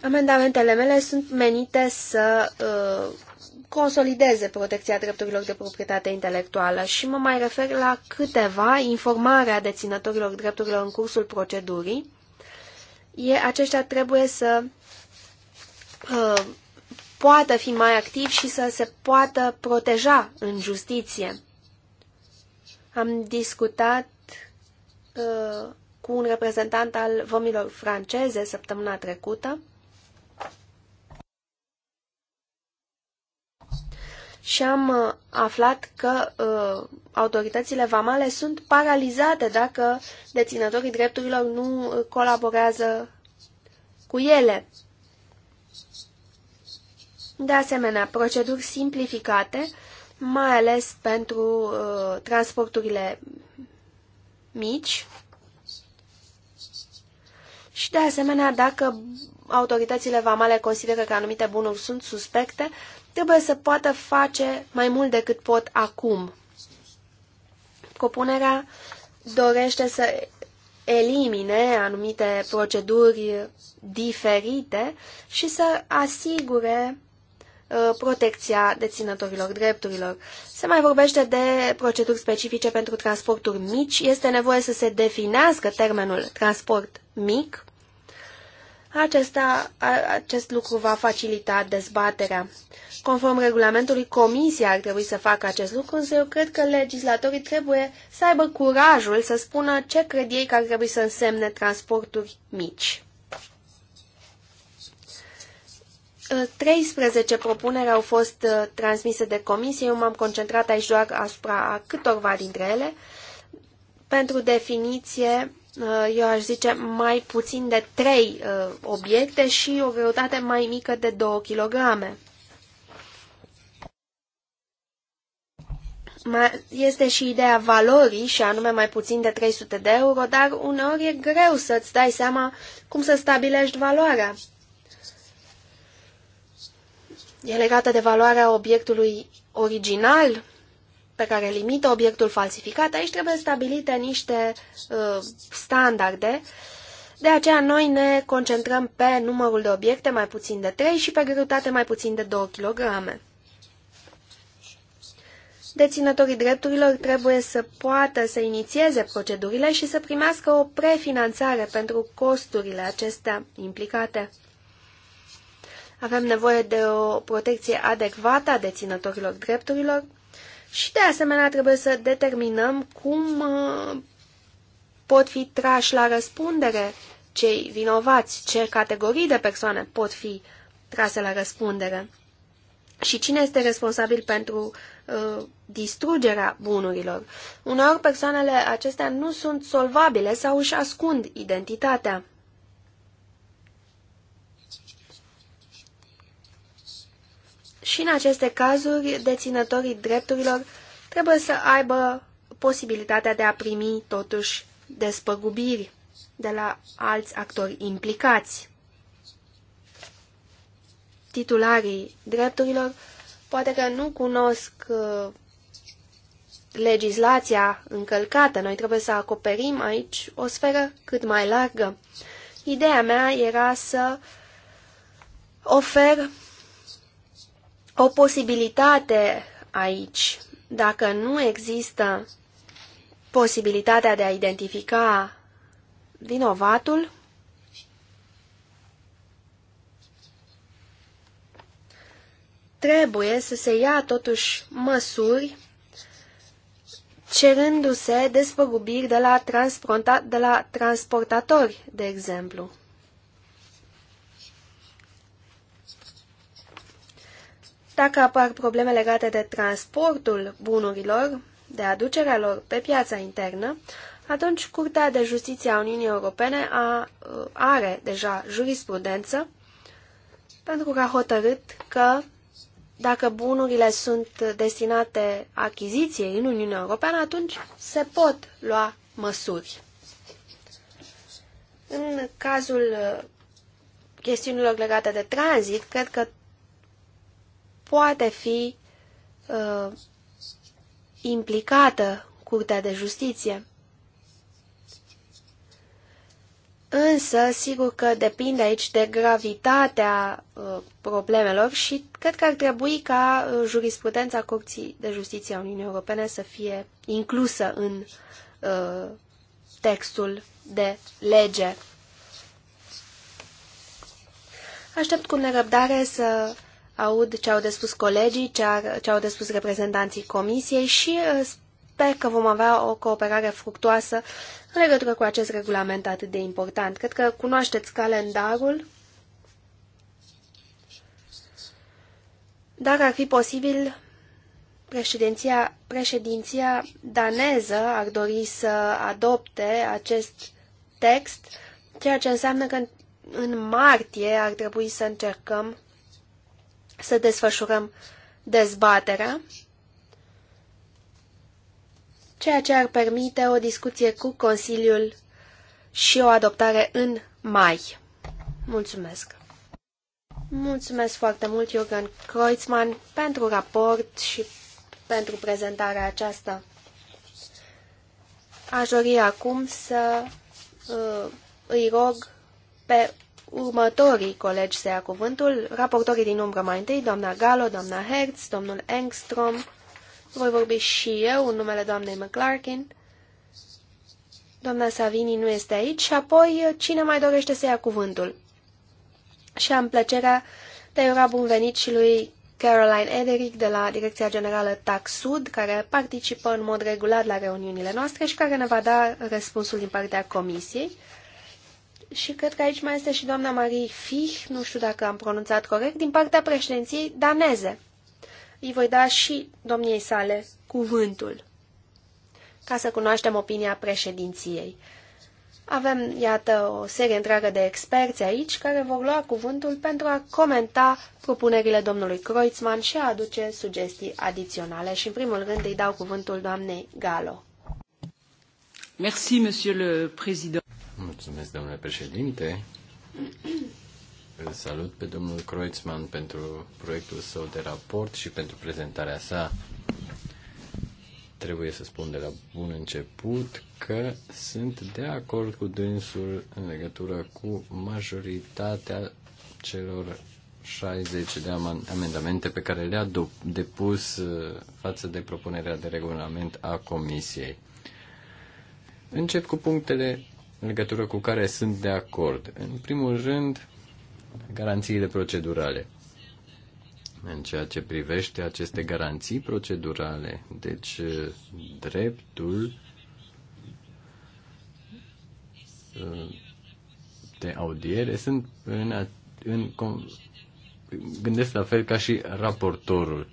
Speaker 3: Amendamentele mele sunt menite să uh, consolideze protecția drepturilor de proprietate intelectuală și mă mai refer la câteva informarea deținătorilor drepturilor în cursul procedurii. E, aceștia trebuie să uh, poată fi mai activi și să se poată proteja în justiție. Am discutat uh, cu un reprezentant al vămilor franceze săptămâna trecută și am uh, aflat că uh, autoritățile vamale sunt paralizate dacă deținătorii drepturilor nu uh, colaborează cu ele. De asemenea, proceduri simplificate, mai ales pentru uh, transporturile mici și, de asemenea, dacă autoritățile vamale consideră că anumite bunuri sunt suspecte, trebuie să poată face mai mult decât pot acum. Propunerea dorește să elimine anumite proceduri diferite și să asigure uh, protecția deținătorilor drepturilor. Se mai vorbește de proceduri specifice pentru transporturi mici. Este nevoie să se definească termenul transport mic acesta, acest lucru va facilita dezbaterea. Conform regulamentului, comisia ar trebui să facă acest lucru, însă eu cred că legislatorii trebuie să aibă curajul să spună ce cred ei că ar trebui să însemne transporturi mici. 13 ă, propuneri au fost ă, transmise de comisie, eu m-am concentrat aici doar asupra câtorva dintre ele. Pentru definiție, Uh, eu aș zice, mai puțin de 3 uh, obiecte și o greutate mai mică de 2 kg. Este și ideea valorii, și anume mai puțin de 300 de euro, dar uneori e greu să-ți dai seama cum să stabilești valoarea. E legată de valoarea obiectului original, pe care limită obiectul falsificat, aici trebuie stabilite niște uh, standarde. De aceea noi ne concentrăm pe numărul de obiecte mai puțin de 3 și pe greutate mai puțin de 2 kg. Deținătorii drepturilor trebuie să poată să inițieze procedurile și să primească o prefinanțare pentru costurile acestea implicate. Avem nevoie de o protecție adecvată a deținătorilor drepturilor și de asemenea trebuie să determinăm cum uh, pot fi trași la răspundere cei vinovați, ce categorii de persoane pot fi trase la răspundere și cine este responsabil pentru uh, distrugerea bunurilor. Uneori persoanele acestea nu sunt solvabile sau își ascund identitatea. Și în aceste cazuri, deținătorii drepturilor trebuie să aibă posibilitatea de a primi totuși despăgubiri de la alți actori implicați. Titularii drepturilor poate că nu cunosc uh, legislația încălcată. Noi trebuie să acoperim aici o sferă cât mai largă. Ideea mea era să ofer o posibilitate aici. Dacă nu există posibilitatea de a identifica vinovatul, trebuie să se ia totuși măsuri cerându-se despăgubiri de la, de la transportatori, de exemplu. Dacă apar probleme legate de transportul bunurilor, de aducerea lor pe piața internă, atunci Curtea de Justiție a Uniunii Europene a, uh, are deja jurisprudență pentru că a hotărât că dacă bunurile sunt destinate achiziției în Uniunea Europeană, atunci se pot lua măsuri. În cazul uh, chestiunilor legate de tranzit, cred că poate fi uh, implicată Curtea de Justiție. Însă, sigur că depinde aici de gravitatea uh, problemelor și cred că ar trebui ca uh, jurisprudența Curții de Justiție a Uniunii Europene să fie inclusă în uh, textul de lege. Aștept cu nerăbdare să aud ce au de spus colegii, ce au de spus reprezentanții comisiei și uh, sper că vom avea o cooperare fructoasă în legătură cu acest regulament atât de important. Cred că cunoașteți calendarul, Dacă ar fi posibil președinția, președinția daneză ar dori să adopte acest text, ceea ce înseamnă că în martie ar trebui să încercăm să desfășurăm dezbaterea, ceea ce ar permite o discuție cu Consiliul și o adoptare în mai. Mulțumesc! Mulțumesc foarte mult, Jürgen Kreuzmann, pentru raport și pentru prezentarea aceasta. Aș dori acum să uh, îi rog pe următorii colegi să ia cuvântul, raportorii din umbră mai întâi, doamna Galo, doamna Hertz, domnul Engstrom, voi vorbi și eu în numele doamnei McClarkin, doamna Savini nu este aici și apoi uh, cine mai dorește să ia cuvântul. Și am plăcerea de a ura bun venit și lui Caroline Ederic de la Direcția Generală TAC Sud, care participă în mod regulat la reuniunile noastre și care ne va da răspunsul din partea Comisiei și cred că aici mai este și doamna Marie Fich, nu știu dacă am pronunțat corect, din partea președinției daneze. Îi voi da și domniei sale cuvântul, ca să cunoaștem opinia președinției. Avem, iată, o serie întreagă de experți aici care vor lua cuvântul pentru a comenta propunerile domnului Kreutzmann și a aduce sugestii adiționale. Și, în primul rând, îi dau cuvântul doamnei Galo.
Speaker 1: Merci, monsieur le président. Mulțumesc, domnule președinte. Îl salut pe domnul Kreutzmann pentru proiectul său de raport și pentru prezentarea sa. Trebuie să spun de la bun început că sunt de acord cu dânsul în legătură cu majoritatea celor 60 de amendamente pe care le-a depus uh, față de propunerea de regulament a Comisiei. Încep cu punctele în legătură cu care sunt de acord. În primul rând, garanțiile procedurale. În ceea ce privește aceste garanții procedurale, deci dreptul uh, de audiere sunt în, în gândesc la fel ca și raportorul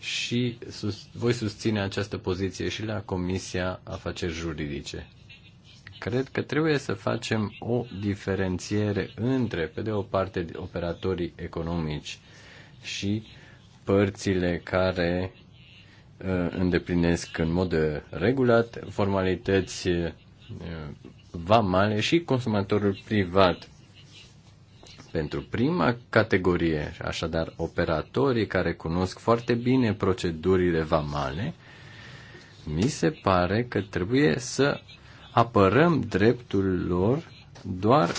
Speaker 1: și sus, voi susține această poziție și la Comisia Afaceri Juridice. Cred că trebuie să facem o diferențiere între, pe de o parte, operatorii economici și părțile care uh, îndeplinesc în mod uh, regulat formalități uh, vamale și consumatorul privat. Pentru prima categorie, așadar operatorii care cunosc foarte bine procedurile vamale, mi se pare că trebuie să apărăm dreptul lor doar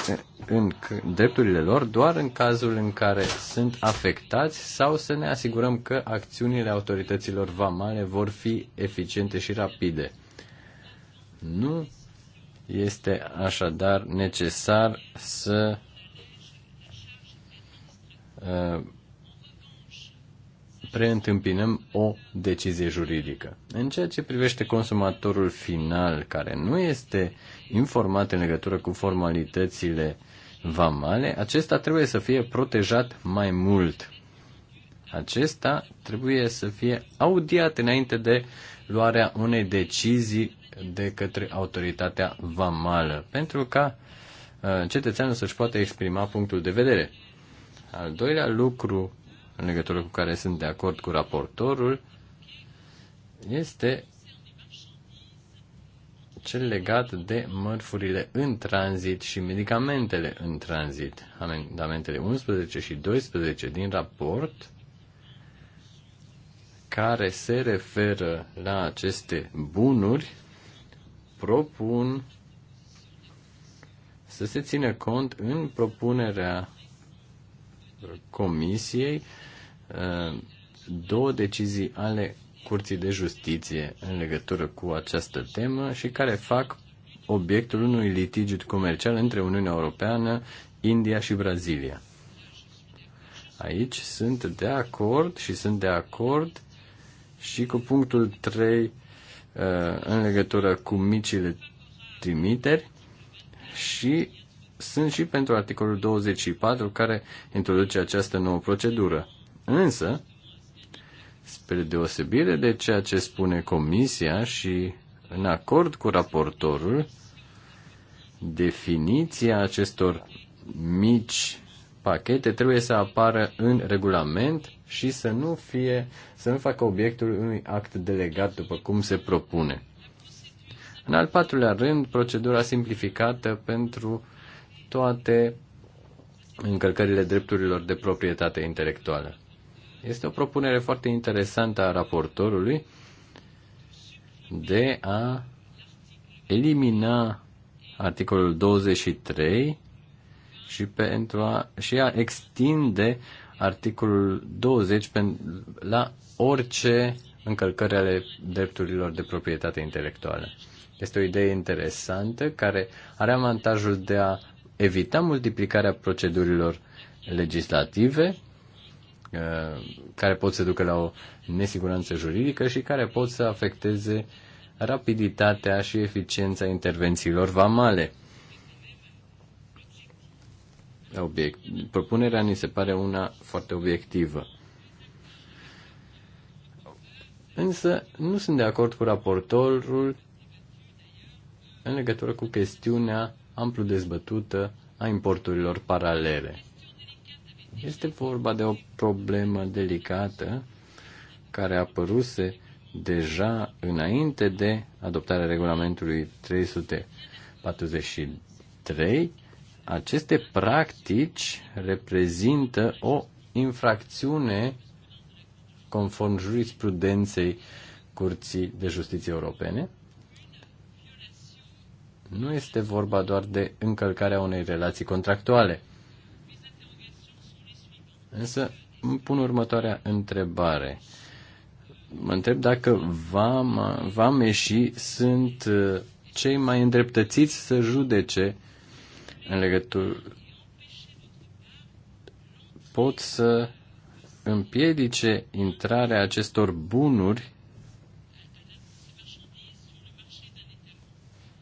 Speaker 1: în, drepturile lor doar în cazul în care sunt afectați sau să ne asigurăm că acțiunile autorităților vamale vor fi eficiente și rapide. Nu este așadar necesar să uh, preîntâmpinăm o decizie juridică. În ceea ce privește consumatorul final, care nu este informat în legătură cu formalitățile vamale, acesta trebuie să fie protejat mai mult. Acesta trebuie să fie audiat înainte de luarea unei decizii de către autoritatea vamală, pentru ca uh, cetățeanul să-și poată exprima punctul de vedere. Al doilea lucru în legătură cu care sunt de acord cu raportorul, este cel legat de mărfurile în tranzit și medicamentele în tranzit. Amendamentele 11 și 12 din raport care se referă la aceste bunuri propun să se țină cont în propunerea Comisiei Uh, două decizii ale Curții de Justiție în legătură cu această temă și care fac obiectul unui litigiu comercial între Uniunea Europeană, India și Brazilia. Aici sunt de acord și sunt de acord și cu punctul 3 uh, în legătură cu micile trimiteri și sunt și pentru articolul 24 care introduce această nouă procedură. Însă, spre deosebire de ceea ce spune Comisia și în acord cu raportorul, definiția acestor mici pachete trebuie să apară în regulament și să nu fie, să nu facă obiectul unui act delegat după cum se propune. În al patrulea rând, procedura simplificată pentru toate încălcările drepturilor de proprietate intelectuală. Este o propunere foarte interesantă a raportorului de a elimina articolul 23 și pentru a, și a extinde articolul 20 la orice încălcări ale drepturilor de proprietate intelectuală. Este o idee interesantă care are avantajul de a evita multiplicarea procedurilor legislative Uh, care pot să ducă la o nesiguranță juridică și care pot să afecteze rapiditatea și eficiența intervențiilor vamale. Obiect. Propunerea ni se pare una foarte obiectivă. Însă nu sunt de acord cu raportorul în legătură cu chestiunea amplu dezbătută a importurilor paralele. Este vorba de o problemă delicată care apăruse deja înainte de adoptarea regulamentului 343. Aceste practici reprezintă o infracțiune conform jurisprudenței Curții de Justiție Europene. Nu este vorba doar de încălcarea unei relații contractuale. Însă îmi pun următoarea întrebare. Mă întreb dacă vama, vame și sunt uh, cei mai îndreptățiți să judece în legătură pot să împiedice intrarea acestor bunuri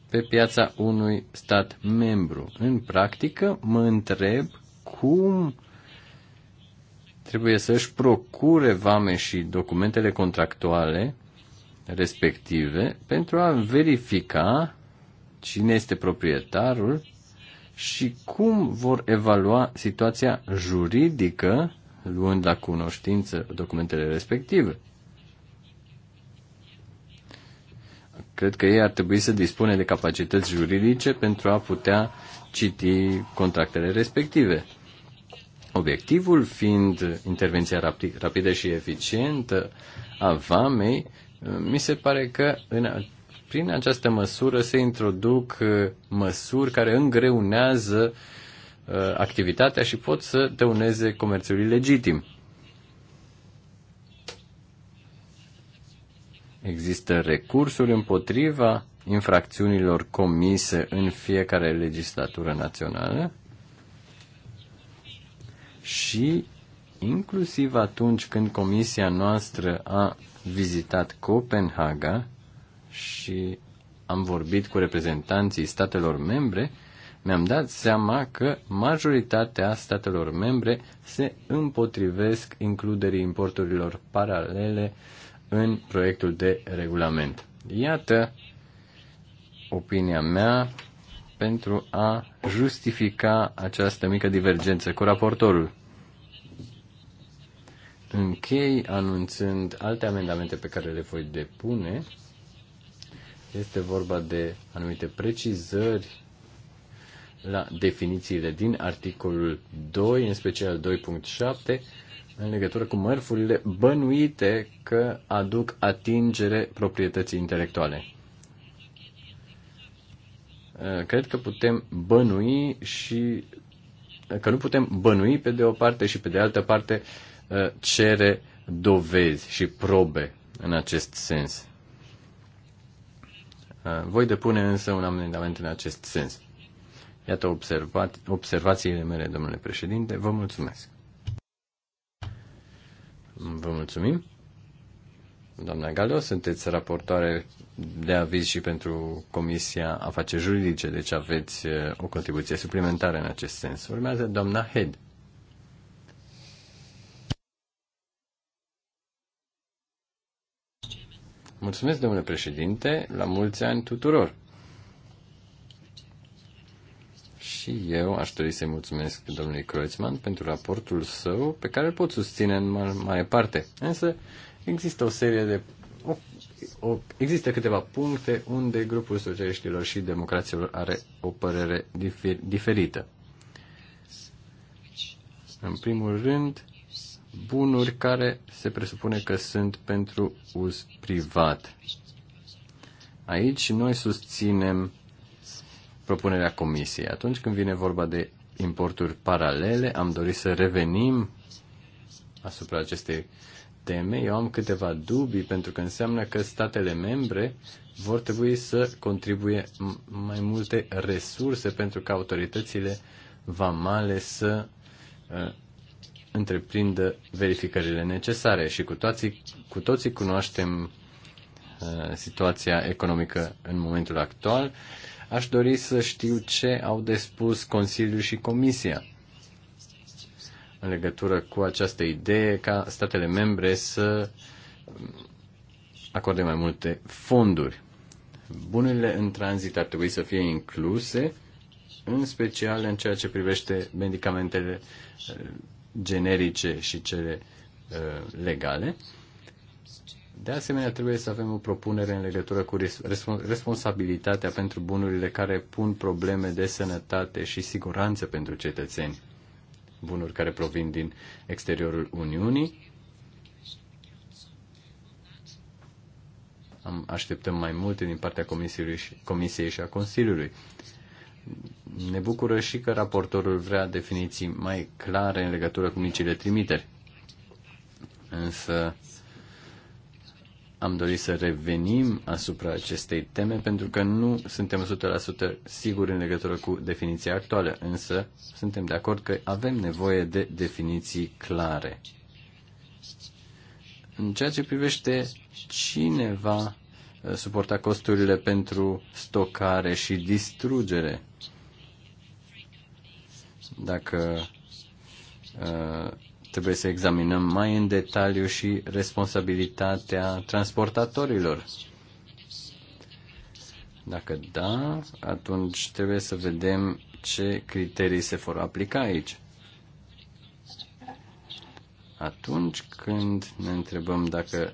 Speaker 1: pe piața unui stat membru. În practică, mă întreb cum trebuie să își procure vame și documentele contractuale respective pentru a verifica cine este proprietarul și cum vor evalua situația juridică luând la cunoștință documentele respective. Cred că ei ar trebui să dispune de capacități juridice pentru a putea citi contractele respective. Obiectivul fiind intervenția rapidă și eficientă a vamei, mi se pare că în, prin această măsură se introduc uh, măsuri care îngreunează uh, activitatea și pot să dăuneze comerțul legitim. Există recursuri împotriva infracțiunilor comise în fiecare legislatură națională și inclusiv atunci când comisia noastră a vizitat Copenhaga și am vorbit cu reprezentanții statelor membre, mi-am dat seama că majoritatea statelor membre se împotrivesc includerii importurilor paralele în proiectul de regulament. Iată opinia mea pentru a justifica această mică divergență cu raportorul. Închei anunțând alte amendamente pe care le voi depune. Este vorba de anumite precizări la definițiile din articolul 2, în special 2.7, în legătură cu mărfurile bănuite că aduc atingere proprietății intelectuale. Eh, cred că putem bănui și eh, că nu putem bănui pe de o parte și pe de altă parte eh, cere dovezi și probe în acest sens. Voi depune însă un amendament în acest sens. Iată observa- observațiile mele, domnule președinte. Vă mulțumesc. Vă mulțumim. Doamna Galo, sunteți raportoare de aviz și pentru Comisia Afaceri Juridice, deci aveți uh, o contribuție suplimentară în acest sens. Urmează doamna Head. Mulțumesc, domnule președinte, la mulți ani tuturor. Și eu aș dori să-i mulțumesc domnului Kreuzmann pentru raportul său, pe care îl pot susține în mare parte. Însă există o serie de o, există câteva puncte unde grupul socialiștilor și democraților are o părere difer, diferită. În primul rând, bunuri care se presupune că sunt pentru uz privat. Aici noi susținem propunerea comisiei. Atunci când vine vorba de importuri paralele, am dorit să revenim asupra acestei uh, teme, eu am câteva dubii pentru că înseamnă că statele membre vor trebui să contribuie mai multe resurse pentru ca autoritățile vamale să uh, întreprindă verificările necesare și cu toții, cu toții cunoaștem uh, situația economică în momentul actual. Aș dori să știu ce au de spus Consiliul și Comisia în legătură cu această idee ca statele membre să acorde mai multe fonduri. Bunurile în tranzit ar trebui să fie incluse, în special în ceea ce privește medicamentele uh, generice și cele uh, legale. De asemenea, trebuie să avem o propunere în legătură cu responsabilitatea pentru bunurile care pun probleme de sănătate și siguranță pentru cetățeni bunuri care provin din exteriorul Uniunii. Am, așteptăm mai multe din partea Comisiei și, Comisiei și a Consiliului. Ne bucură și că raportorul vrea definiții mai clare în legătură cu micile trimiteri. Însă am dorit să revenim asupra acestei teme pentru că nu suntem 100% siguri în legătură cu definiția actuală, însă suntem de acord că avem nevoie de definiții clare. În ceea ce privește cine va uh, suporta costurile pentru stocare și distrugere, dacă uh, Trebuie să examinăm mai în detaliu și responsabilitatea transportatorilor. Dacă da, atunci trebuie să vedem ce criterii se vor aplica aici. Atunci când ne întrebăm dacă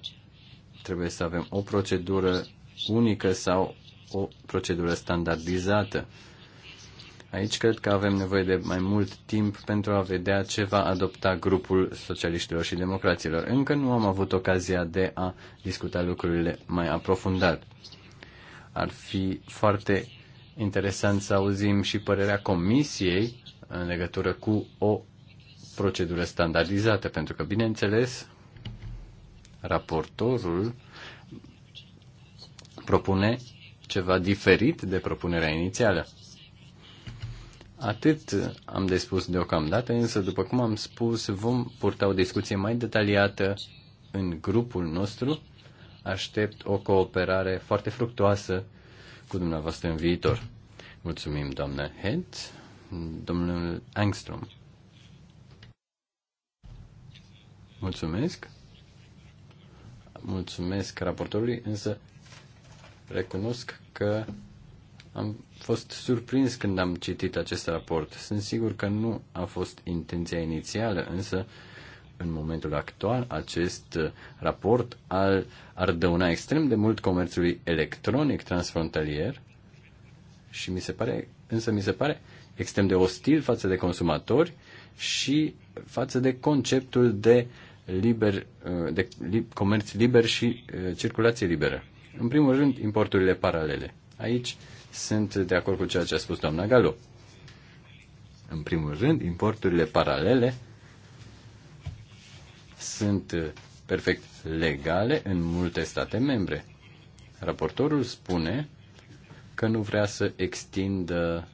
Speaker 1: trebuie să avem o procedură unică sau o procedură standardizată. Aici cred că avem nevoie de mai mult timp pentru a vedea ce va adopta grupul socialiștilor și democraților. Încă nu am avut ocazia de a discuta lucrurile mai aprofundat. Ar fi foarte interesant să auzim și părerea comisiei în legătură cu o procedură standardizată, pentru că, bineînțeles, raportorul propune ceva diferit de propunerea inițială. Atât am de spus deocamdată, însă, după cum am spus, vom purta o discuție mai detaliată în grupul nostru. Aștept o cooperare foarte fructoasă cu dumneavoastră în viitor. Mulțumim, doamnă Head, domnul Angstrom. Mulțumesc. Mulțumesc raportorului, însă recunosc că am fost surprins când am citit acest raport. Sunt sigur că nu a fost intenția inițială, însă în momentul actual acest raport ar, ar dăuna extrem de mult comerțului electronic transfrontalier și mi se pare, însă mi se pare extrem de ostil față de consumatori și față de conceptul de liber, de comerț liber și uh, circulație liberă. În primul rând, importurile paralele. Aici sunt de acord cu ceea ce a spus doamna Galo. În primul rând, importurile paralele sunt perfect legale în multe state membre. Raportorul spune că nu vrea să extindă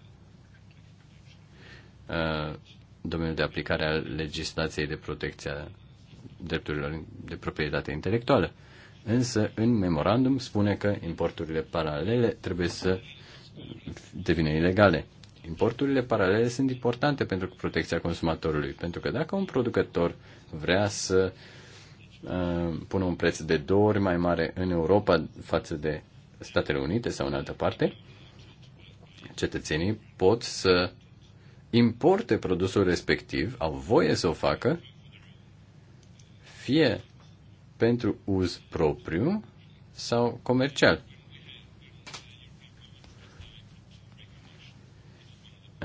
Speaker 1: uh, domeniul de aplicare al legislației de protecție a drepturilor de proprietate intelectuală. Însă, în memorandum spune că importurile paralele trebuie să devine ilegale. Importurile paralele sunt importante pentru protecția consumatorului, pentru că dacă un producător vrea să uh, pună un preț de două ori mai mare în Europa față de Statele Unite sau în altă parte, cetățenii pot să importe produsul respectiv, au voie să o facă, fie pentru uz propriu sau comercial.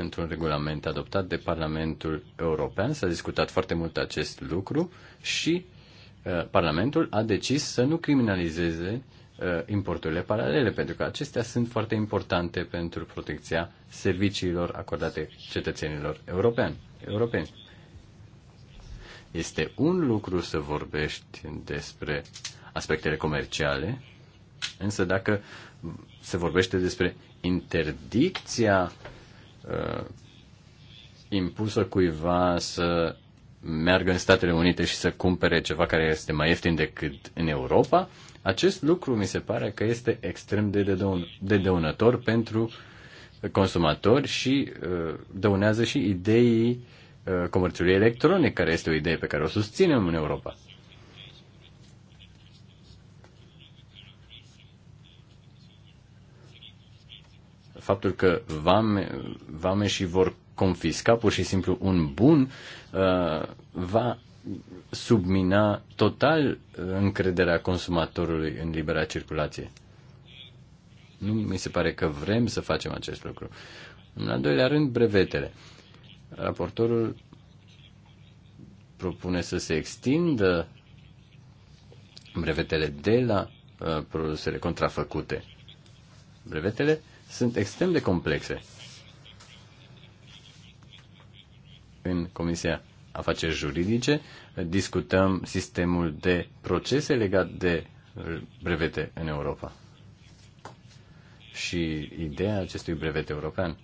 Speaker 1: într-un regulament adoptat de Parlamentul European. S-a discutat foarte mult acest lucru și uh, Parlamentul a decis să nu criminalizeze uh, importurile paralele, pentru că acestea sunt foarte importante pentru protecția serviciilor acordate cetățenilor europeni. europeni. Este un lucru să vorbești despre aspectele comerciale, însă dacă se vorbește despre interdicția uh, impusă cuiva să meargă în Statele Unite și să cumpere ceva care este mai ieftin decât în Europa, acest lucru mi se pare că este extrem de, de dăunător pentru consumatori și uh, dăunează și ideii uh, comerțului electronic, care este o idee pe care o susținem în Europa. faptul că vame, vame și vor confisca pur și simplu un bun uh, va submina total încrederea consumatorului în libera circulație. Nu mi se pare că vrem să facem acest lucru. În al doilea rând, brevetele. Raportorul propune să se extindă brevetele de la uh, produsele contrafăcute. Brevetele sunt extrem de complexe. În Comisia Afaceri Juridice eh, discutăm sistemul de procese legat de eh, brevete în Europa și ideea acestui brevet european.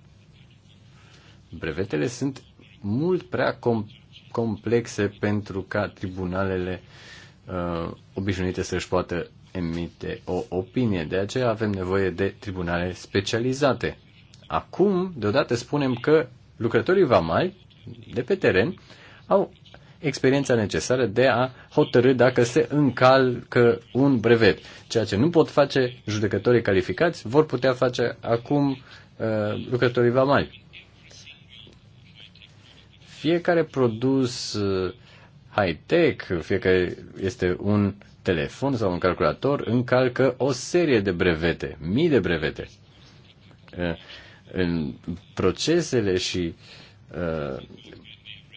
Speaker 1: Brevetele sunt mult prea com- complexe pentru ca tribunalele uh, obișnuite să-și poată emite o opinie. De aceea avem nevoie de tribunale specializate. Acum, deodată spunem că lucrătorii vamali de pe teren au experiența necesară de a hotărâ dacă se încalcă un brevet. Ceea ce nu pot face judecătorii calificați, vor putea face acum uh, lucrătorii vamali. Fiecare produs uh, high-tech, fiecare este un uh, telefon sau un calculator încalcă o serie de brevete, mii de brevete. Eh, în procesele și eh,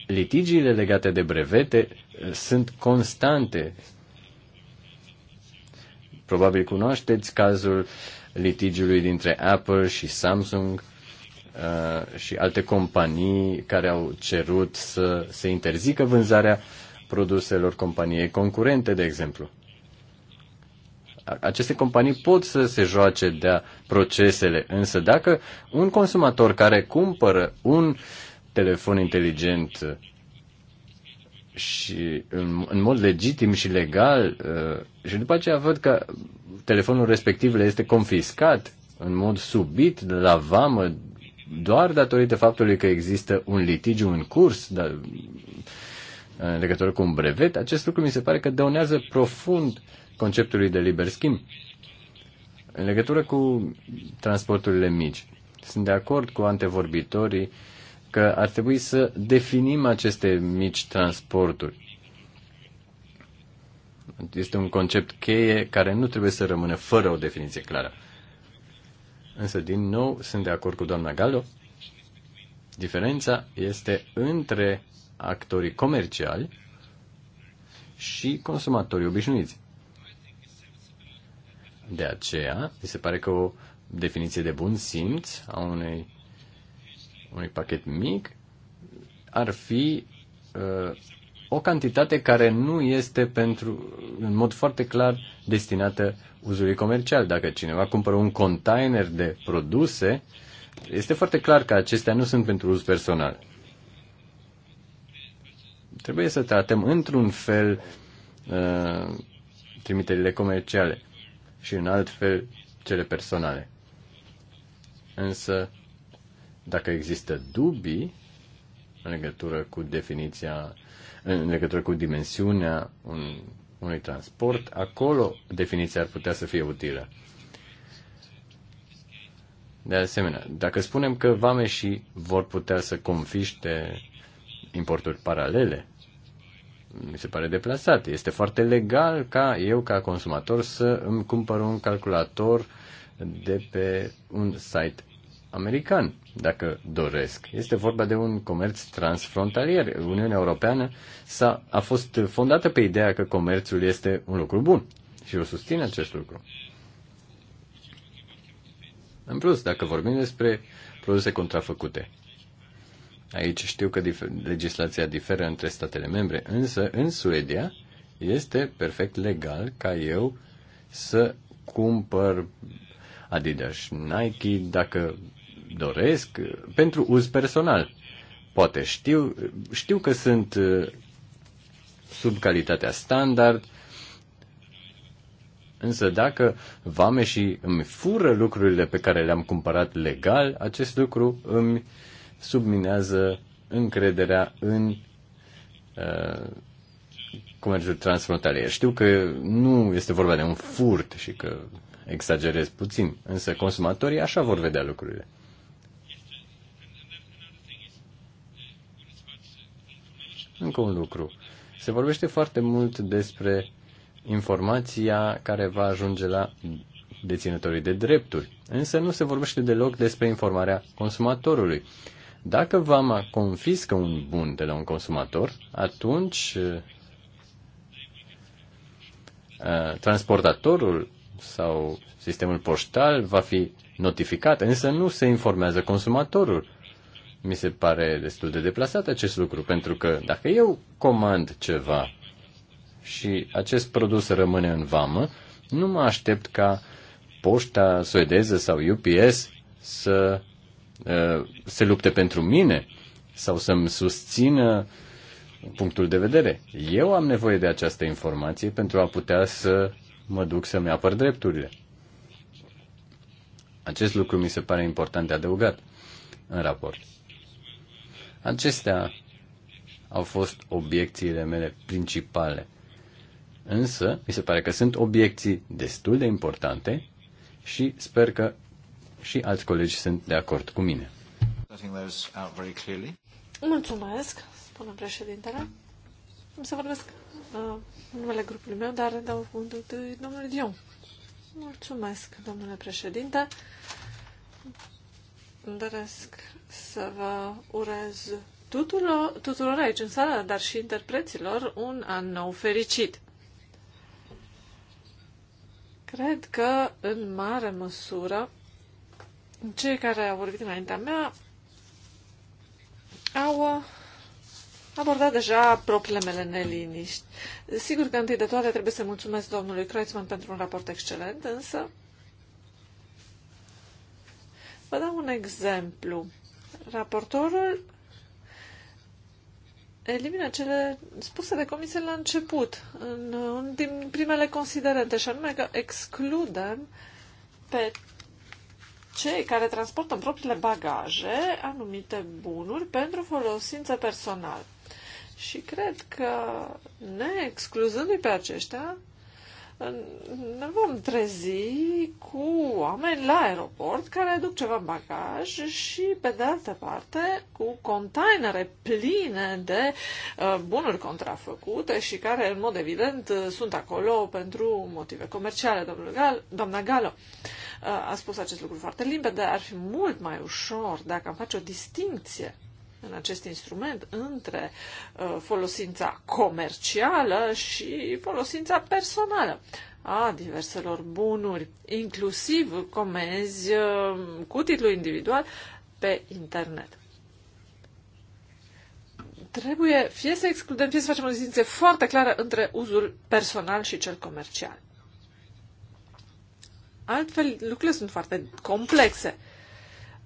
Speaker 1: litigiile legate de brevete eh, sunt constante. Probabil cunoașteți cazul litigiului dintre Apple și Samsung și alte companii care au cerut să se interzică vânzarea produselor companiei concurente, de exemplu aceste companii pot să se joace de procesele, însă dacă un consumator care cumpără un telefon inteligent și în, în mod legitim și legal uh, și după aceea văd că telefonul respectiv le este confiscat în mod subit de la vamă doar datorită faptului că există un litigiu în curs dar, uh, în legătură cu un brevet, acest lucru mi se pare că dăunează profund uh, conceptului de liber schimb. În legătură cu transporturile mici, sunt de acord cu antevorbitorii că ar trebui să definim aceste mici transporturi. Este un concept cheie care nu trebuie să rămână fără o definiție clară. Însă, din nou, sunt de acord cu doamna Galo. Diferența este între actorii comerciali și consumatorii obișnuiți. De aceea, mi se pare că o definiție de bun simț a unei, unui pachet mic ar fi uh, o cantitate care nu este pentru, în mod foarte clar destinată uzului comercial. Dacă cineva cumpără un container de produse, este foarte clar că acestea nu sunt pentru uz personal. Trebuie să tratăm într-un fel uh, trimiterile comerciale și în alt fel cele personale. Însă, dacă există dubii în legătură cu definiția, în legătură cu dimensiunea un, unui transport, acolo definiția ar putea să fie utilă. De asemenea, dacă spunem că vame și vor putea să confiște importuri paralele, mi se pare deplasat. Este foarte legal ca eu, ca consumator, să îmi cumpăr un calculator de pe un site american, dacă doresc. Este vorba de un comerț transfrontalier. Uniunea Europeană s-a, a fost fondată pe ideea că comerțul este un lucru bun și eu susțin acest lucru. În plus, dacă vorbim despre produse contrafăcute, Aici știu că dif- legislația diferă între statele membre, însă în Suedia este perfect legal ca eu să cumpăr Adidas Nike dacă doresc pentru uz personal. Poate știu, știu că sunt uh, sub calitatea standard, însă dacă vame și îmi fură lucrurile pe care le-am cumpărat legal, acest lucru îmi uh, subminează încrederea în uh, comerțul transfrontalier. Știu că nu este vorba de un furt și că exagerez puțin, însă consumatorii așa vor vedea lucrurile. Încă un lucru. Se vorbește foarte mult despre informația care va ajunge la deținătorii de drepturi, însă nu se vorbește deloc despre informarea consumatorului. Dacă vama confiscă un bun de la un consumator, atunci eh, transportatorul sau sistemul poștal va fi notificat, însă nu se informează consumatorul. Mi se pare destul de deplasat acest lucru, pentru că dacă eu comand ceva și acest produs rămâne în vamă, nu mă aștept ca poșta suedeză sau UPS să Uh, se lupte pentru mine sau să-mi susțină punctul de vedere. Eu am nevoie de această informație pentru a putea să mă duc să-mi apăr drepturile. Acest lucru mi se pare important de adăugat în raport. Acestea au fost obiecțiile mele principale. Însă, mi se pare că sunt obiecții destul de importante și sper că și alți colegi sunt de acord cu mine.
Speaker 2: Mulțumesc, spune președintele. Am să vorbesc uh, numele grupului meu, dar dau cuvântul domnului Dion. Mulțumesc, domnule președinte. Îmi doresc să vă urez tuturor, tuturor aici în sală, dar și interpreților, un an nou fericit. Cred că, în mare măsură, cei care au vorbit înaintea mea au uh, abordat deja propriile mele neliniști. Sigur că întâi de toate trebuie să mulțumesc domnului Kreutzmann pentru un raport excelent, însă vă dau un exemplu. Raportorul elimină cele spuse de comisie la început, în, în, din primele considerente, și anume că excludem pe cei care transportă în propriile bagaje anumite bunuri pentru folosință personală. Și cred că, ne excluzându-i pe aceștia, ne vom trezi cu oameni la aeroport care aduc ceva în bagaj și, pe de altă parte, cu containere pline de uh, bunuri contrafăcute și care, în mod evident, sunt acolo pentru motive comerciale, domnul Gal, doamna Galo a spus acest lucru foarte limpede, ar fi mult mai ușor dacă am face o distinție în acest instrument între folosința comercială și folosința personală a diverselor bunuri, inclusiv comenzi cu titlu individual pe internet trebuie fie să excludem, fie să facem o distinție foarte clară între uzul personal și cel comercial. Altfel, lucrurile sunt foarte complexe.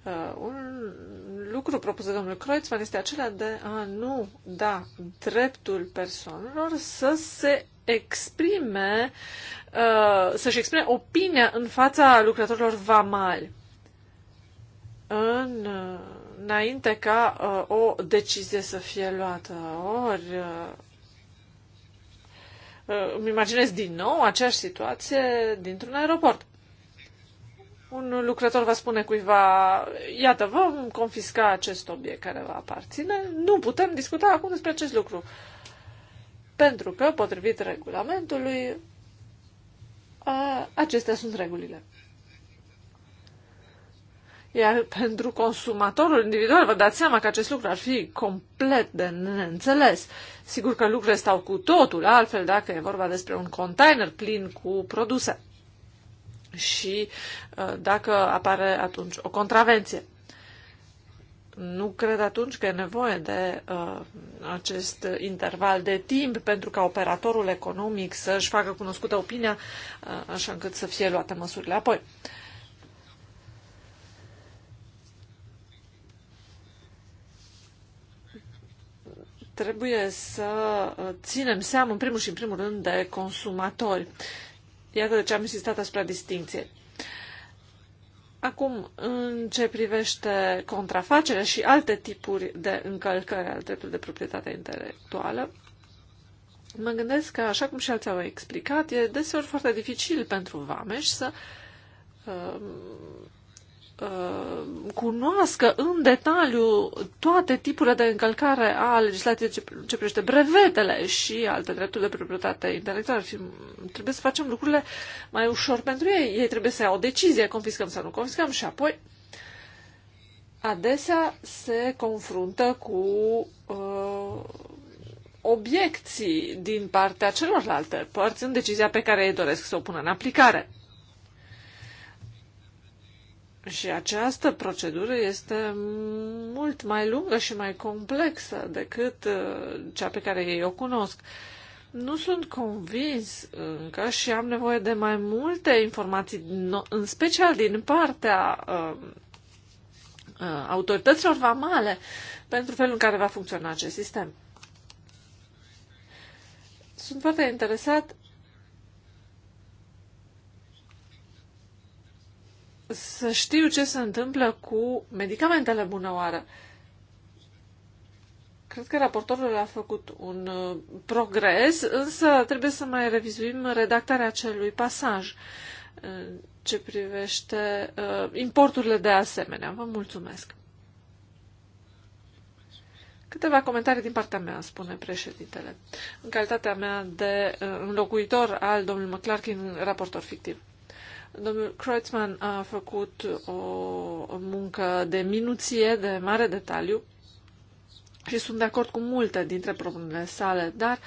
Speaker 2: Uh, un lucru propus de domnul Kreutzmann este acela de a nu da dreptul persoanelor să se exprime, uh, să-și exprime opinia în fața lucrătorilor vamali. În, uh, înainte ca uh, o decizie să fie luată. Ori, uh, uh îmi imaginez din nou aceeași situație dintr-un aeroport un lucrător va spune cuiva, iată, vom confisca acest obiect care va aparține, nu putem discuta acum despre acest lucru. Pentru că, potrivit regulamentului, acestea sunt regulile. Iar pentru consumatorul individual, vă dați seama că acest lucru ar fi complet de neînțeles. Sigur că lucrurile stau cu totul altfel dacă e vorba despre un container plin cu produse și uh, dacă apare atunci o contravenție. Nu cred atunci că e nevoie de uh, acest interval de timp pentru ca operatorul economic să-și facă cunoscută opinia, uh, așa încât să fie luate măsurile apoi. Trebuie să uh, ținem seama, în primul și în primul rând, de consumatori. Uh, Iată de ce am insistat asupra distinției. Acum, în ce privește contrafacerea și alte tipuri de încălcări al dreptului de proprietate intelectuală, mă gândesc că, așa cum și alții au explicat, e deseori foarte dificil pentru vameși să uh, Uh, cunoască în detaliu toate tipurile de încălcare a legislației ce, ce privește brevetele și alte drepturi de proprietate intelectuală. Trebuie să facem lucrurile mai ușor pentru ei. Ei trebuie să iau o decizie, confiscăm sau nu confiscăm și apoi adesea se confruntă cu uh, obiecții din partea celorlalte părți în decizia pe care ei doresc să o pună în aplicare. Și această procedură este mult mai lungă și mai complexă decât uh, cea pe care ei o cunosc. Nu sunt convins încă și am nevoie de mai multe informații, în special din partea um, uh, autorităților vamale, pentru felul în care va funcționa acest sistem. Sunt foarte interesat să știu ce se întâmplă cu medicamentele bună oară. Cred că raportorul a făcut un uh, progres, însă trebuie să mai revizuim redactarea acelui pasaj uh, ce privește uh, importurile de asemenea. Vă mulțumesc. Câteva comentarii din partea mea, spune președintele, în calitatea mea de înlocuitor al domnului McClarkin, raportor fictiv. Domnul Kreutzmann a făcut o muncă de minuție, de mare detaliu și sunt de acord cu multe dintre propunerile sale, dar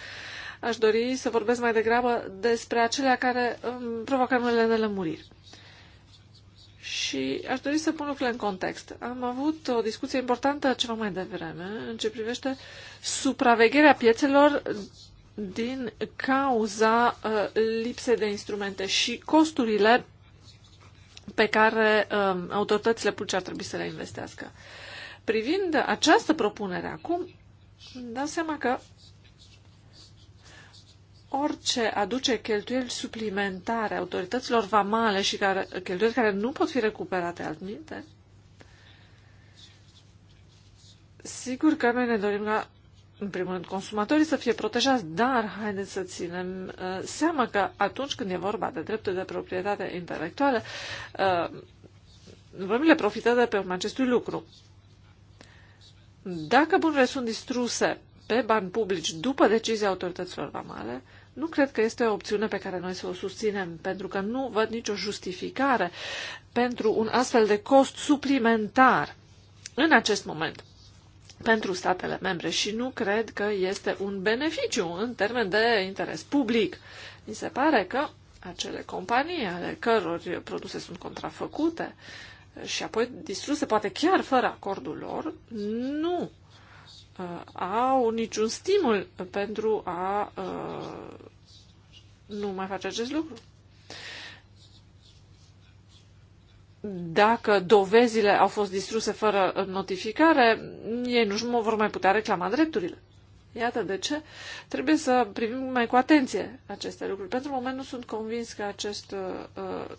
Speaker 2: aș dori să vorbesc mai degrabă despre acelea care um, provoacă unele nelămuriri. Și aș dori să pun lucrurile în context. Am avut o discuție importantă ceva mai devreme în ce privește supravegherea piețelor din cauza uh, lipsei de instrumente și costurile pe care uh, autoritățile publice ar trebui să le investească. Privind această propunere acum, dau seama că orice aduce cheltuieli suplimentare autorităților vamale și care, cheltuieli care nu pot fi recuperate altminte, sigur că noi ne dorim ca în primul rând, consumatorii să fie protejați, dar haideți să ținem uh, seama că atunci când e vorba de drepturi de proprietate intelectuală, uh, le profită de pe urma acestui lucru. Dacă bunurile sunt distruse pe bani publici după decizia autorităților vamale, nu cred că este o opțiune pe care noi să o susținem, pentru că nu văd nicio justificare pentru un astfel de cost suplimentar în acest moment pentru statele membre și nu cred că este un beneficiu în termen de interes public. Mi se pare că acele companii ale căror produse sunt contrafăcute și apoi distruse, poate chiar fără acordul lor, nu uh, au niciun stimul pentru a uh, nu mai face acest lucru. dacă dovezile au fost distruse fără notificare, ei nu vor mai putea reclama drepturile. Iată de ce trebuie să privim mai cu atenție aceste lucruri. Pentru moment nu sunt convins că acest uh, uh,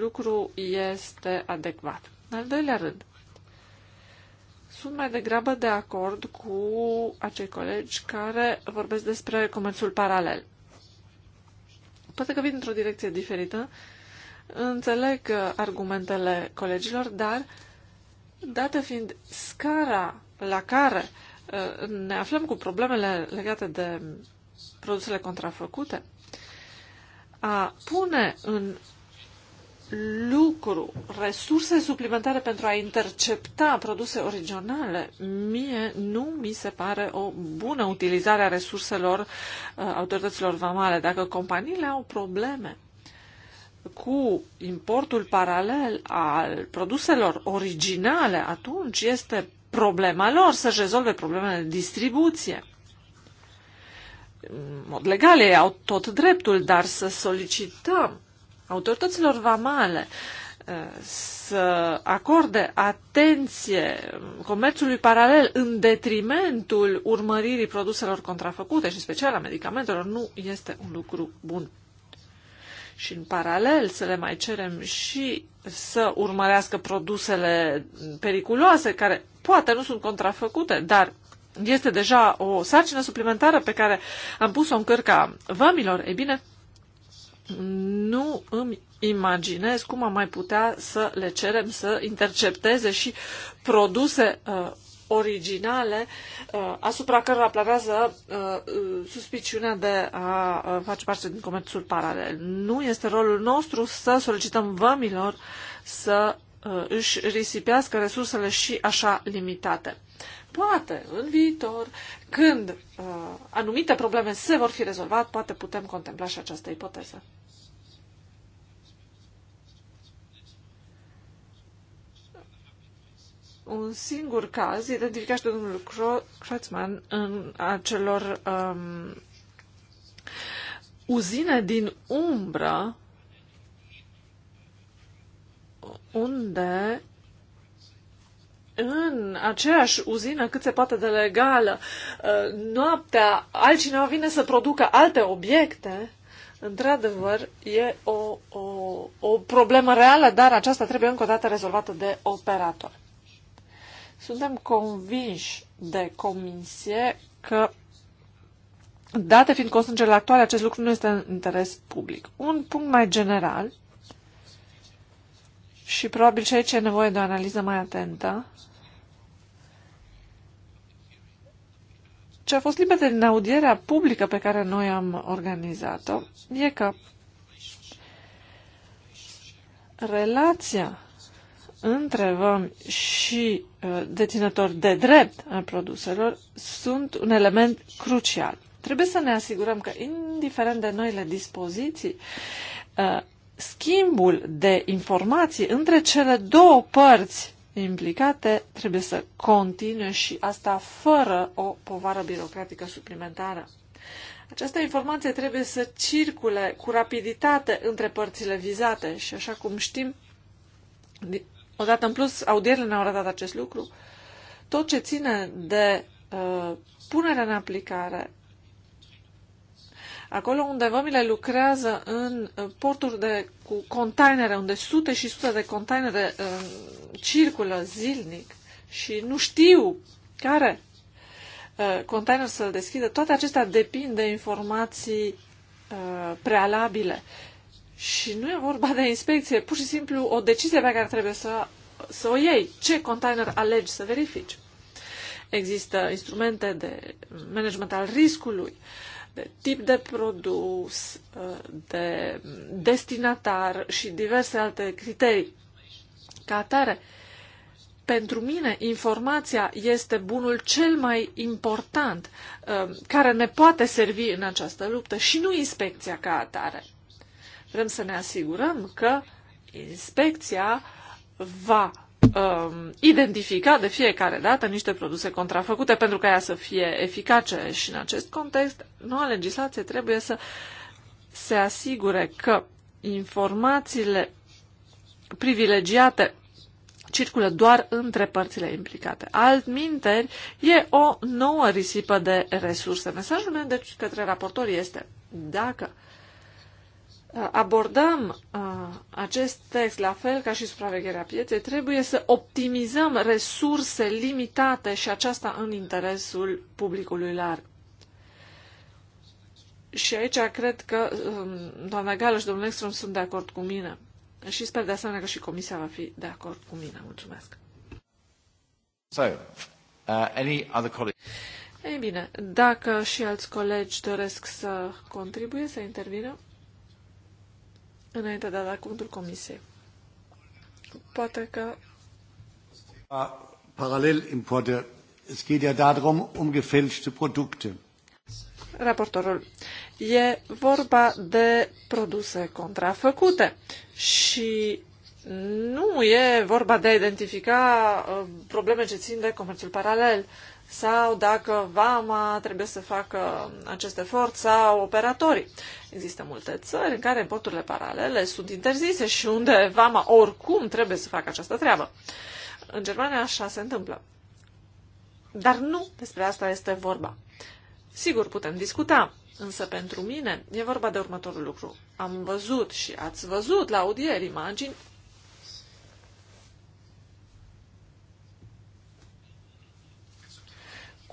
Speaker 2: lucru este adecvat. În al doilea rând, sunt mai degrabă de acord cu acei colegi care vorbesc despre comerțul paralel. Poate că vin într-o direcție diferită, uh, Înțeleg uh, argumentele colegilor, dar dată fiind scara la care uh, ne aflăm cu problemele legate de produsele contrafăcute, a pune în lucru resurse suplimentare pentru a intercepta produse originale, mie nu mi se pare o bună utilizare a resurselor uh, autorităților vamale. Dacă companiile au probleme cu importul paralel al produselor originale, atunci este problema lor să-și rezolve problemele de distribuție. În mod legal, ei au tot dreptul, dar să solicităm autorităților vamale eh, să acorde atenție comerțului paralel în detrimentul urmăririi produselor contrafăcute și special a medicamentelor nu este un lucru bun și în paralel să le mai cerem și să urmărească produsele periculoase, care poate nu sunt contrafăcute, dar este deja o sarcină suplimentară pe care am pus-o în cărca vămilor. Ei bine, nu îmi imaginez cum am mai putea să le cerem să intercepteze și produse uh, originale uh, asupra cărora planează uh, suspiciunea de a uh, face parte din comerțul paralel. Nu este rolul nostru să solicităm vămilor să își risipească resursele și așa limitate. Poate în viitor, când uh, anumite probleme se vor fi rezolvat, poate putem contempla și această ipoteză. un singur caz identificat și de domnul Kreutzmann în acelor um, uzine din umbră unde în aceeași uzină cât se poate de legală, uh, noaptea altcineva vine să producă alte obiecte, într-adevăr, e o, o, o problemă reală, dar aceasta trebuie încă o dată rezolvată de operator. Suntem convinși de comisie că, date fiind constrângerile actuale, acest lucru nu este în interes public. Un punct mai general, și probabil și aici e nevoie de o analiză mai atentă, ce a fost limpede din audierea publică pe care noi am organizat-o e că relația întrebăm și uh, deținători de drept al produselor sunt un element crucial. Trebuie să ne asigurăm că, indiferent de noile dispoziții, uh, schimbul de informații între cele două părți implicate trebuie să continue și asta fără o povară birocratică suplimentară. Această informație trebuie să circule cu rapiditate între părțile vizate și, așa cum știm, Odată în plus, audierile ne-au arătat acest lucru. Tot ce ține de uh, punerea în aplicare, acolo unde vămile lucrează în uh, porturi de, cu containere, unde sute și sute de containere uh, circulă zilnic și nu știu care uh, container să deschidă, toate acestea depind de informații uh, prealabile și nu e vorba de inspecție, pur și simplu o decizie pe care trebuie să, să o iei. Ce container alegi să verifici? Există instrumente de management al riscului, de tip de produs, de destinatar și diverse alte criterii. Ca atare, pentru mine informația este bunul cel mai important um, care ne poate servi în această luptă și nu inspecția ca atare. Vrem să ne asigurăm că inspecția va um, identifica de fiecare dată niște produse contrafăcute pentru ca ea să fie eficace și în acest context noua legislație trebuie să se asigure că informațiile privilegiate circulă doar între părțile implicate. Altminteri, e o nouă risipă de resurse. Mesajul meu deci către raportor este dacă uh, abordăm uh, acest text la fel ca și supravegherea pieței, trebuie să optimizăm resurse limitate și aceasta în interesul publicului larg. Și aici cred că um, doamna Gală și domnul Ekstrom sunt de acord cu mine. Și sper de asemenea că și Comisia va fi de acord cu mine. Mulțumesc.
Speaker 1: So, uh, any other colleagues?
Speaker 2: Ei bine, dacă și alți colegi doresc să contribuie, să intervină, înainte de a da cuvântul comisiei. Poate că...
Speaker 1: Paralel importe. Es geht ja darum, um gefälschte Produkte.
Speaker 2: Raportorul. E vorba de produse contrafăcute și nu e vorba de a identifica uh, probleme ce țin de comerțul paralel sau dacă vama trebuie să facă acest efort sau operatorii. Există multe țări în care porturile paralele sunt interzise și unde vama oricum trebuie să facă această treabă. În Germania așa se întâmplă. Dar nu despre asta este vorba. Sigur, putem discuta, însă pentru mine e vorba de următorul lucru. Am văzut și ați văzut la audieri imagini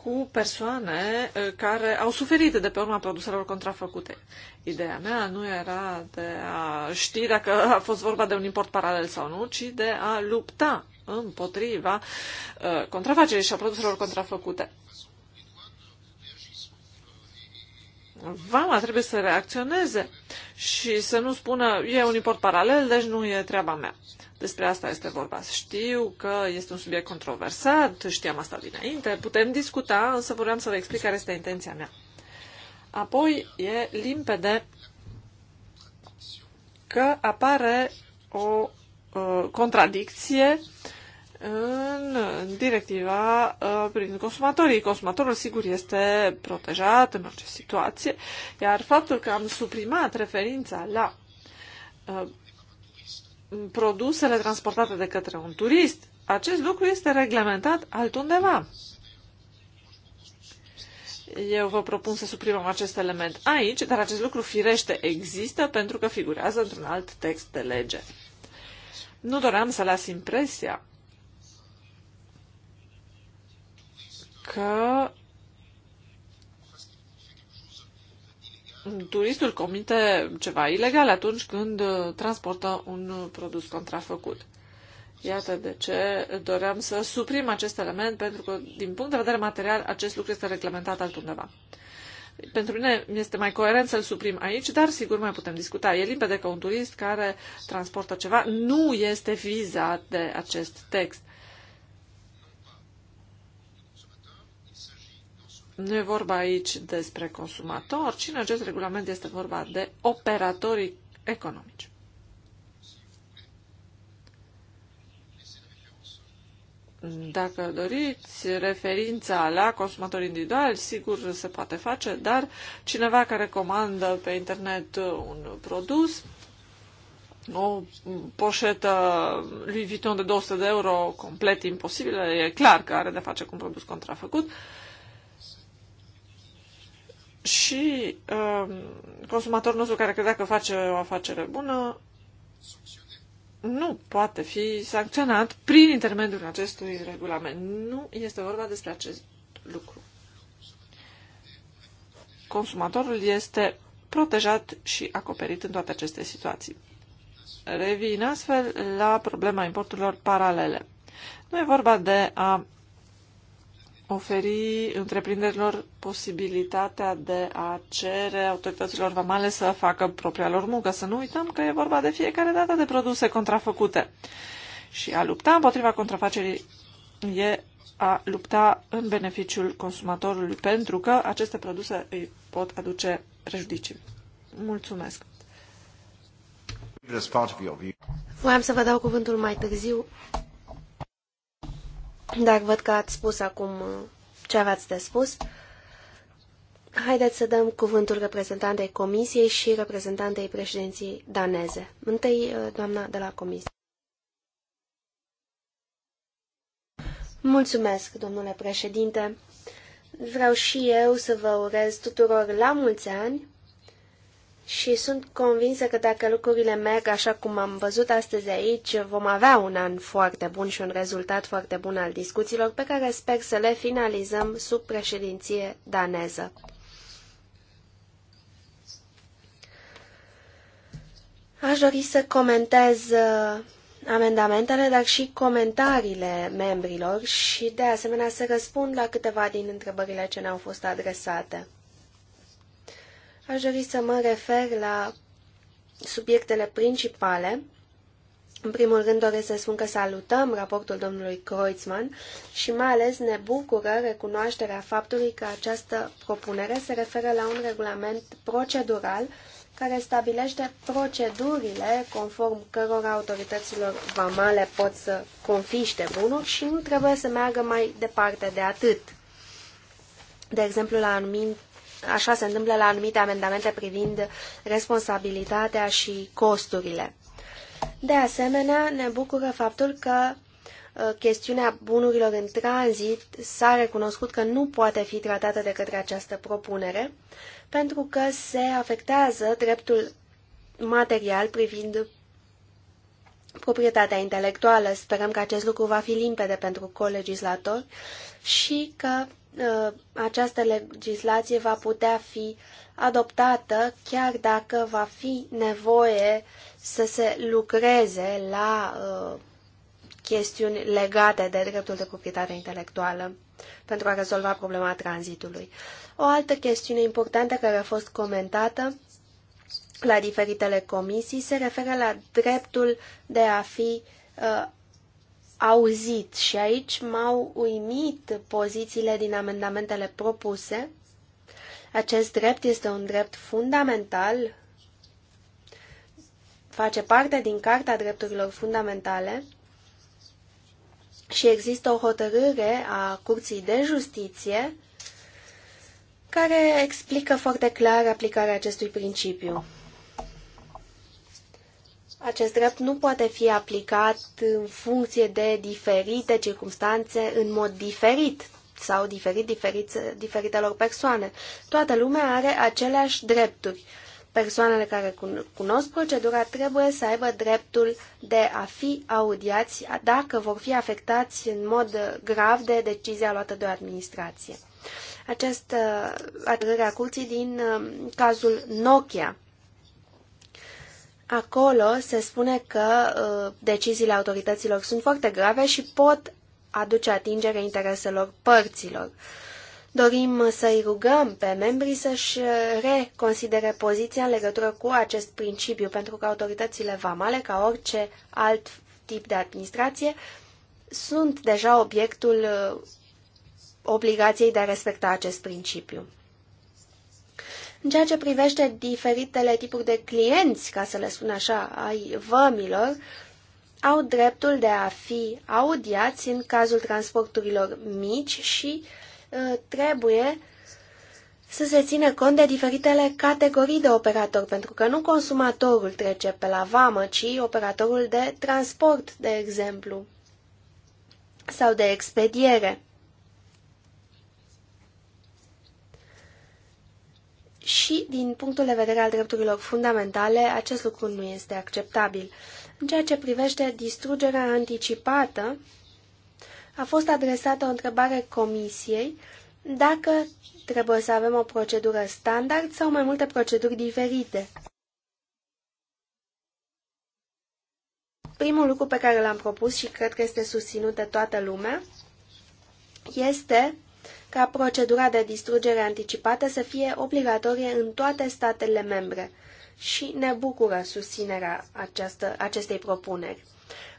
Speaker 2: cu persoane eh, care au suferit de pe urma produselor contrafăcute. Ideea mea nu era de a ști dacă a fost vorba de un import paralel sau nu, ci de a lupta împotriva eh, contrafacerii și a produselor contrafăcute. Vama trebuie să reacționeze și să nu spună e un import paralel, deci nu e treaba mea. Despre asta este vorba. Știu că este un subiect controversat, știam asta dinainte, putem discuta, însă vreau să vă explic care este intenția mea. Apoi e limpede că apare o uh, contradicție în directiva uh, privind consumatorii. Consumatorul, sigur, este protejat în orice situație, iar faptul că am suprimat referința la uh, produsele transportate de către un turist. Acest lucru este reglementat altundeva. Eu vă propun să suprimăm acest element aici, dar acest lucru firește există pentru că figurează într-un alt text de lege. Nu doream să las impresia că turistul comite ceva ilegal atunci când uh, transportă un uh, produs contrafăcut. Iată de ce doream să suprim acest element, pentru că, din punct de vedere material, acest lucru este reglementat altundeva. Pentru mine este mai coerent să-l suprim aici, dar sigur mai putem discuta. E limpede că un turist care transportă ceva nu este vizat de acest text. Nu e vorba aici despre consumator, ci în acest regulament este vorba de operatorii economici. Dacă doriți referința la consumatori individuali, sigur se poate face, dar cineva care comandă pe internet un produs, o poșetă lui Vuitton de 200 de euro complet imposibilă, e clar că are de face cu un produs contrafăcut, și uh, consumatorul nostru care credea că face o afacere bună nu poate fi sancționat prin intermediul acestui regulament. Nu este vorba despre acest lucru. Consumatorul este protejat și acoperit în toate aceste situații. Revin astfel la problema importurilor paralele. Nu e vorba de a oferi întreprinderilor posibilitatea de a cere autorităților vamale să facă propria lor muncă. Să nu uităm că e vorba de fiecare dată de produse contrafăcute. Și a lupta împotriva contrafacerii e a lupta în beneficiul consumatorului, pentru că aceste produse îi pot aduce prejudicii. Mulțumesc!
Speaker 3: Voiam să vă dau cuvântul mai târziu, dar văd că ați spus acum uh, ce aveați de spus. Haideți să dăm cuvântul reprezentantei Comisiei și reprezentantei președinții daneze. Întâi, uh, doamna de la Comisie. Mulțumesc, domnule președinte. Vreau și eu să vă urez tuturor la mulți ani și sunt convinsă că dacă lucrurile merg așa cum am văzut astăzi aici, vom avea un an foarte bun și un rezultat foarte bun al discuțiilor pe care sper să le finalizăm sub președinție daneză. Aș dori să comentez uh, amendamentele, dar și comentariile membrilor și de asemenea să răspund la câteva din întrebările ce ne-au fost adresate. Aș dori să mă refer la subiectele principale. În primul rând doresc să spun că salutăm raportul domnului Kreutzmann și mai ales ne bucură recunoașterea faptului că această propunere se referă la un regulament procedural care stabilește procedurile conform cărora autorităților vamale pot să confiște bunuri și nu trebuie să meargă mai departe de atât. De exemplu, la anumit Așa se întâmplă la anumite amendamente privind responsabilitatea și costurile. De asemenea, ne bucură faptul că uh, chestiunea bunurilor în tranzit s-a recunoscut că nu poate fi tratată de către această propunere, pentru că se afectează dreptul material privind proprietatea intelectuală. Sperăm că acest lucru va fi limpede pentru colegislatori și că Uh, această legislație va putea fi adoptată chiar dacă va fi nevoie să se lucreze la uh, chestiuni legate de dreptul de proprietate intelectuală pentru a rezolva problema tranzitului. O altă chestiune importantă care a fost comentată la diferitele comisii se referă la dreptul de a fi uh, auzit și aici m-au uimit pozițiile din amendamentele propuse. Acest drept este un drept fundamental, face parte din Carta Drepturilor Fundamentale și există o hotărâre a Curții de Justiție care explică foarte clar aplicarea acestui principiu. Acest drept nu poate fi aplicat în funcție de diferite circumstanțe în mod diferit sau diferit diferit diferitelor persoane. Toată lumea are aceleași drepturi. Persoanele care cunosc procedura trebuie să aibă dreptul de a fi audiați dacă vor fi afectați în mod grav de decizia luată de o administrație. Această hotărâre uh, a curții din uh, cazul Nokia. Acolo se spune că uh, deciziile autorităților sunt foarte grave și pot aduce atingere intereselor părților. Dorim să-i rugăm pe membrii să-și reconsidere poziția în legătură cu acest principiu, pentru că autoritățile vamale, ca orice alt tip de administrație, sunt deja obiectul uh, obligației de a respecta acest principiu. În ceea ce privește diferitele tipuri de clienți, ca să le spun așa, ai vămilor, au dreptul de a fi audiați în cazul transporturilor mici și uh, trebuie să se țină cont de diferitele categorii de operatori, pentru că nu consumatorul trece pe la vamă, ci operatorul de transport, de exemplu, sau de expediere. și din punctul de vedere al drepturilor fundamentale, acest lucru nu este acceptabil. În ceea ce privește distrugerea anticipată, a fost adresată o întrebare comisiei dacă trebuie să avem o procedură standard sau mai multe proceduri diferite. Primul lucru pe care l-am propus și cred că este susținut de toată lumea este ca procedura de distrugere anticipată să fie obligatorie în toate statele membre și ne bucură susținerea această, acestei propuneri.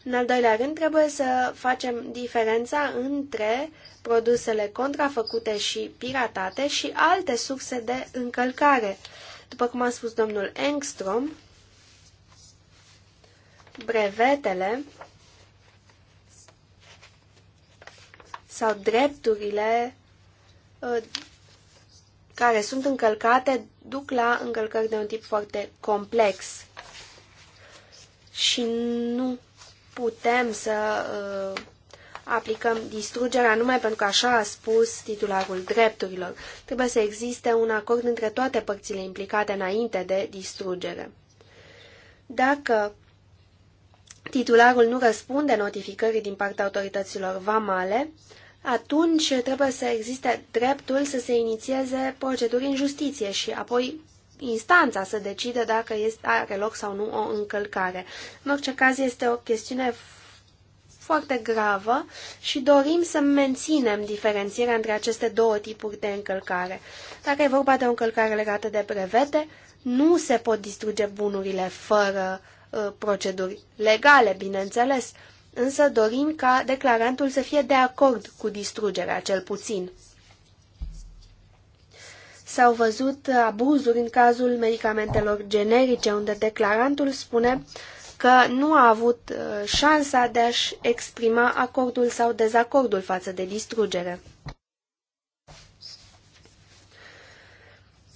Speaker 3: În al doilea rând, trebuie să facem diferența între produsele contrafăcute și piratate și alte surse de încălcare. După cum a spus domnul Engstrom, brevetele sau drepturile Uh, care sunt încălcate duc la încălcări de un tip foarte complex. Și nu putem să uh, aplicăm distrugerea numai pentru că așa a spus titularul drepturilor. Trebuie să existe un acord între toate părțile implicate înainte de distrugere. Dacă titularul nu răspunde notificării din partea autorităților vamale, atunci trebuie să existe dreptul să se inițieze proceduri în justiție și apoi instanța să decide dacă este, are loc sau nu o încălcare. În orice caz este o chestiune foarte gravă și dorim să menținem diferențierea între aceste două tipuri de încălcare. Dacă e vorba de o încălcare legată de brevete, nu se pot distruge bunurile fără uh, proceduri legale, bineînțeles. Uh, însă dorim ca declarantul să fie de acord cu distrugerea, cel puțin. S-au văzut abuzuri în cazul medicamentelor generice, unde declarantul spune că nu a avut uh, șansa de a-și exprima acordul sau dezacordul față de distrugere.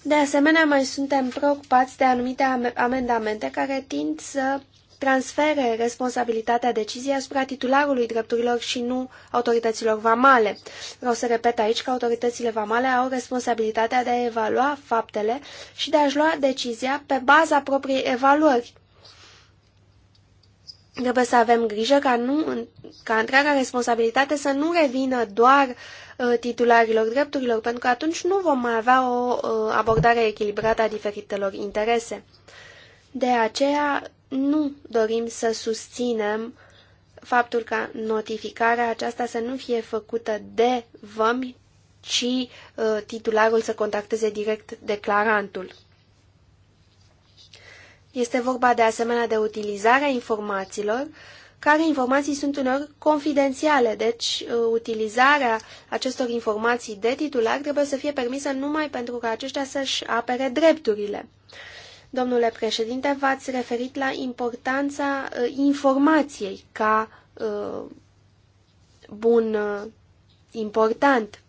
Speaker 3: De asemenea, mai suntem preocupați de anumite amendamente care tind să transfere responsabilitatea deciziei asupra titularului drepturilor și nu autorităților vamale. Vreau să repet aici că autoritățile vamale au responsabilitatea de a evalua faptele și de a-și lua decizia pe baza propriei evaluări. Trebuie să avem grijă ca, nu, ca întreaga responsabilitate să nu revină doar uh, titularilor drepturilor, pentru că atunci nu vom mai avea o uh, abordare echilibrată a diferitelor interese. De aceea nu dorim să susținem faptul ca notificarea aceasta să nu fie făcută de vămi, ci uh, titularul să contacteze direct declarantul. Este vorba de asemenea de utilizarea informațiilor, care informații sunt uneori confidențiale, deci uh, utilizarea acestor informații de titular trebuie să fie permisă numai pentru ca aceștia să-și apere drepturile. Uh, Domnule președinte, v-ați referit la importanța uh, informației ca uh, bun uh, important.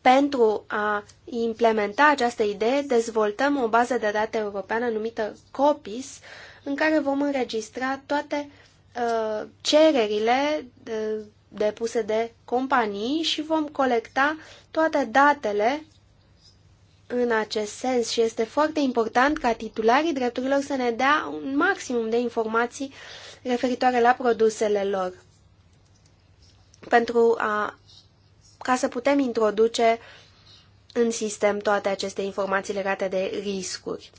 Speaker 3: Pentru a implementa această idee, dezvoltăm o bază de date europeană numită COPIS, în care vom înregistra toate uh, cererile uh, depuse de companii și vom colecta toate datele în acest sens și este foarte important ca titularii drepturilor să ne dea un maximum de informații referitoare la produsele lor pentru a, ca să putem introduce în sistem toate aceste informații legate de riscuri.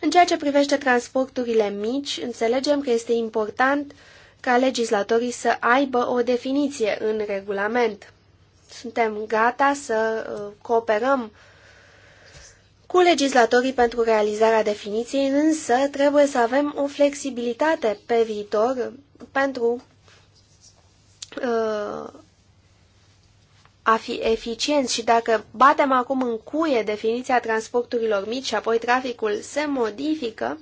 Speaker 3: În ceea ce privește transporturile mici, înțelegem că este important ca legislatorii să aibă o definiție în regulament. Suntem gata să uh, cooperăm cu legislatorii pentru realizarea definiției, însă, trebuie să avem o flexibilitate pe viitor pentru uh, a fi eficienți și dacă batem acum în cuie definiția transporturilor mici și apoi traficul se modifică,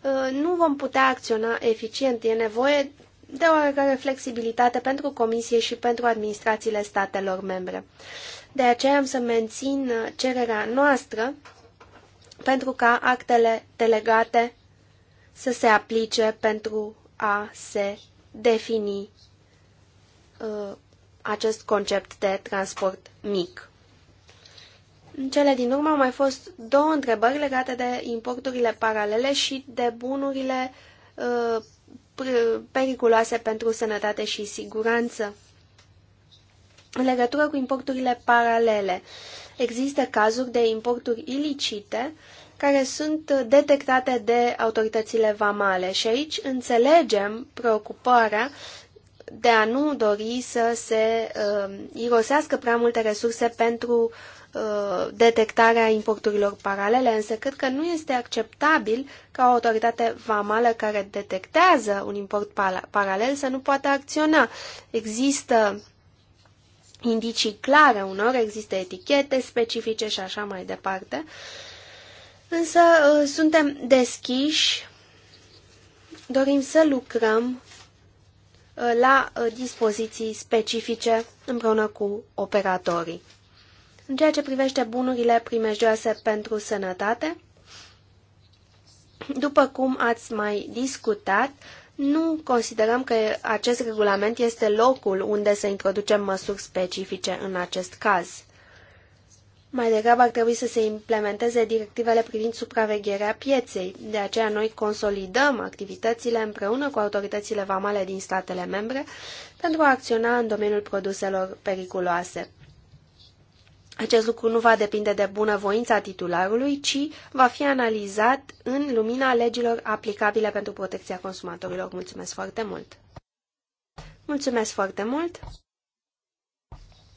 Speaker 3: uh, nu vom putea acționa eficient. E nevoie de oarecare flexibilitate pentru comisie și pentru administrațiile statelor membre. De aceea am să mențin cererea noastră pentru ca actele delegate să se aplice pentru a se defini uh, acest concept de transport mic. În cele din urmă au mai fost două întrebări legate de importurile paralele și de bunurile uh, periculoase pentru sănătate și siguranță. În legătură cu importurile paralele, există cazuri de importuri ilicite care sunt detectate de autoritățile vamale. Și aici înțelegem preocuparea de a nu dori să se uh, irosească prea multe resurse pentru uh, detectarea importurilor paralele, însă cred că nu este acceptabil ca o autoritate vamală care detectează un import paralel să nu poată acționa. Există indicii clare unor, există etichete specifice și așa mai departe. Uh, Însă uh, suntem deschiși, dorim să lucrăm uh, la uh, dispoziții specifice împreună cu operatorii. În ceea ce privește bunurile primejdioase pentru sănătate, după cum ați mai discutat, nu considerăm că acest regulament este locul unde să introducem măsuri specifice în acest caz. Mai degrabă ar trebui să se implementeze directivele privind supravegherea pieței. De aceea noi consolidăm activitățile împreună cu autoritățile vamale din statele membre pentru a acționa în domeniul produselor periculoase. Acest lucru nu va depinde de bunăvoința titularului, ci va fi analizat în lumina legilor aplicabile pentru protecția consumatorilor. Mulțumesc foarte mult! Mulțumesc foarte mult!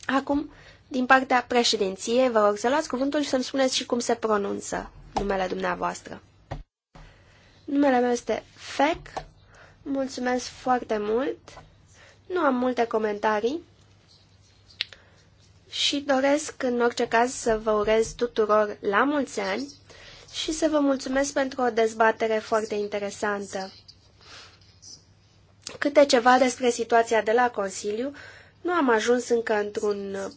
Speaker 3: Acum din partea președinției, vă rog să luați cuvântul și să-mi spuneți și cum se pronunță numele dumneavoastră. Numele meu este FEC. Mulțumesc foarte mult. Nu am multe comentarii și doresc în orice caz să vă urez tuturor la mulți ani și să vă mulțumesc pentru o dezbatere foarte interesantă. Câte ceva despre situația de la Consiliu, nu am ajuns încă într-un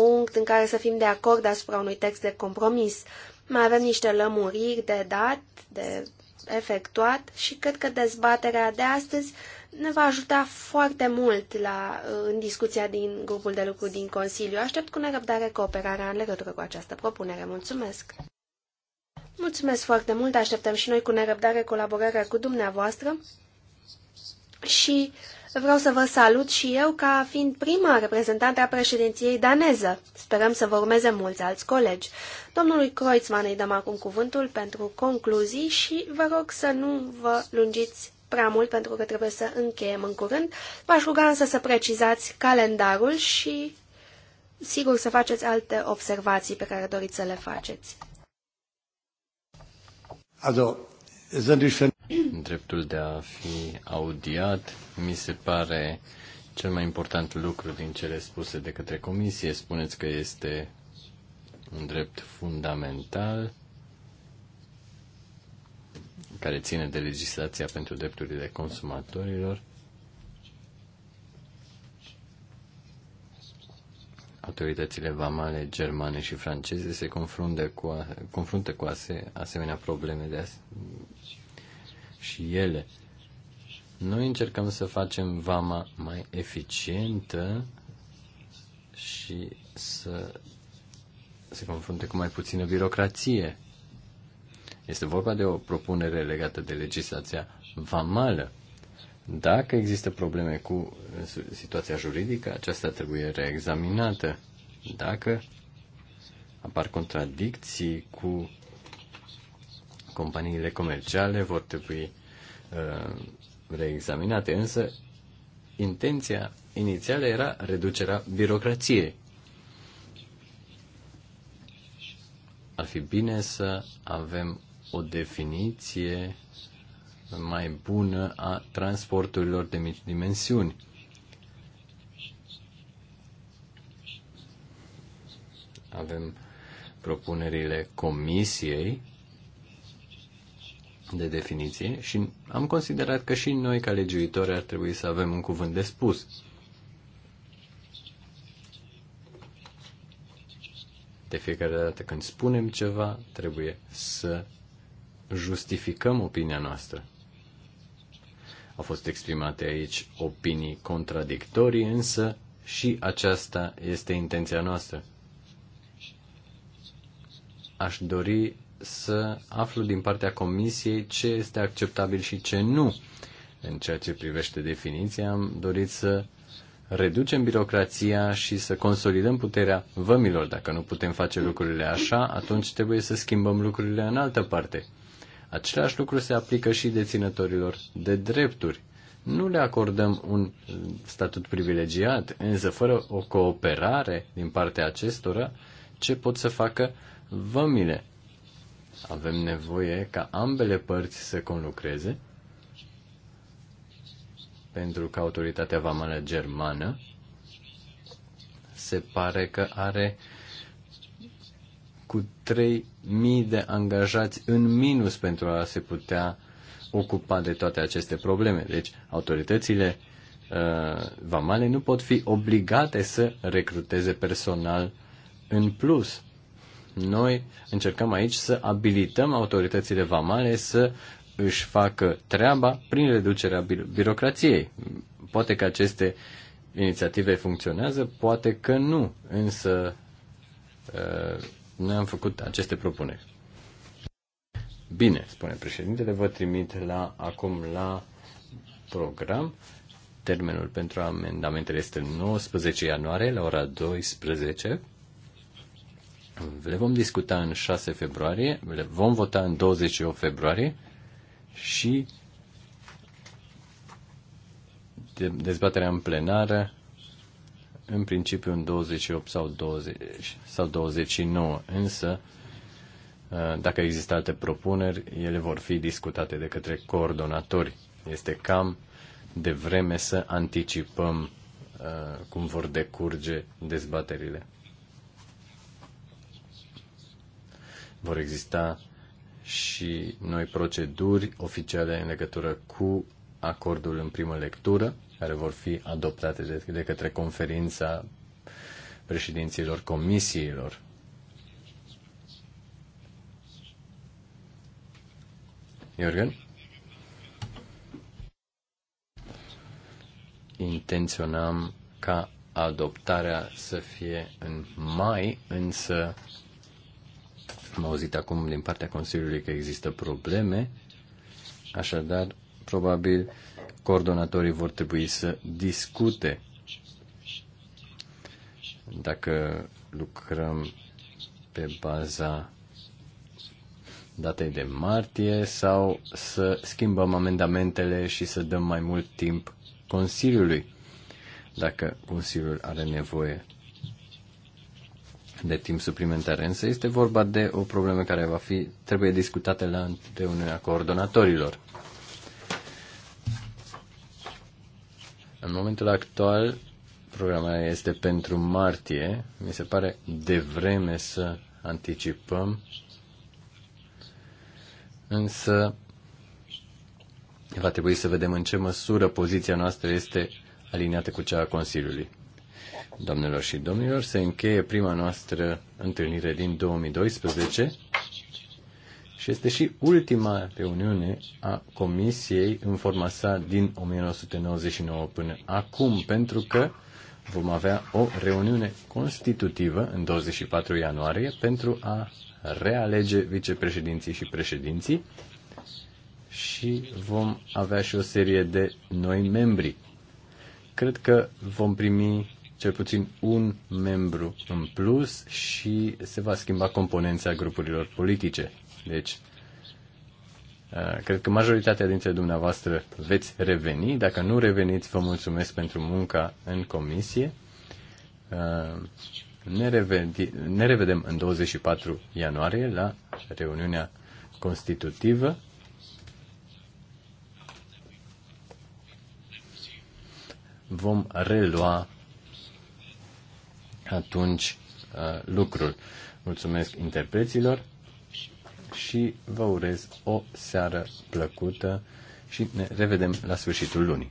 Speaker 3: punct în care să fim de acord asupra unui text de compromis. Mai avem niște lămuriri de dat, de efectuat și cred că dezbaterea de astăzi ne va ajuta foarte mult la, uh, în discuția din grupul de lucru din Consiliu. Aștept cu nerăbdare cooperarea în legătură cu această propunere. Mulțumesc! Mulțumesc foarte mult, așteptăm și noi cu nerăbdare colaborarea cu dumneavoastră și uh, Vreau să vă salut și eu ca fiind prima reprezentantă a președinției daneză. Sperăm să vă urmeze mulți alți colegi. Domnului Kreutzmann îi dăm acum cuvântul pentru concluzii și vă rog să nu vă lungiți prea mult pentru că trebuie să încheiem în curând. V-aș ruga însă să precizați calendarul și sigur să faceți alte observații pe care doriți să le faceți.
Speaker 1: Also, Dreptul de a fi audiat mi se pare cel mai important lucru din cele spuse de către comisie. Spuneți că este un drept fundamental care ține de legislația pentru drepturile consumatorilor. autoritățile vamale germane și franceze se confruntă cu, confruntă cu ase, asemenea probleme de as, și ele. Noi încercăm să facem vama mai eficientă și să se confrunte cu mai puțină birocrație. Este vorba de o propunere legată de legislația vamală. Dacă există probleme cu eh, situația juridică, aceasta trebuie reexaminată. Dacă apar contradicții cu companiile comerciale, vor trebui uh, reexaminate. Însă, intenția inițială era reducerea birocrației. Ar fi bine să avem o definiție mai bună a transporturilor de mici dimensiuni. Avem propunerile comisiei de definiție și am considerat că și noi, ca legiuitori, ar trebui să avem un cuvânt de spus. De fiecare dată când spunem ceva, trebuie să justificăm opinia noastră. Au fost exprimate aici opinii contradictorii, însă și aceasta este intenția noastră. Aș dori să aflu din partea Comisiei ce este acceptabil și ce nu. În ceea ce privește definiția, am dorit să reducem birocrația și să consolidăm puterea vămilor. Dacă nu putem face lucrurile așa, atunci trebuie să schimbăm lucrurile în altă parte. Același lucru se aplică și deținătorilor de drepturi. Nu le acordăm un statut privilegiat, însă fără o cooperare din partea acestora, ce pot să facă vămile? Avem nevoie ca ambele părți să conlucreze pentru că autoritatea vamală germană se pare că are cu trei mii de angajați în minus pentru a se putea ocupa de toate aceste probleme. Deci, autoritățile uh, vamale nu pot fi obligate să recruteze personal în plus. Noi încercăm aici să abilităm autoritățile vamale să își facă treaba prin reducerea birocrației. Poate că aceste inițiative funcționează, poate că nu, însă uh, noi am făcut aceste propuneri. Bine, spune președintele, vă trimit la, acum la program. Termenul pentru amendamentele este 19 ianuarie la ora 12. Le vom discuta în 6 februarie, le vom vota în 28 februarie și dezbaterea în plenară în principiu în 28 sau, 20, sau 29, însă ă, dacă există alte propuneri, ele vor fi discutate de către coordonatori. Este cam de vreme să anticipăm ă, cum vor decurge dezbaterile. Vor exista și noi proceduri oficiale în legătură cu acordul în primă lectură, care vor fi adoptate de, de către conferința președinților comisiilor. Iorgen? Intenționam ca adoptarea să fie în mai, însă am auzit acum din partea Consiliului că există probleme, așadar probabil coordonatorii vor trebui să discute dacă lucrăm pe baza datei de martie sau să schimbăm amendamentele și să dăm mai mult timp Consiliului, dacă Consiliul are nevoie de timp suplimentar. Însă este vorba de o problemă care va fi, trebuie discutată la reuniunea coordonatorilor. În momentul actual, programarea este pentru martie. Mi se pare devreme să anticipăm, însă va trebui să vedem în ce măsură poziția noastră este aliniată cu cea a Consiliului. Doamnelor și domnilor, se încheie prima noastră întâlnire din 2012 și este și ultima reuniune a Comisiei în forma sa din 1999 până acum, pentru că vom avea o reuniune constitutivă în 24 ianuarie pentru a realege vicepreședinții și președinții și vom avea și o serie de noi membri. Cred că vom primi cel puțin un membru în plus și se va schimba componența grupurilor politice. Deci, cred că majoritatea dintre dumneavoastră veți reveni. Dacă nu reveniți, vă mulțumesc pentru munca în comisie. Ne, revedi, ne revedem în 24 ianuarie la reuniunea constitutivă. Vom relua atunci lucrul. Mulțumesc interpreților și vă urez o seară plăcută și ne revedem la sfârșitul lunii.